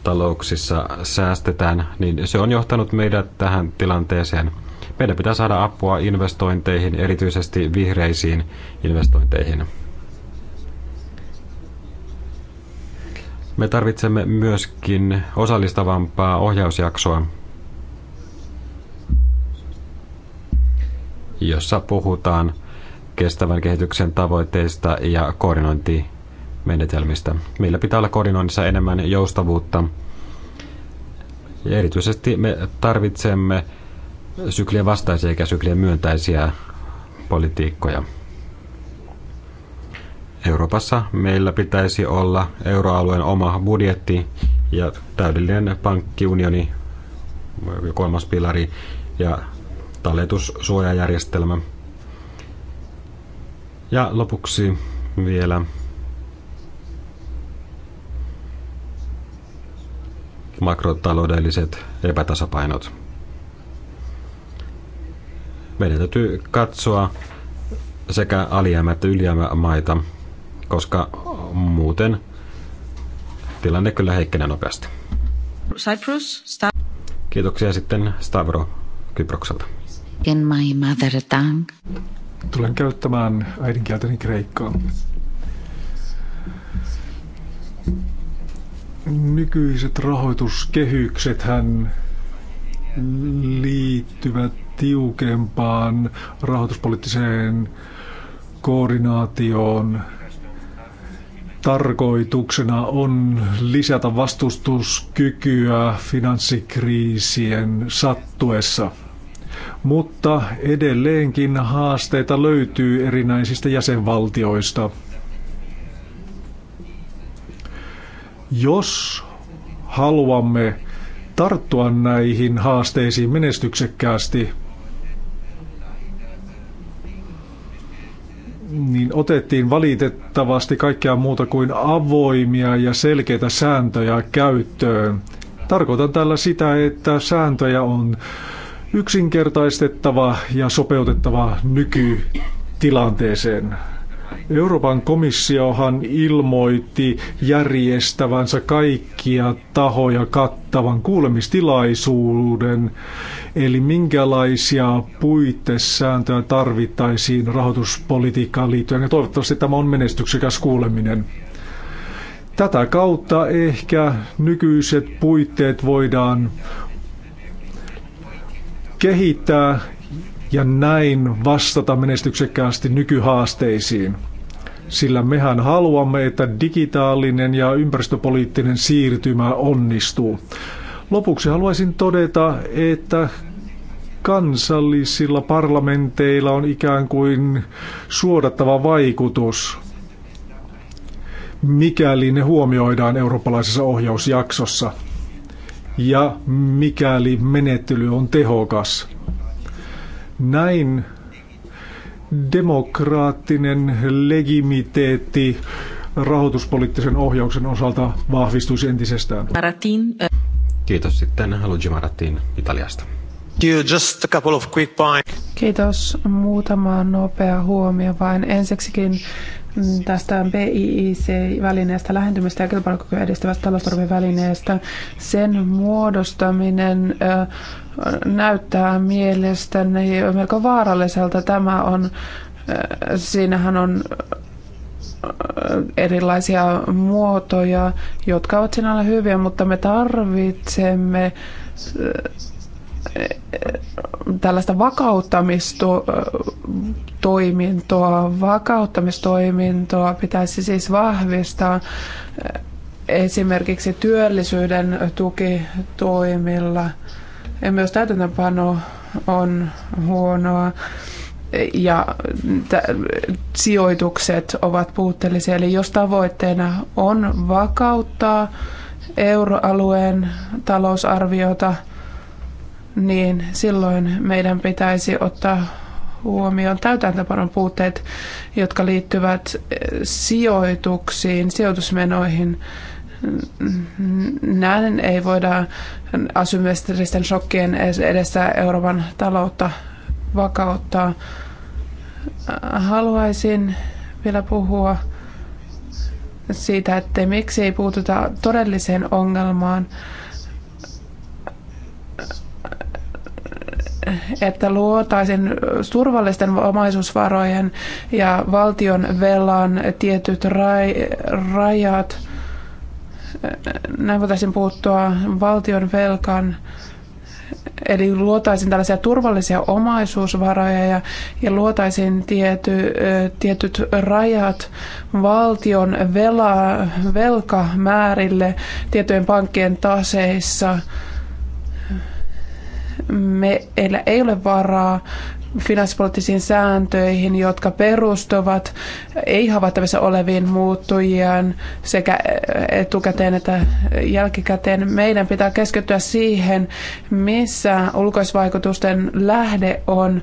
[SPEAKER 2] talouksissa säästetään, niin se on johtanut meidät tähän tilanteeseen. Meidän pitää saada apua investointeihin, erityisesti vihreisiin investointeihin. Me tarvitsemme myöskin osallistavampaa ohjausjaksoa, jossa puhutaan kestävän kehityksen tavoitteista ja koordinointi menetelmistä. Meillä pitää olla koordinoinnissa enemmän joustavuutta. Ja erityisesti me tarvitsemme syklien vastaisia eikä syklien myöntäisiä politiikkoja. Euroopassa meillä pitäisi olla euroalueen oma budjetti ja täydellinen pankkiunioni, kolmas pilari ja talletussuojajärjestelmä. Ja lopuksi vielä makrotaloudelliset epätasapainot. Meidän täytyy katsoa sekä alijäämä- että ylijäämämaita, koska muuten tilanne kyllä heikkenee nopeasti.
[SPEAKER 1] Cyprus, sta.
[SPEAKER 2] Kiitoksia sitten Stavro Kyprokselta.
[SPEAKER 1] In my mother tongue.
[SPEAKER 3] Tulen käyttämään äidinkieltäni kreikkaa. Nykyiset rahoituskehyksethän liittyvät tiukempaan rahoituspoliittiseen koordinaatioon. Tarkoituksena on lisätä vastustuskykyä finanssikriisien sattuessa. Mutta edelleenkin haasteita löytyy erinäisistä jäsenvaltioista – Jos haluamme tarttua näihin haasteisiin menestyksekkäästi, niin otettiin valitettavasti kaikkea muuta kuin avoimia ja selkeitä sääntöjä käyttöön. Tarkoitan tällä sitä, että sääntöjä on yksinkertaistettava ja sopeutettava nykytilanteeseen. Euroopan komissiohan ilmoitti järjestävänsä kaikkia tahoja kattavan kuulemistilaisuuden, eli minkälaisia puitesääntöjä tarvittaisiin rahoituspolitiikkaan liittyen, ja toivottavasti tämä on menestyksekäs kuuleminen. Tätä kautta ehkä nykyiset puitteet voidaan kehittää ja näin vastata menestyksekkäästi nykyhaasteisiin sillä mehän haluamme, että digitaalinen ja ympäristöpoliittinen siirtymä onnistuu. Lopuksi haluaisin todeta, että kansallisilla parlamenteilla on ikään kuin suodattava vaikutus, mikäli ne huomioidaan eurooppalaisessa ohjausjaksossa ja mikäli menettely on tehokas. Näin demokraattinen legimiteetti rahoituspoliittisen ohjauksen osalta vahvistuisi entisestään.
[SPEAKER 5] Maratin.
[SPEAKER 2] Kiitos sitten Luigi Maratin Italiasta. Just a couple of
[SPEAKER 5] quick points. Kiitos. Muutama nopea huomio vain. Ensiksikin Mm, tästä BIIC-välineestä, lähentymistä ja kilpailukykyä edistävästä talousarviovälineestä. Sen muodostaminen näyttää mielestäni melko vaaralliselta. Tämä on, siinähän on erilaisia muotoja, jotka ovat sinällä hyviä, mutta me tarvitsemme tällaista vakauttamistoimintoa, vakauttamistoimintoa pitäisi siis vahvistaa eh, esimerkiksi työllisyyden tukitoimilla. Ja myös täytäntöpano on huonoa ja sijoitukset ovat puutteellisia. Eli jos tavoitteena on vakauttaa euroalueen talousarviota – niin silloin meidän pitäisi ottaa huomioon täytäntöpanon puutteet, jotka liittyvät eh, sijoituksiin, sijoitusmenoihin. Mm, näin ei voida asymmetristen shokkien edessä Euroopan taloutta vakauttaa. Haluaisin vielä puhua siitä, että miksi ei puututa todelliseen ongelmaan – että luotaisiin turvallisten omaisuusvarojen ja valtion velan tietyt rajat. Näin voitaisiin puuttua valtion velkan, Eli luotaisiin tällaisia turvallisia omaisuusvaroja ja, ja luotaisiin tiety, tietyt rajat valtion vela, velkamäärille tiettyjen pankkien taseissa – meillä ei ole varaa finanssipoliittisiin sääntöihin, jotka perustuvat ei havaittavissa oleviin muuttujiin sekä etukäteen että jälkikäteen. Meidän pitää keskittyä siihen, missä ulkoisvaikutusten lähde on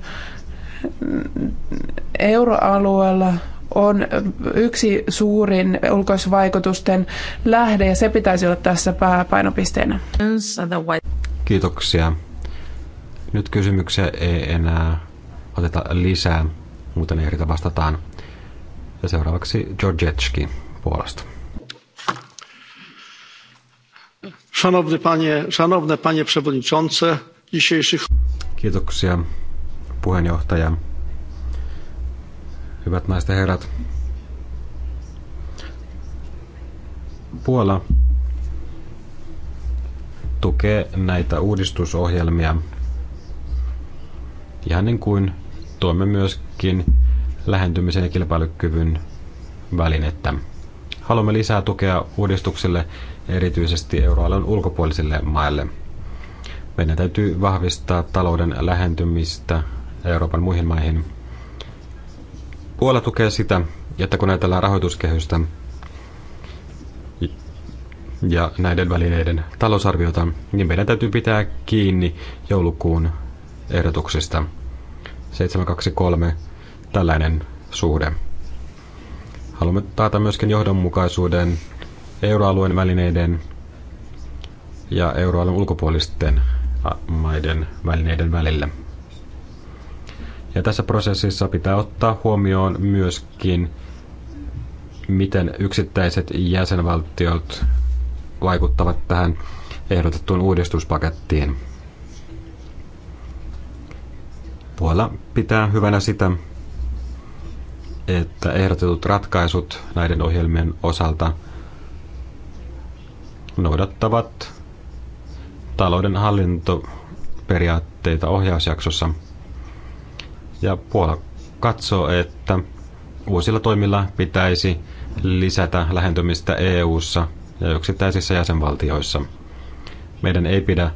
[SPEAKER 5] euroalueella on yksi suurin ulkoisvaikutusten lähde ja se pitäisi olla tässä pääpainopisteenä.
[SPEAKER 2] Kiitoksia. Nyt kysymyksiä ei enää oteta lisää, muuten ei riitä vastataan. Ja seuraavaksi Georgetski puolesta.
[SPEAKER 3] Szanowny panie, szanowne panie przewodniczące, dzisiejszych...
[SPEAKER 2] Kiitoksia puheenjohtaja. Hyvät naiset ja herrat. Puola tukee näitä uudistusohjelmia, ihan niin kuin toimme myöskin lähentymisen ja kilpailukyvyn välinettä. Haluamme lisää tukea uudistukselle erityisesti euroalueen ulkopuolisille maille. Meidän täytyy vahvistaa talouden lähentymistä Euroopan muihin maihin. Puola tukee sitä, että kun ajatellaan rahoituskehystä ja näiden välineiden talousarviota, niin meidän täytyy pitää kiinni joulukuun ehdotuksista. 723 tällainen suhde. Haluamme taata myöskin johdonmukaisuuden euroalueen välineiden ja euroalueen ulkopuolisten maiden välineiden välillä. Ja tässä prosessissa pitää ottaa huomioon myöskin, miten yksittäiset jäsenvaltiot vaikuttavat tähän ehdotettuun uudistuspakettiin. Puola pitää hyvänä sitä, että ehdotetut ratkaisut näiden ohjelmien osalta noudattavat talouden hallintoperiaatteita ohjausjaksossa. Ja Puola katsoo, että uusilla toimilla pitäisi lisätä lähentymistä EU:ssa ja yksittäisissä jäsenvaltioissa. Meidän ei pidä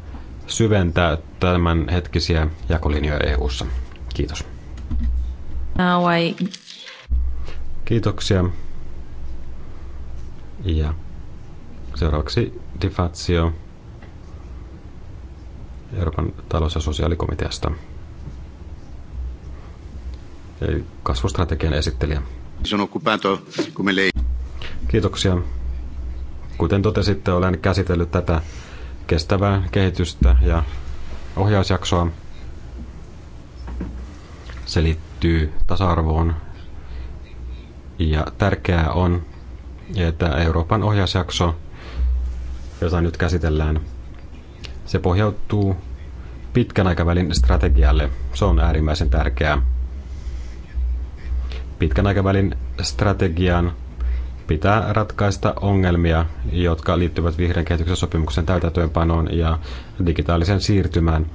[SPEAKER 2] syventää tämän hetkisiä jakolinjoja EU:ssa. Kiitos. Now I... Kiitoksia. Ja seuraavaksi Difatio Euroopan talous- ja sosiaalikomiteasta. Eli kasvustrategian esittelijä. Kiitoksia. Kuten totesitte, olen käsitellyt tätä kestävää kehitystä ja ohjausjaksoa. Se liittyy tasa-arvoon. Ja tärkeää on, että Euroopan ohjausjakso, jota nyt käsitellään, se pohjautuu pitkän aikavälin strategialle. Se on äärimmäisen tärkeää. Pitkän aikavälin strategian pitää ratkaista ongelmia, jotka liittyvät vihreän kehityksen sopimuksen täytäntöönpanoon ja digitaalisen siirtymään,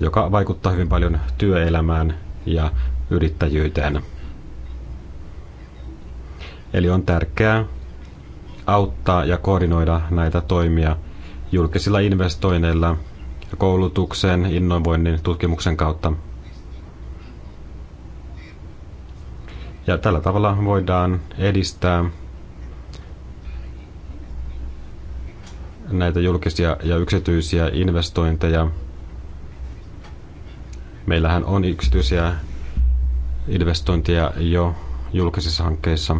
[SPEAKER 2] joka vaikuttaa hyvin paljon työelämään ja yrittäjyyteen. Eli on tärkeää auttaa ja koordinoida näitä toimia julkisilla investoinneilla, koulutuksen, innovoinnin, tutkimuksen kautta. Ja tällä tavalla voidaan edistää näitä julkisia ja yksityisiä investointeja. Meillähän on yksityisiä investointeja jo julkisissa hankkeissa.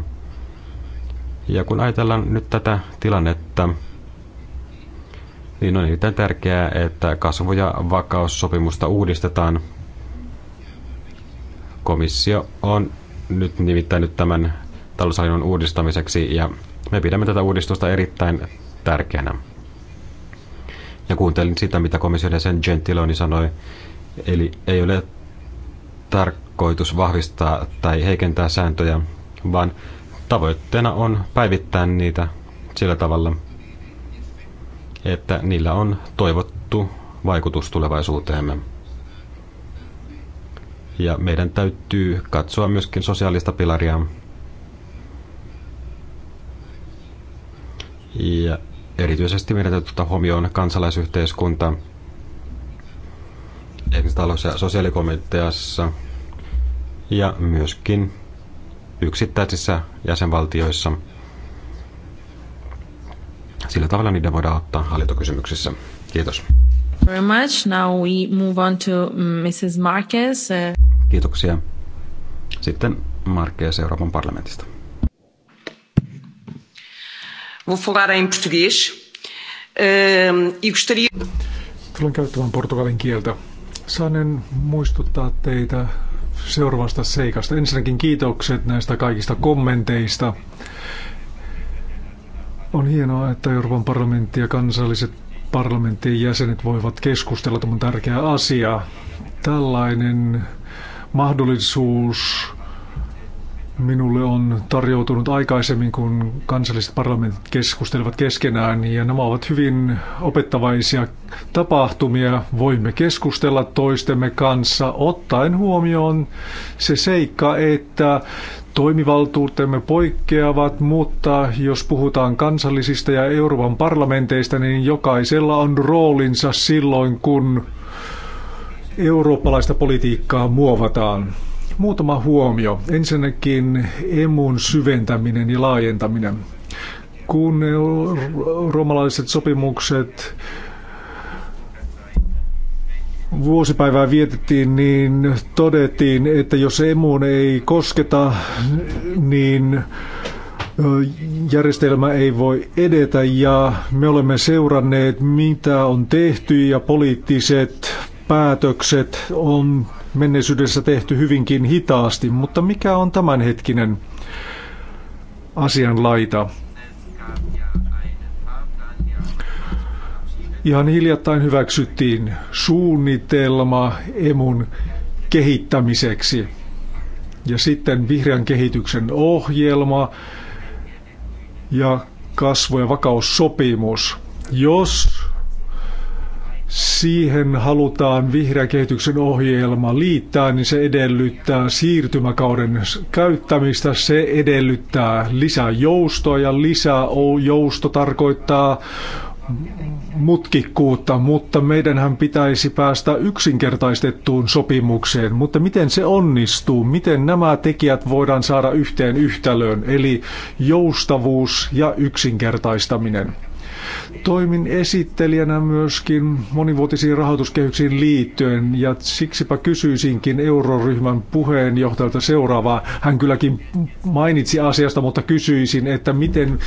[SPEAKER 2] Ja kun ajatellaan nyt tätä tilannetta, niin on erittäin tärkeää, että kasvu- ja vakaussopimusta uudistetaan. Komissio on nyt nimittänyt tämän taloushallinnon uudistamiseksi ja me pidämme tätä uudistusta erittäin tärkeänä ja kuuntelin sitä, mitä komission jäsen Gentiloni sanoi. Eli ei ole tarkoitus vahvistaa tai heikentää sääntöjä, vaan tavoitteena on päivittää niitä sillä tavalla, että niillä on toivottu vaikutus tulevaisuuteemme. Ja meidän täytyy katsoa myöskin sosiaalista pilaria. Ja Erityisesti meidän täytyy ottaa huomioon kansalaisyhteiskunta. Esimerkiksi talous- ja sosiaalikomiteassa ja myöskin yksittäisissä jäsenvaltioissa. Sillä tavalla niiden voidaan ottaa hallintokysymyksissä. Kiitos.
[SPEAKER 1] Very much. Now we move on to Mrs. Mm, Marquez.
[SPEAKER 5] Uh,
[SPEAKER 2] Kiitoksia. Sitten Marquez Euroopan parlamentista.
[SPEAKER 5] Vou falar em português. Uh, e gostaria...
[SPEAKER 3] Tulen käyttämään portugalin kieltä. Saanen muistuttaa teitä seuraavasta seikasta. Ensinnäkin kiitokset näistä kaikista kommenteista. On hienoa, että Euroopan parlamentti ja kansalliset parlamenttien jäsenet voivat keskustella tämän tärkeää asiaa. Tällainen mahdollisuus minulle on tarjoutunut aikaisemmin, kun kansalliset parlamentit keskustelevat keskenään, ja nämä ovat hyvin opettavaisia tapahtumia. Voimme keskustella toistemme kanssa ottaen huomioon se seikka, että toimivaltuutemme poikkeavat, mutta jos puhutaan kansallisista ja Euroopan parlamenteista, niin jokaisella on roolinsa silloin, kun eurooppalaista politiikkaa muovataan. Muutama huomio. Ensinnäkin emun syventäminen ja laajentaminen. Kun romalaiset sopimukset vuosipäivää vietettiin, niin todettiin, että jos emuun ei kosketa, niin järjestelmä ei voi edetä ja me olemme seuranneet, mitä on tehty ja poliittiset päätökset on menneisyydessä tehty hyvinkin hitaasti, mutta mikä on tämänhetkinen asian laita? Ihan hiljattain hyväksyttiin suunnitelma emun kehittämiseksi ja sitten vihreän kehityksen ohjelma ja kasvu- ja vakaussopimus. Jos siihen halutaan vihreä kehityksen ohjelma liittää, niin se edellyttää siirtymäkauden käyttämistä, se edellyttää lisää joustoa ja lisää jousto tarkoittaa mutkikkuutta, mutta meidänhän pitäisi päästä yksinkertaistettuun sopimukseen. Mutta miten se onnistuu? Miten nämä tekijät voidaan saada yhteen yhtälöön, eli joustavuus ja yksinkertaistaminen? Toimin esittelijänä myöskin monivuotisiin rahoituskehyksiin liittyen ja siksipä kysyisinkin euroryhmän puheenjohtajalta seuraavaa. Hän kylläkin mainitsi asiasta, mutta kysyisin, että miten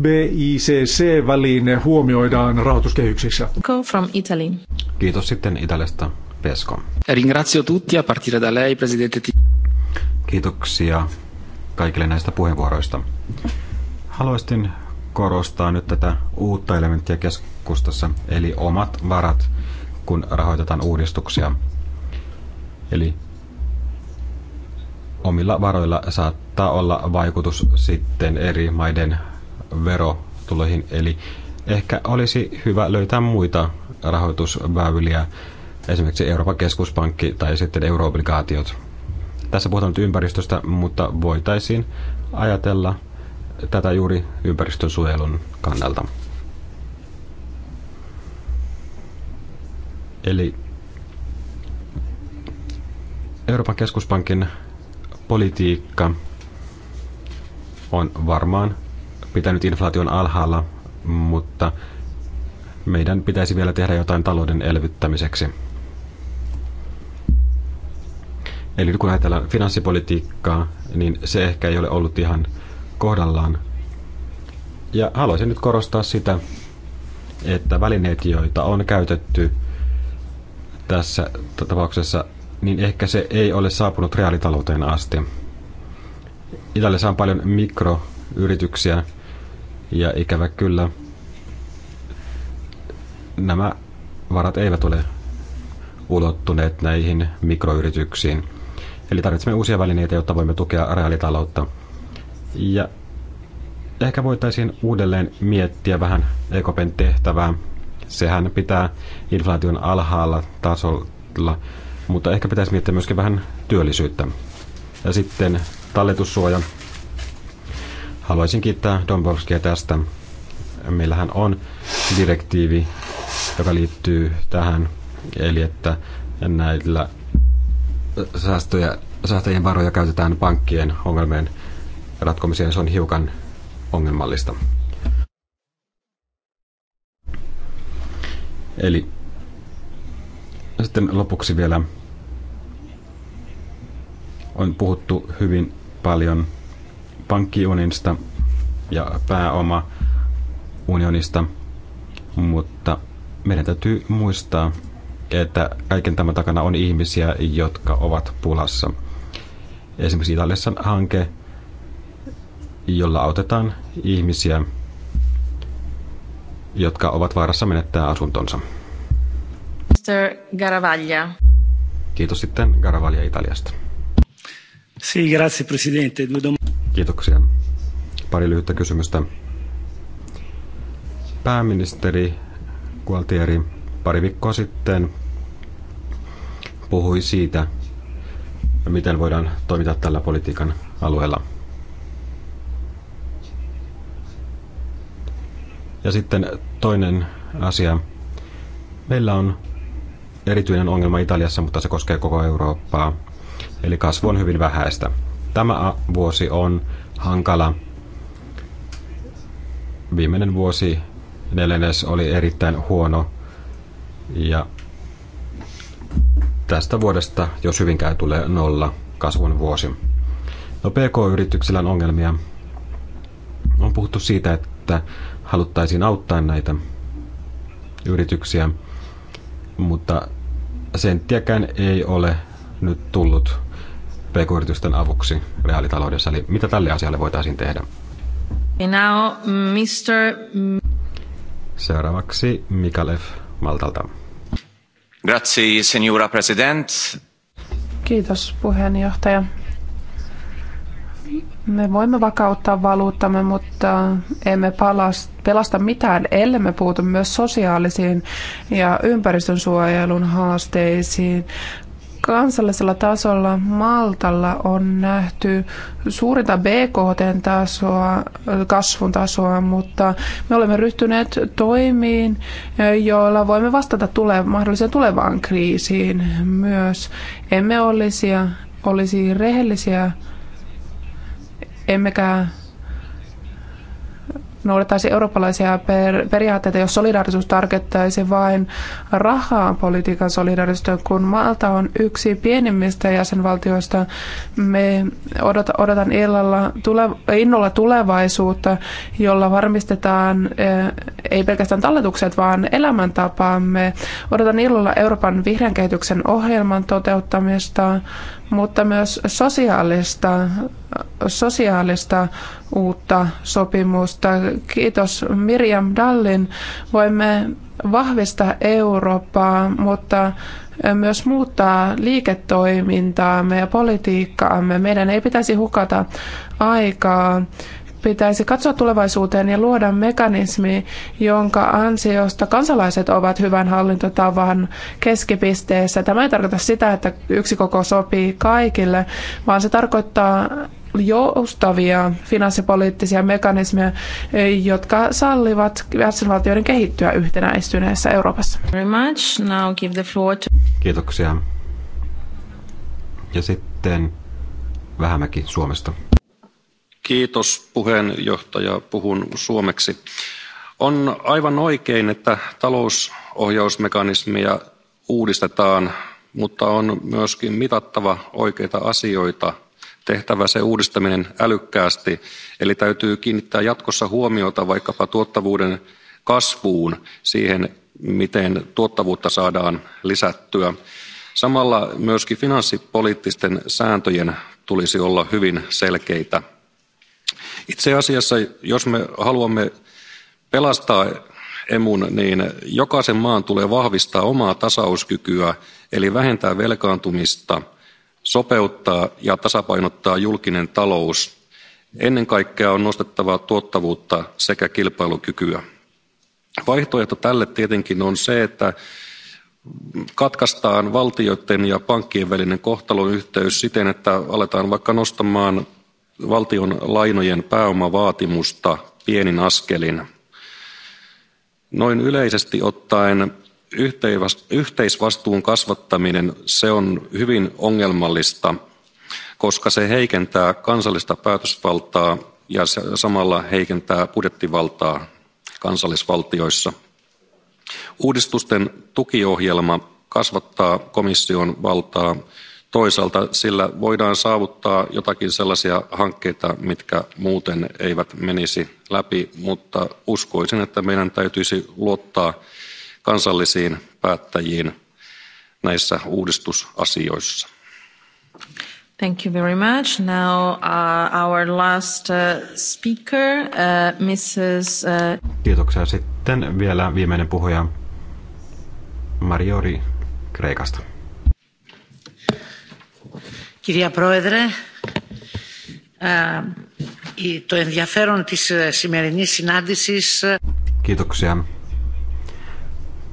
[SPEAKER 3] BICC-väline huomioidaan rahoituskehyksissä.
[SPEAKER 1] Go from Italy.
[SPEAKER 3] Kiitos sitten Italiasta. Pesco. Ringrazio tutti a partire
[SPEAKER 2] da lei, presidente. Kiitoksia kaikille näistä puheenvuoroista. Haluaisin korostaa nyt tätä uutta elementtiä keskustassa, eli omat varat, kun rahoitetaan uudistuksia. Eli omilla varoilla saattaa olla vaikutus sitten eri maiden verotuloihin, eli ehkä olisi hyvä löytää muita rahoitusväyliä, esimerkiksi Euroopan keskuspankki tai sitten euroobligaatiot. Tässä puhutaan nyt ympäristöstä, mutta voitaisiin ajatella tätä juuri ympäristönsuojelun kannalta. Eli Euroopan keskuspankin politiikka on varmaan pitänyt inflaation alhaalla, mutta meidän pitäisi vielä tehdä jotain talouden elvyttämiseksi. Eli kun ajatellaan finanssipolitiikkaa, niin se ehkä ei ole ollut ihan kohdallaan. Ja haluaisin nyt korostaa sitä, että välineet, joita on käytetty tässä tapauksessa, niin ehkä se ei ole saapunut reaalitalouteen asti. Italiassa on paljon mikroyrityksiä ja ikävä kyllä nämä varat eivät ole ulottuneet näihin mikroyrityksiin. Eli tarvitsemme uusia välineitä, jotta voimme tukea reaalitaloutta. Ja ehkä voitaisiin uudelleen miettiä vähän EKPn tehtävää. Sehän pitää inflaation alhaalla tasolla, mutta ehkä pitäisi miettiä myöskin vähän työllisyyttä. Ja sitten talletussuoja. Haluaisin kiittää Domborskia tästä. Meillähän on direktiivi, joka liittyy tähän, eli että näillä säästöjä, säästöjen varoja käytetään pankkien ongelmien ratkomiseen, se on hiukan ongelmallista. Eli sitten lopuksi vielä on puhuttu hyvin paljon pankkiunionista ja pääomaunionista, mutta meidän täytyy muistaa, että kaiken tämän takana on ihmisiä, jotka ovat pulassa. Esimerkiksi Italiassa hanke, jolla autetaan ihmisiä, jotka ovat vaarassa menettää asuntonsa.
[SPEAKER 1] Mr. Garavaglia.
[SPEAKER 2] Kiitos sitten Garavaglia Italiasta. Sì, grazie Presidente. Kiitoksia. Pari lyhyttä kysymystä. Pääministeri Gualtieri pari viikkoa sitten puhui siitä, miten voidaan toimita tällä politiikan alueella – Ja sitten toinen asia. Meillä on erityinen ongelma Italiassa, mutta se koskee koko Eurooppaa. Eli kasvu on hyvin vähäistä. Tämä vuosi on hankala. Viimeinen vuosi neljännes oli erittäin huono. Ja tästä vuodesta, jos hyvinkään tulee nolla, kasvun vuosi. No PK-yrityksillä on ongelmia. On puhuttu siitä, että haluttaisiin auttaa näitä yrityksiä, mutta senttiäkään ei ole nyt tullut pk avuksi reaalitaloudessa. Eli mitä tälle asialle voitaisiin tehdä?
[SPEAKER 1] Now, Mr.
[SPEAKER 2] Seuraavaksi Mikalev
[SPEAKER 3] Maltalta. Grazie, signora president.
[SPEAKER 5] Kiitos puheenjohtaja. Me voimme vakauttaa valuuttamme, mutta emme pelasta mitään, me puutu myös sosiaalisiin ja ympäristönsuojelun haasteisiin. Kansallisella tasolla Maltalla on nähty suurinta BKT-tasoa, kasvun tasoa, mutta me olemme ryhtyneet toimiin, joilla voimme vastata tule- mahdolliseen tulevaan kriisiin myös. Emme olisi, olisi rehellisiä emmekä noudattaisi eurooppalaisia per, periaatteita, jos solidaarisuus tarkoittaisi vain rahaa politiikan solidaarisuutta, kun Malta on yksi pienimmistä jäsenvaltioista. Me odota, odotan illalla tule, innolla tulevaisuutta, jolla varmistetaan eh, ei pelkästään talletukset, vaan elämäntapaamme. Odotan illolla Euroopan vihreän kehityksen ohjelman toteuttamista mutta myös sosiaalista, sosiaalista uutta sopimusta. Kiitos Miriam Dallin. Voimme vahvistaa Eurooppaa, mutta myös muuttaa liiketoimintaamme ja politiikkaamme. Meidän ei pitäisi hukata aikaa pitäisi katsoa tulevaisuuteen ja luoda mekanismi, jonka ansiosta kansalaiset ovat hyvän hallintotavan keskipisteessä. Tämä ei tarkoita sitä, että yksi koko sopii kaikille, vaan se tarkoittaa joustavia finanssipoliittisia mekanismeja, jotka sallivat jäsenvaltioiden kehittyä yhtenäistyneessä Euroopassa.
[SPEAKER 2] Kiitoksia. Ja sitten
[SPEAKER 1] Vähämäki Suomesta.
[SPEAKER 4] Kiitos puheenjohtaja. Puhun suomeksi. On aivan oikein, että talousohjausmekanismia uudistetaan, mutta on myöskin mitattava oikeita asioita, tehtävä se uudistaminen älykkäästi. Eli täytyy kiinnittää jatkossa huomiota vaikkapa tuottavuuden kasvuun, siihen miten tuottavuutta saadaan lisättyä. Samalla myöskin finanssipoliittisten sääntöjen tulisi olla hyvin selkeitä. Itse asiassa, jos me haluamme pelastaa emun, niin jokaisen maan tulee vahvistaa omaa tasauskykyä, eli vähentää velkaantumista, sopeuttaa ja tasapainottaa julkinen talous. Ennen kaikkea on nostettava tuottavuutta sekä kilpailukykyä. Vaihtoehto tälle tietenkin on se, että katkaistaan valtioiden ja pankkien välinen kohtalon yhteys siten, että aletaan vaikka nostamaan valtion lainojen pääomavaatimusta pienin askelin. Noin yleisesti ottaen yhteisvastuun kasvattaminen se on hyvin ongelmallista, koska se heikentää kansallista päätösvaltaa ja samalla heikentää budjettivaltaa kansallisvaltioissa. Uudistusten tukiohjelma kasvattaa komission valtaa toisaalta sillä voidaan saavuttaa jotakin sellaisia hankkeita, mitkä muuten eivät menisi läpi, mutta uskoisin, että meidän täytyisi luottaa kansallisiin päättäjiin näissä uudistusasioissa.
[SPEAKER 1] Thank you very much. Now uh, our last uh, speaker, uh, Mrs.
[SPEAKER 2] Uh... Kiitoksia. Sitten vielä viimeinen puhuja, Mariori
[SPEAKER 1] Kreikasta. Κυρία Πρόεδρε, το ενδιαφέρον της σημερινής συνάντησης...
[SPEAKER 2] Kiitoksia.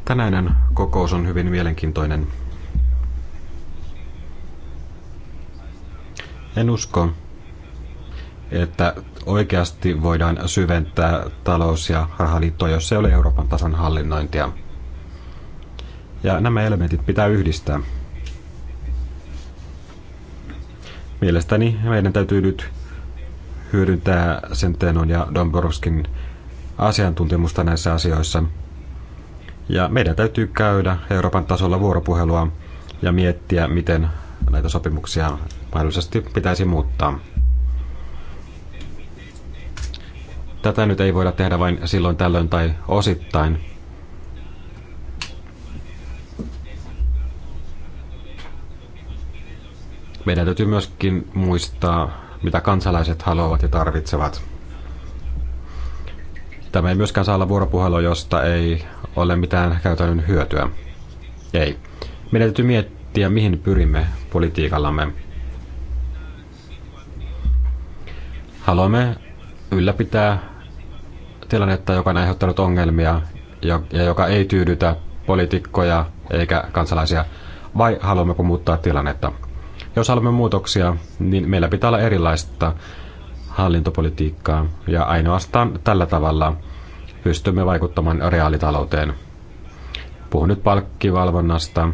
[SPEAKER 2] Tänäinen kokous on hyvin mielenkiintoinen. En usko, että oikeasti voidaan syventää talous- ja rahaliittoa, jos ei ole Euroopan tason hallinnointia. Ja nämä elementit pitää yhdistää. Mielestäni meidän täytyy nyt hyödyntää Sentenon ja Domborovskin asiantuntemusta näissä asioissa. Ja meidän täytyy käydä Euroopan tasolla vuoropuhelua ja miettiä, miten näitä sopimuksia mahdollisesti pitäisi muuttaa. Tätä nyt ei voida tehdä vain silloin tällöin tai osittain, meidän täytyy myöskin muistaa, mitä kansalaiset haluavat ja tarvitsevat. Tämä ei myöskään saa olla vuoropuhelu, josta ei ole mitään käytännön hyötyä. Ei. Meidän täytyy miettiä, mihin pyrimme politiikallamme. Haluamme ylläpitää tilannetta, joka on aiheuttanut ongelmia ja joka ei tyydytä poliitikkoja eikä kansalaisia, vai haluammeko muuttaa tilannetta? Jos haluamme muutoksia, niin meillä pitää olla erilaista hallintopolitiikkaa ja ainoastaan tällä tavalla pystymme vaikuttamaan reaalitalouteen. Puhun nyt palkkivalvonnasta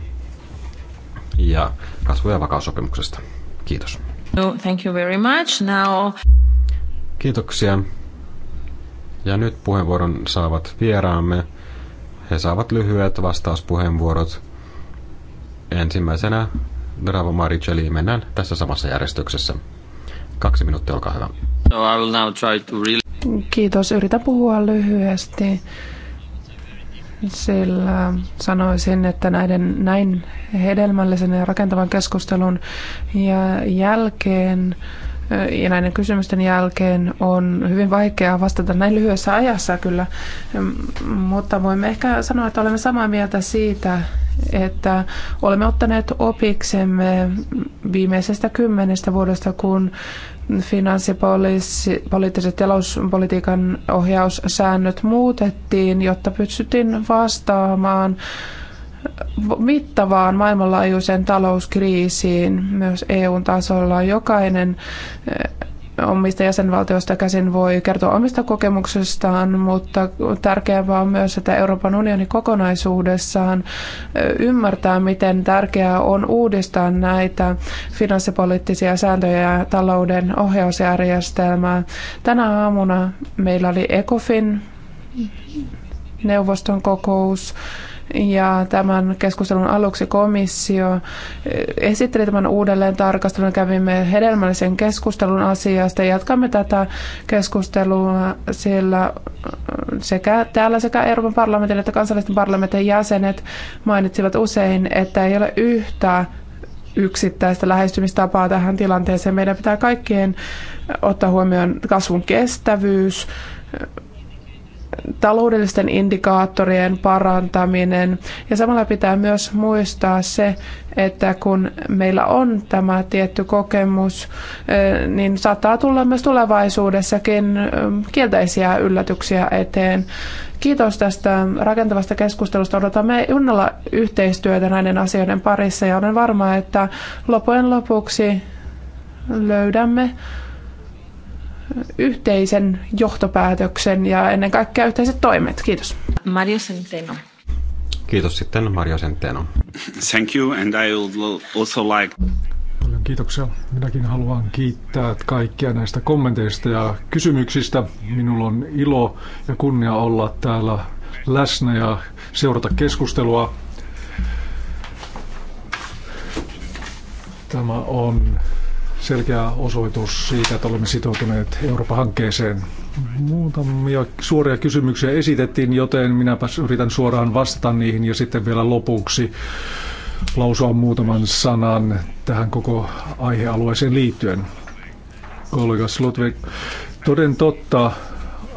[SPEAKER 2] ja kasvu- ja vakaussopimuksesta. Kiitos.
[SPEAKER 1] No, thank you very much. Now...
[SPEAKER 2] Kiitoksia. Ja nyt puheenvuoron saavat vieraamme. He saavat lyhyet vastauspuheenvuorot. Ensimmäisenä Bravo Maricelli, mennään tässä samassa järjestyksessä. Kaksi minuuttia, olkaa hyvä.
[SPEAKER 1] No, I'll now try to
[SPEAKER 5] really... Kiitos, yritän puhua lyhyesti, sillä sanoisin, että näiden näin hedelmällisen ja rakentavan keskustelun ja jälkeen ja näiden kysymysten jälkeen on hyvin vaikeaa vastata näin lyhyessä ajassa kyllä, mutta voimme ehkä sanoa, että olemme samaa mieltä siitä, että olemme ottaneet opiksemme viimeisestä kymmenestä vuodesta, kun finanssipoliittiset talouspolitiikan ohjaussäännöt muutettiin, jotta pystyttiin vastaamaan mittavaan maailmanlaajuiseen talouskriisiin myös EUn tasolla. Jokainen eh, omista jäsenvaltioista käsin voi kertoa omista kokemuksistaan, mutta tärkeää on myös, että Euroopan unioni kokonaisuudessaan eh, ymmärtää, miten tärkeää on uudistaa näitä finanssipoliittisia sääntöjä ja talouden ohjausjärjestelmää. Tänä aamuna meillä oli ECOFIN neuvoston kokous ja tämän keskustelun aluksi komissio eh, esitteli tämän uudelleen tarkastelun. Kävimme hedelmällisen keskustelun asiasta. Jatkamme tätä keskustelua, sillä eh, sekä täällä sekä Euroopan parlamentin että kansallisten parlamentin jäsenet mainitsivat usein, että ei ole yhtä yksittäistä lähestymistapaa tähän tilanteeseen. Meidän pitää kaikkien ottaa huomioon kasvun kestävyys, taloudellisten indikaattorien parantaminen. Ja samalla pitää myös muistaa se, että kun meillä on tämä tietty kokemus, niin saattaa tulla myös tulevaisuudessakin kielteisiä yllätyksiä eteen. Kiitos tästä rakentavasta keskustelusta. Odotamme innolla yhteistyötä näiden asioiden parissa ja olen varma, että lopujen lopuksi löydämme yhteisen johtopäätöksen ja ennen kaikkea yhteiset toimet. Kiitos. Mario Centeno.
[SPEAKER 2] Kiitos sitten Mario Centeno. Thank you and I would also like...
[SPEAKER 3] Paljon kiitoksia. Minäkin haluan kiittää kaikkia näistä kommenteista ja kysymyksistä. Minulla on ilo ja kunnia olla täällä läsnä ja seurata keskustelua. Tämä on selkeä osoitus siitä, että olemme sitoutuneet Euroopan hankkeeseen. Muutamia suoria kysymyksiä esitettiin, joten minäpä yritän suoraan vastata niihin ja sitten vielä lopuksi lausua muutaman sanan tähän koko aihealueeseen liittyen. Kollega Slutvik, toden totta,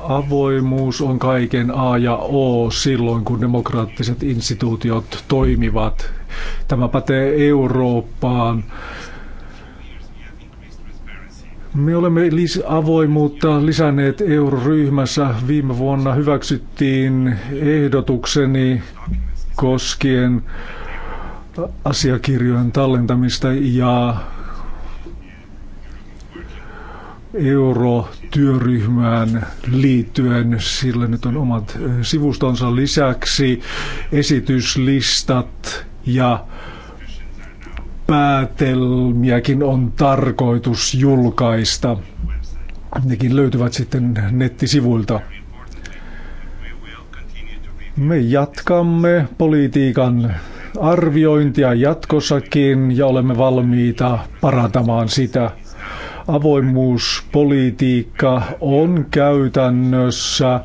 [SPEAKER 3] avoimuus on kaiken A ja O silloin, kun demokraattiset instituutiot toimivat. Tämä pätee Eurooppaan me olemme lis- avoimuutta lisänneet euroryhmässä. Viime vuonna hyväksyttiin ehdotukseni koskien asiakirjojen tallentamista ja eurotyöryhmään liittyen. Sillä nyt on omat sivustonsa lisäksi esityslistat ja päätelmiäkin on tarkoitus julkaista. Nekin löytyvät sitten nettisivuilta. Me jatkamme politiikan arviointia jatkossakin ja olemme valmiita parantamaan sitä. Avoimuuspolitiikka on käytännössä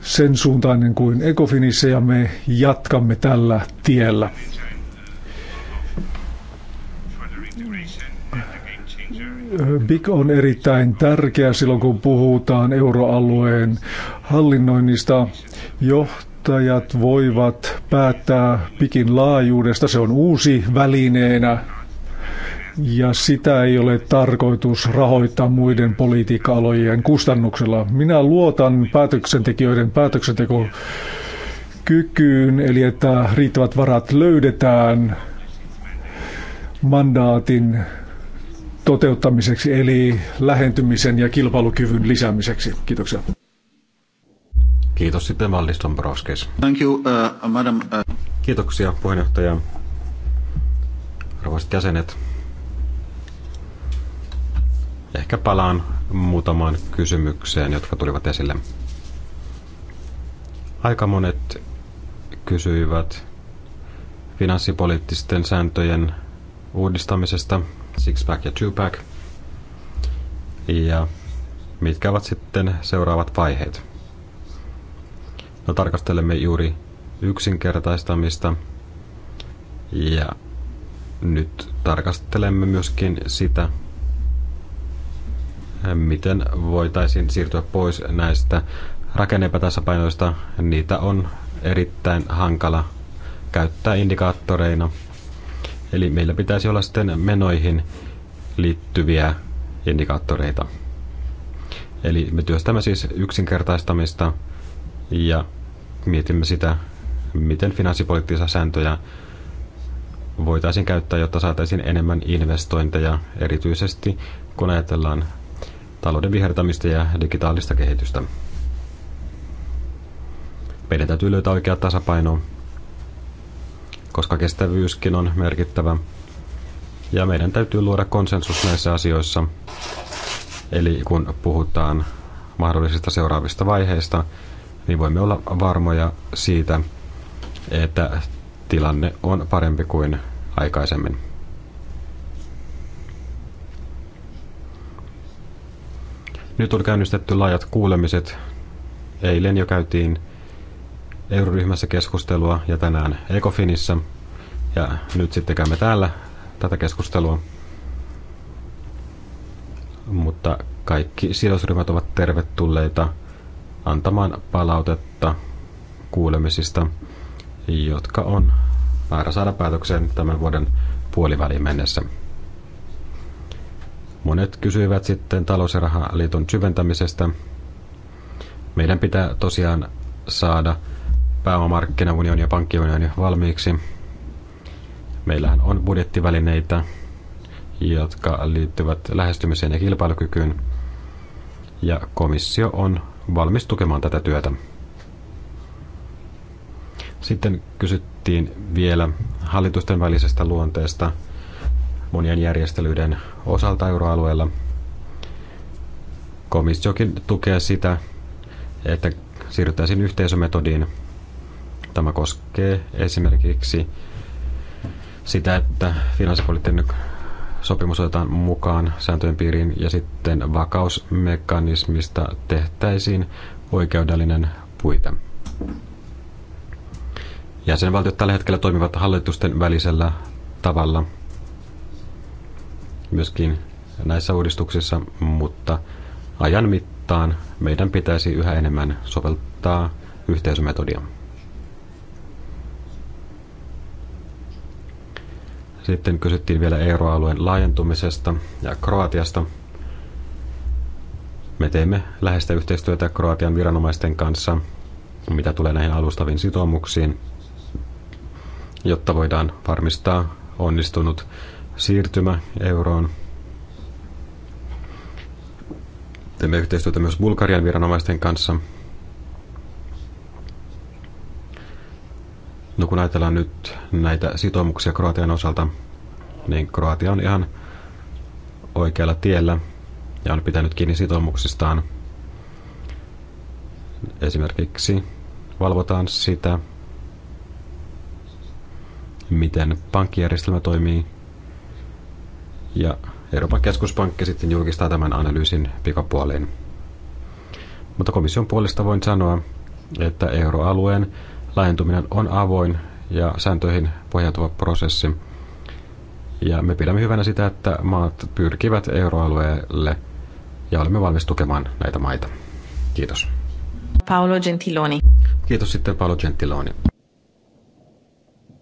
[SPEAKER 3] sen suuntainen kuin Ekofinissä ja me jatkamme tällä tiellä. BIC on erittäin tärkeä silloin, kun puhutaan euroalueen hallinnoinnista. Johtajat voivat päättää BICin laajuudesta. Se on uusi välineenä ja sitä ei ole tarkoitus rahoittaa muiden politiikka-alojen kustannuksella. Minä luotan päätöksentekijöiden päätöksenteko kykyyn, eli että riittävät varat löydetään mandaatin toteuttamiseksi, eli lähentymisen ja kilpailukyvyn lisäämiseksi. Kiitoksia.
[SPEAKER 2] Kiitos sitten Valliston Broskes. Thank you, uh, madam, uh... Kiitoksia puheenjohtaja. Arvoisat jäsenet. Ehkä palaan muutamaan kysymykseen, jotka tulivat esille. Aika monet kysyivät finanssipoliittisten sääntöjen uudistamisesta six-pack ja two-pack. Ja mitkä ovat sitten seuraavat vaiheet? No tarkastelemme juuri yksinkertaistamista ja nyt tarkastelemme myöskin sitä, miten voitaisiin siirtyä pois näistä rakenneepätasapainoista. Niitä on erittäin hankala käyttää indikaattoreina – Eli meillä pitäisi olla sitten menoihin liittyviä indikaattoreita. Eli me työstämme siis yksinkertaistamista ja mietimme sitä, miten finanssipoliittisia sääntöjä voitaisiin käyttää, jotta saataisiin enemmän investointeja, erityisesti kun ajatellaan talouden vihertämistä ja digitaalista kehitystä. Meidän täytyy löytää oikea tasapaino koska kestävyyskin on merkittävä. Ja meidän täytyy luoda konsensus näissä asioissa. Eli kun puhutaan mahdollisista seuraavista vaiheista, niin voimme olla varmoja siitä, että tilanne on parempi kuin aikaisemmin. Nyt on käynnistetty laajat kuulemiset. Eilen jo käytiin euroryhmässä keskustelua ja tänään Ecofinissa. Ja nyt sitten käymme täällä tätä keskustelua. Mutta kaikki sidosryhmät ovat tervetulleita antamaan palautetta kuulemisista, jotka on määrä saada päätökseen tämän vuoden puoliväliin mennessä. Monet kysyivät sitten talous- ja rahaliiton syventämisestä. Meidän pitää tosiaan saada pääomamarkkinaunioni ja pankkiunioni valmiiksi. Meillähän on budjettivälineitä, jotka liittyvät lähestymiseen ja kilpailukykyyn, ja komissio on valmis tukemaan tätä työtä. Sitten kysyttiin vielä hallitusten välisestä luonteesta monien järjestelyiden osalta euroalueella. Komissiokin tukee sitä, että siirryttäisiin yhteisömetodiin Tämä koskee esimerkiksi sitä, että finanssipoliittinen sopimus otetaan mukaan sääntöjen piiriin ja sitten vakausmekanismista tehtäisiin oikeudellinen puite. Jäsenvaltiot tällä hetkellä toimivat hallitusten välisellä tavalla myöskin näissä uudistuksissa, mutta ajan mittaan meidän pitäisi yhä enemmän soveltaa yhteisömetodia. Sitten kysyttiin vielä euroalueen laajentumisesta ja Kroatiasta. Me teemme läheistä yhteistyötä Kroatian viranomaisten kanssa, mitä tulee näihin alustaviin sitoumuksiin, jotta voidaan varmistaa onnistunut siirtymä euroon. Teemme yhteistyötä myös Bulgarian viranomaisten kanssa, No kun ajatellaan nyt näitä sitoumuksia Kroatian osalta, niin Kroatia on ihan oikealla tiellä ja on pitänyt kiinni sitoumuksistaan. Esimerkiksi valvotaan sitä, miten pankkijärjestelmä toimii. Ja Euroopan keskuspankki sitten julkistaa tämän analyysin pikapuoliin. Mutta komission puolesta voin sanoa, että euroalueen laajentuminen on avoin ja sääntöihin pohjautuva prosessi. Ja me pidämme hyvänä sitä, että maat pyrkivät euroalueelle ja olemme valmis tukemaan näitä maita. Kiitos.
[SPEAKER 5] Paolo Gentiloni.
[SPEAKER 2] Kiitos sitten Paolo Gentiloni.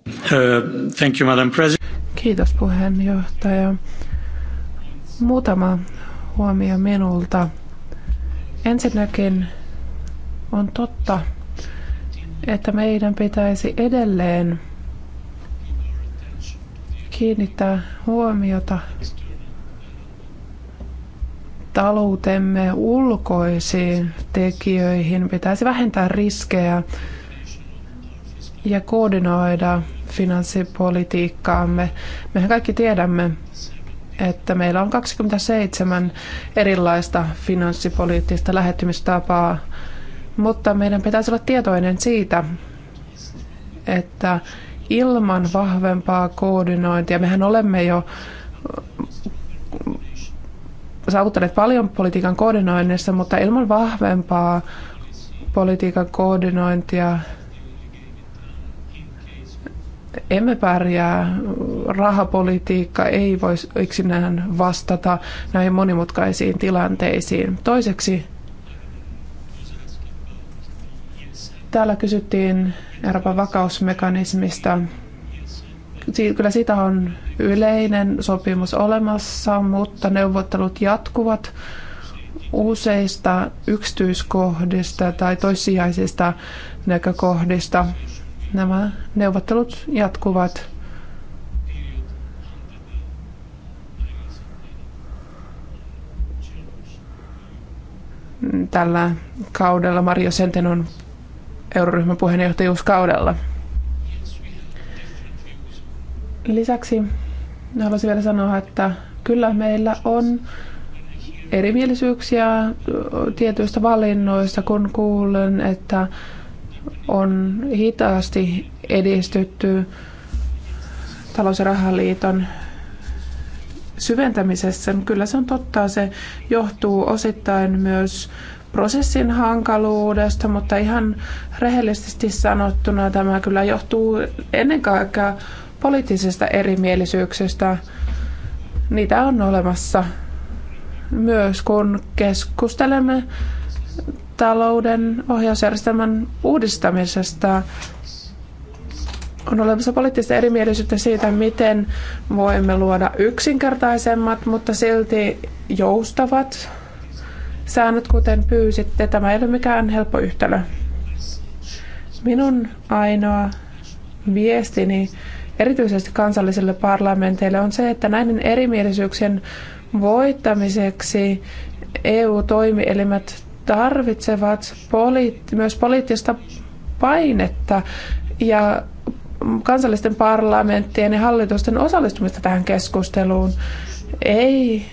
[SPEAKER 1] Uh, thank you, Madam President.
[SPEAKER 5] Kiitos puheenjohtaja. Muutama huomio minulta. Ensinnäkin on totta, että meidän pitäisi edelleen kiinnittää huomiota taloutemme ulkoisiin tekijöihin. Pitäisi vähentää riskejä ja koordinoida finanssipolitiikkaamme. Mehän kaikki tiedämme, että meillä on 27 erilaista finanssipoliittista lähettymistapaa mutta meidän pitäisi olla tietoinen siitä, että ilman vahvempaa koordinointia, mehän olemme jo saavuttaneet paljon politiikan koordinoinnissa, mutta ilman vahvempaa politiikan koordinointia emme pärjää. Rahapolitiikka ei voi yksinään vastata näihin monimutkaisiin tilanteisiin. Toiseksi Täällä kysyttiin Euroopan vakausmekanismista. Kyllä siitä on yleinen sopimus olemassa, mutta neuvottelut jatkuvat useista yksityiskohdista tai toissijaisista näkökohdista. Nämä neuvottelut jatkuvat. Tällä kaudella Mario Senten on euroryhmän puheenjohtajuuskaudella. Lisäksi haluaisin vielä sanoa, että kyllä meillä on erimielisyyksiä tietyistä valinnoista, kun kuulen, että on hitaasti edistytty talous- ja rahaliiton syventämisessä. Kyllä se on totta, se johtuu osittain myös prosessin hankaluudesta, mutta ihan rehellisesti sanottuna tämä kyllä johtuu ennen kaikkea poliittisesta erimielisyyksistä. Niitä on olemassa myös kun keskustelemme talouden ohjausjärjestelmän uudistamisesta. On olemassa poliittista erimielisyyttä siitä, miten voimme luoda yksinkertaisemmat, mutta silti joustavat säännöt, kuten pyysitte. Tämä ei ole mikään helppo yhtälö. Minun ainoa viestini erityisesti kansallisille parlamenteille on se, että näiden erimielisyyksien voittamiseksi EU-toimielimet tarvitsevat poliitt- myös poliittista painetta ja kansallisten parlamenttien ja hallitusten osallistumista tähän keskusteluun. Ei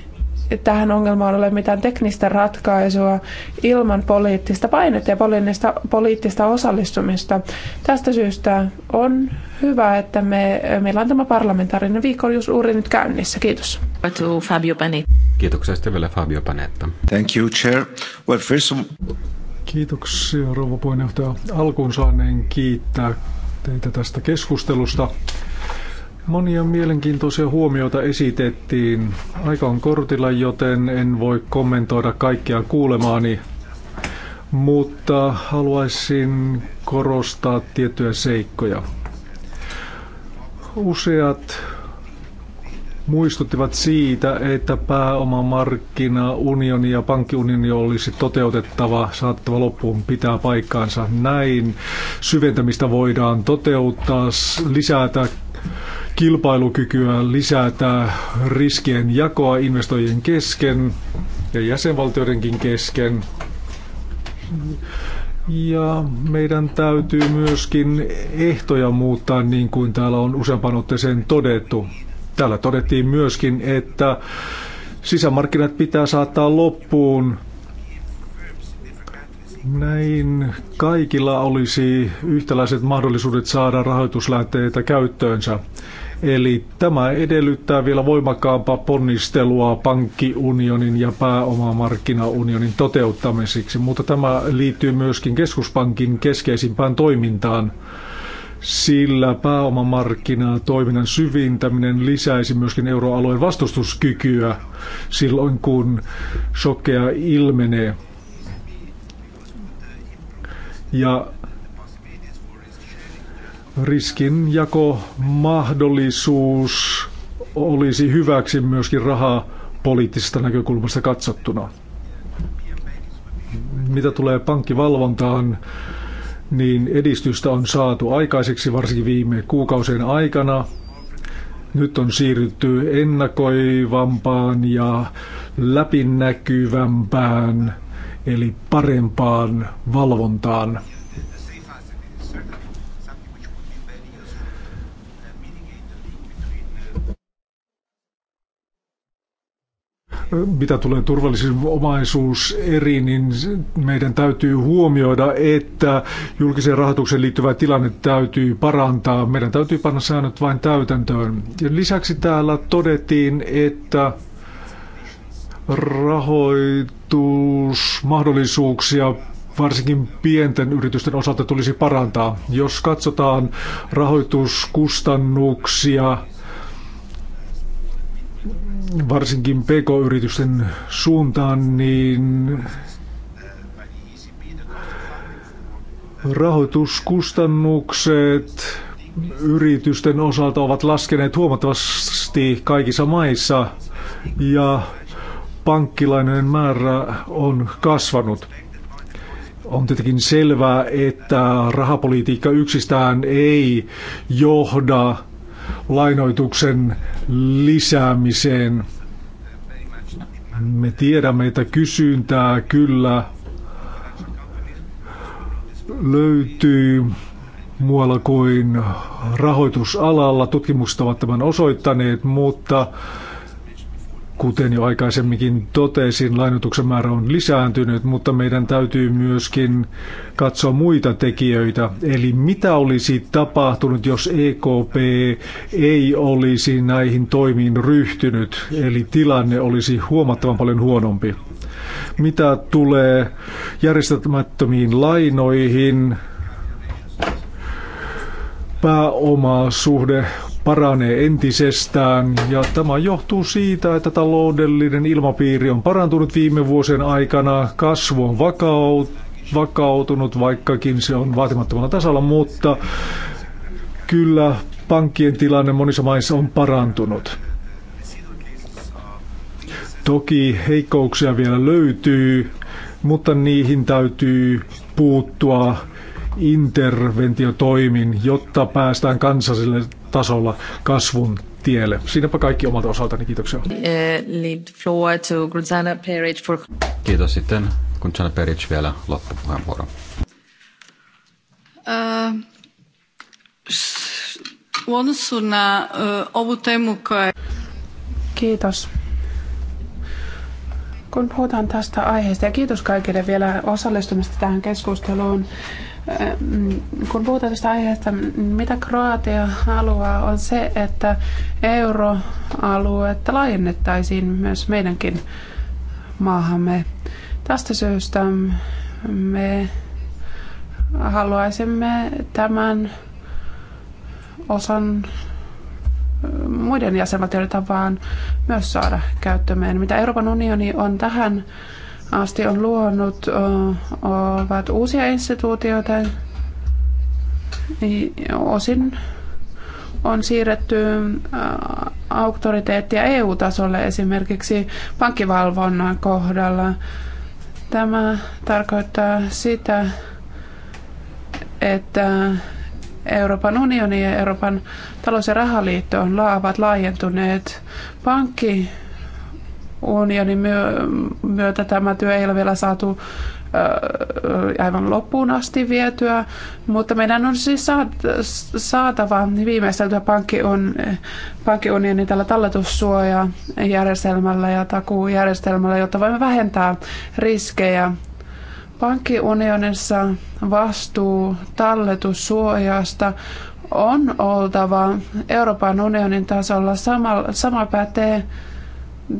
[SPEAKER 5] tähän ongelmaan ole mitään teknistä ratkaisua ilman poliittista painetta ja poliittista, poliittista osallistumista. Tästä syystä on hyvä, että me, meillä on tämä parlamentaarinen viikko uuri nyt käynnissä. Kiitos.
[SPEAKER 3] Fabio
[SPEAKER 2] Kiitoksia sitten vielä Fabio Panetta. Thank you, Chair. Well, first...
[SPEAKER 3] Kiitoksia, rouva puheenjohtaja. Alkuun saaneen kiittää teitä tästä keskustelusta. Monia mielenkiintoisia huomioita esitettiin. Aika on kortilla, joten en voi kommentoida kaikkia kuulemaani, mutta haluaisin korostaa tiettyjä seikkoja. Useat muistuttivat siitä, että pääomamarkkina, unioni ja pankkiunioni olisi toteutettava, saattava loppuun pitää paikkaansa. Näin syventämistä voidaan toteuttaa, lisätä kilpailukykyä, lisätä riskien jakoa investoijien kesken ja jäsenvaltioidenkin kesken. Ja meidän täytyy myöskin ehtoja muuttaa, niin kuin täällä on useampaan otteeseen todettu. Täällä todettiin myöskin, että sisämarkkinat pitää saattaa loppuun. Näin kaikilla olisi yhtäläiset mahdollisuudet saada rahoituslähteitä käyttöönsä. Eli tämä edellyttää vielä voimakkaampaa ponnistelua pankkiunionin ja pääomamarkkinaunionin toteuttamiseksi, mutta tämä liittyy myöskin keskuspankin keskeisimpään toimintaan sillä pääomamarkkinaa toiminnan syvintäminen lisäisi myöskin euroalueen vastustuskykyä silloin, kun shokkeja ilmenee. Ja riskinjako mahdollisuus olisi hyväksi myöskin rahaa poliittisesta näkökulmasta katsottuna. Mitä tulee pankkivalvontaan, niin edistystä on saatu aikaiseksi varsinkin viime kuukausien aikana. Nyt on siirrytty ennakoivampaan ja läpinäkyvämpään, eli parempaan valvontaan. mitä tulee turvallisuusomaisuus eri, niin meidän täytyy huomioida, että julkisen rahoitukseen liittyvä tilanne täytyy parantaa. Meidän täytyy panna säännöt vain täytäntöön. Ja lisäksi täällä todettiin, että rahoitusmahdollisuuksia varsinkin pienten yritysten osalta tulisi parantaa. Jos katsotaan rahoituskustannuksia varsinkin PK-yritysten suuntaan, niin rahoituskustannukset yritysten osalta ovat laskeneet huomattavasti kaikissa maissa ja pankkilainojen määrä on kasvanut. On tietenkin selvää, että rahapolitiikka yksistään ei johda lainoituksen lisäämiseen. Me tiedämme, että kysyntää kyllä löytyy muualla kuin rahoitusalalla. Tutkimukset ovat tämän osoittaneet, mutta Kuten jo aikaisemminkin totesin, lainotuksen määrä on lisääntynyt, mutta meidän täytyy myöskin katsoa muita tekijöitä. Eli mitä olisi tapahtunut, jos EKP ei olisi näihin toimiin ryhtynyt, eli tilanne olisi huomattavan paljon huonompi. Mitä tulee järjestämättömiin lainoihin, pääomasuhde paranee entisestään ja tämä johtuu siitä, että taloudellinen ilmapiiri on parantunut viime vuosien aikana, kasvu on vakaut, vakautunut, vaikkakin se on vaatimattomalla tasolla, mutta kyllä pankkien tilanne monissa maissa on parantunut. Toki heikkouksia vielä löytyy, mutta niihin täytyy puuttua interventiotoimin, jotta päästään kansalliselle tasolla kasvun tielle. Siinäpä kaikki omalta osaltani. Kiitoksia.
[SPEAKER 1] Eh,
[SPEAKER 2] kiitos sitten. Gunzana Peric vielä
[SPEAKER 5] loppupuheenvuoro. Eh, eh, kiitos. Kun puhutaan tästä aiheesta ja kiitos kaikille vielä osallistumista tähän keskusteluun, kun puhutaan tästä aiheesta, mitä Kroatia haluaa, on se, että euroaluetta laajennettaisiin myös meidänkin maahamme. Tästä syystä me haluaisimme tämän osan muiden jäsenvaltioiden tapaan myös saada käyttömeen. Mitä Euroopan unioni on tähän asti on luonut, ovat uusia instituutioita. Osin on siirretty auktoriteettia EU-tasolle esimerkiksi pankkivalvonnan kohdalla. Tämä tarkoittaa sitä, että Euroopan unioni ja Euroopan talous- ja rahaliitto ovat laajentuneet. Pankki unionin myötä tämä työ ei ole vielä saatu aivan loppuun asti vietyä, mutta meidän on siis saatava viimeisteltyä pankkiunionin tällä talletussuojajärjestelmällä ja takuujärjestelmällä, jotta voimme vähentää riskejä. Pankkiunionissa vastuu talletussuojasta on oltava Euroopan unionin tasolla. Sama, sama pätee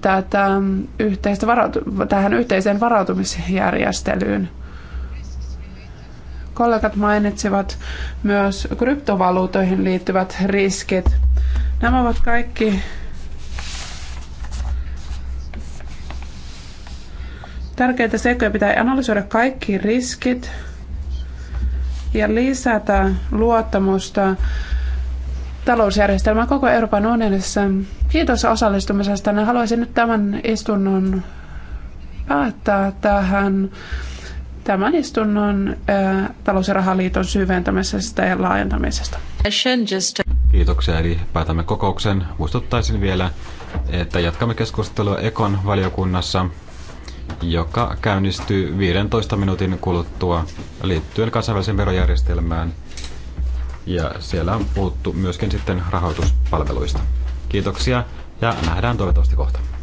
[SPEAKER 5] tätä mm, yhteistä varautu- tähän yhteiseen varautumisjärjestelyyn. Kollegat mainitsivat myös kryptovaluutoihin liittyvät riskit. Nämä ovat kaikki tärkeitä seikkoja. Pitää analysoida kaikki riskit ja lisätä luottamusta talousjärjestelmään koko Euroopan unionissa Kiitos osallistumisesta. Haluaisin nyt tämän istunnon päättää tähän tämän istunnon ää, äh, talous- ja rahaliiton syventämisestä ja laajentamisesta.
[SPEAKER 2] Kiitoksia, eli päätämme kokouksen. Muistuttaisin vielä, että jatkamme keskustelua Ekon valiokunnassa, joka käynnistyy 15 minuutin kuluttua liittyen kansainväliseen verojärjestelmään. Ja siellä on puhuttu myöskin sitten rahoituspalveluista. Kiitoksia ja nähdään toivottavasti kohta.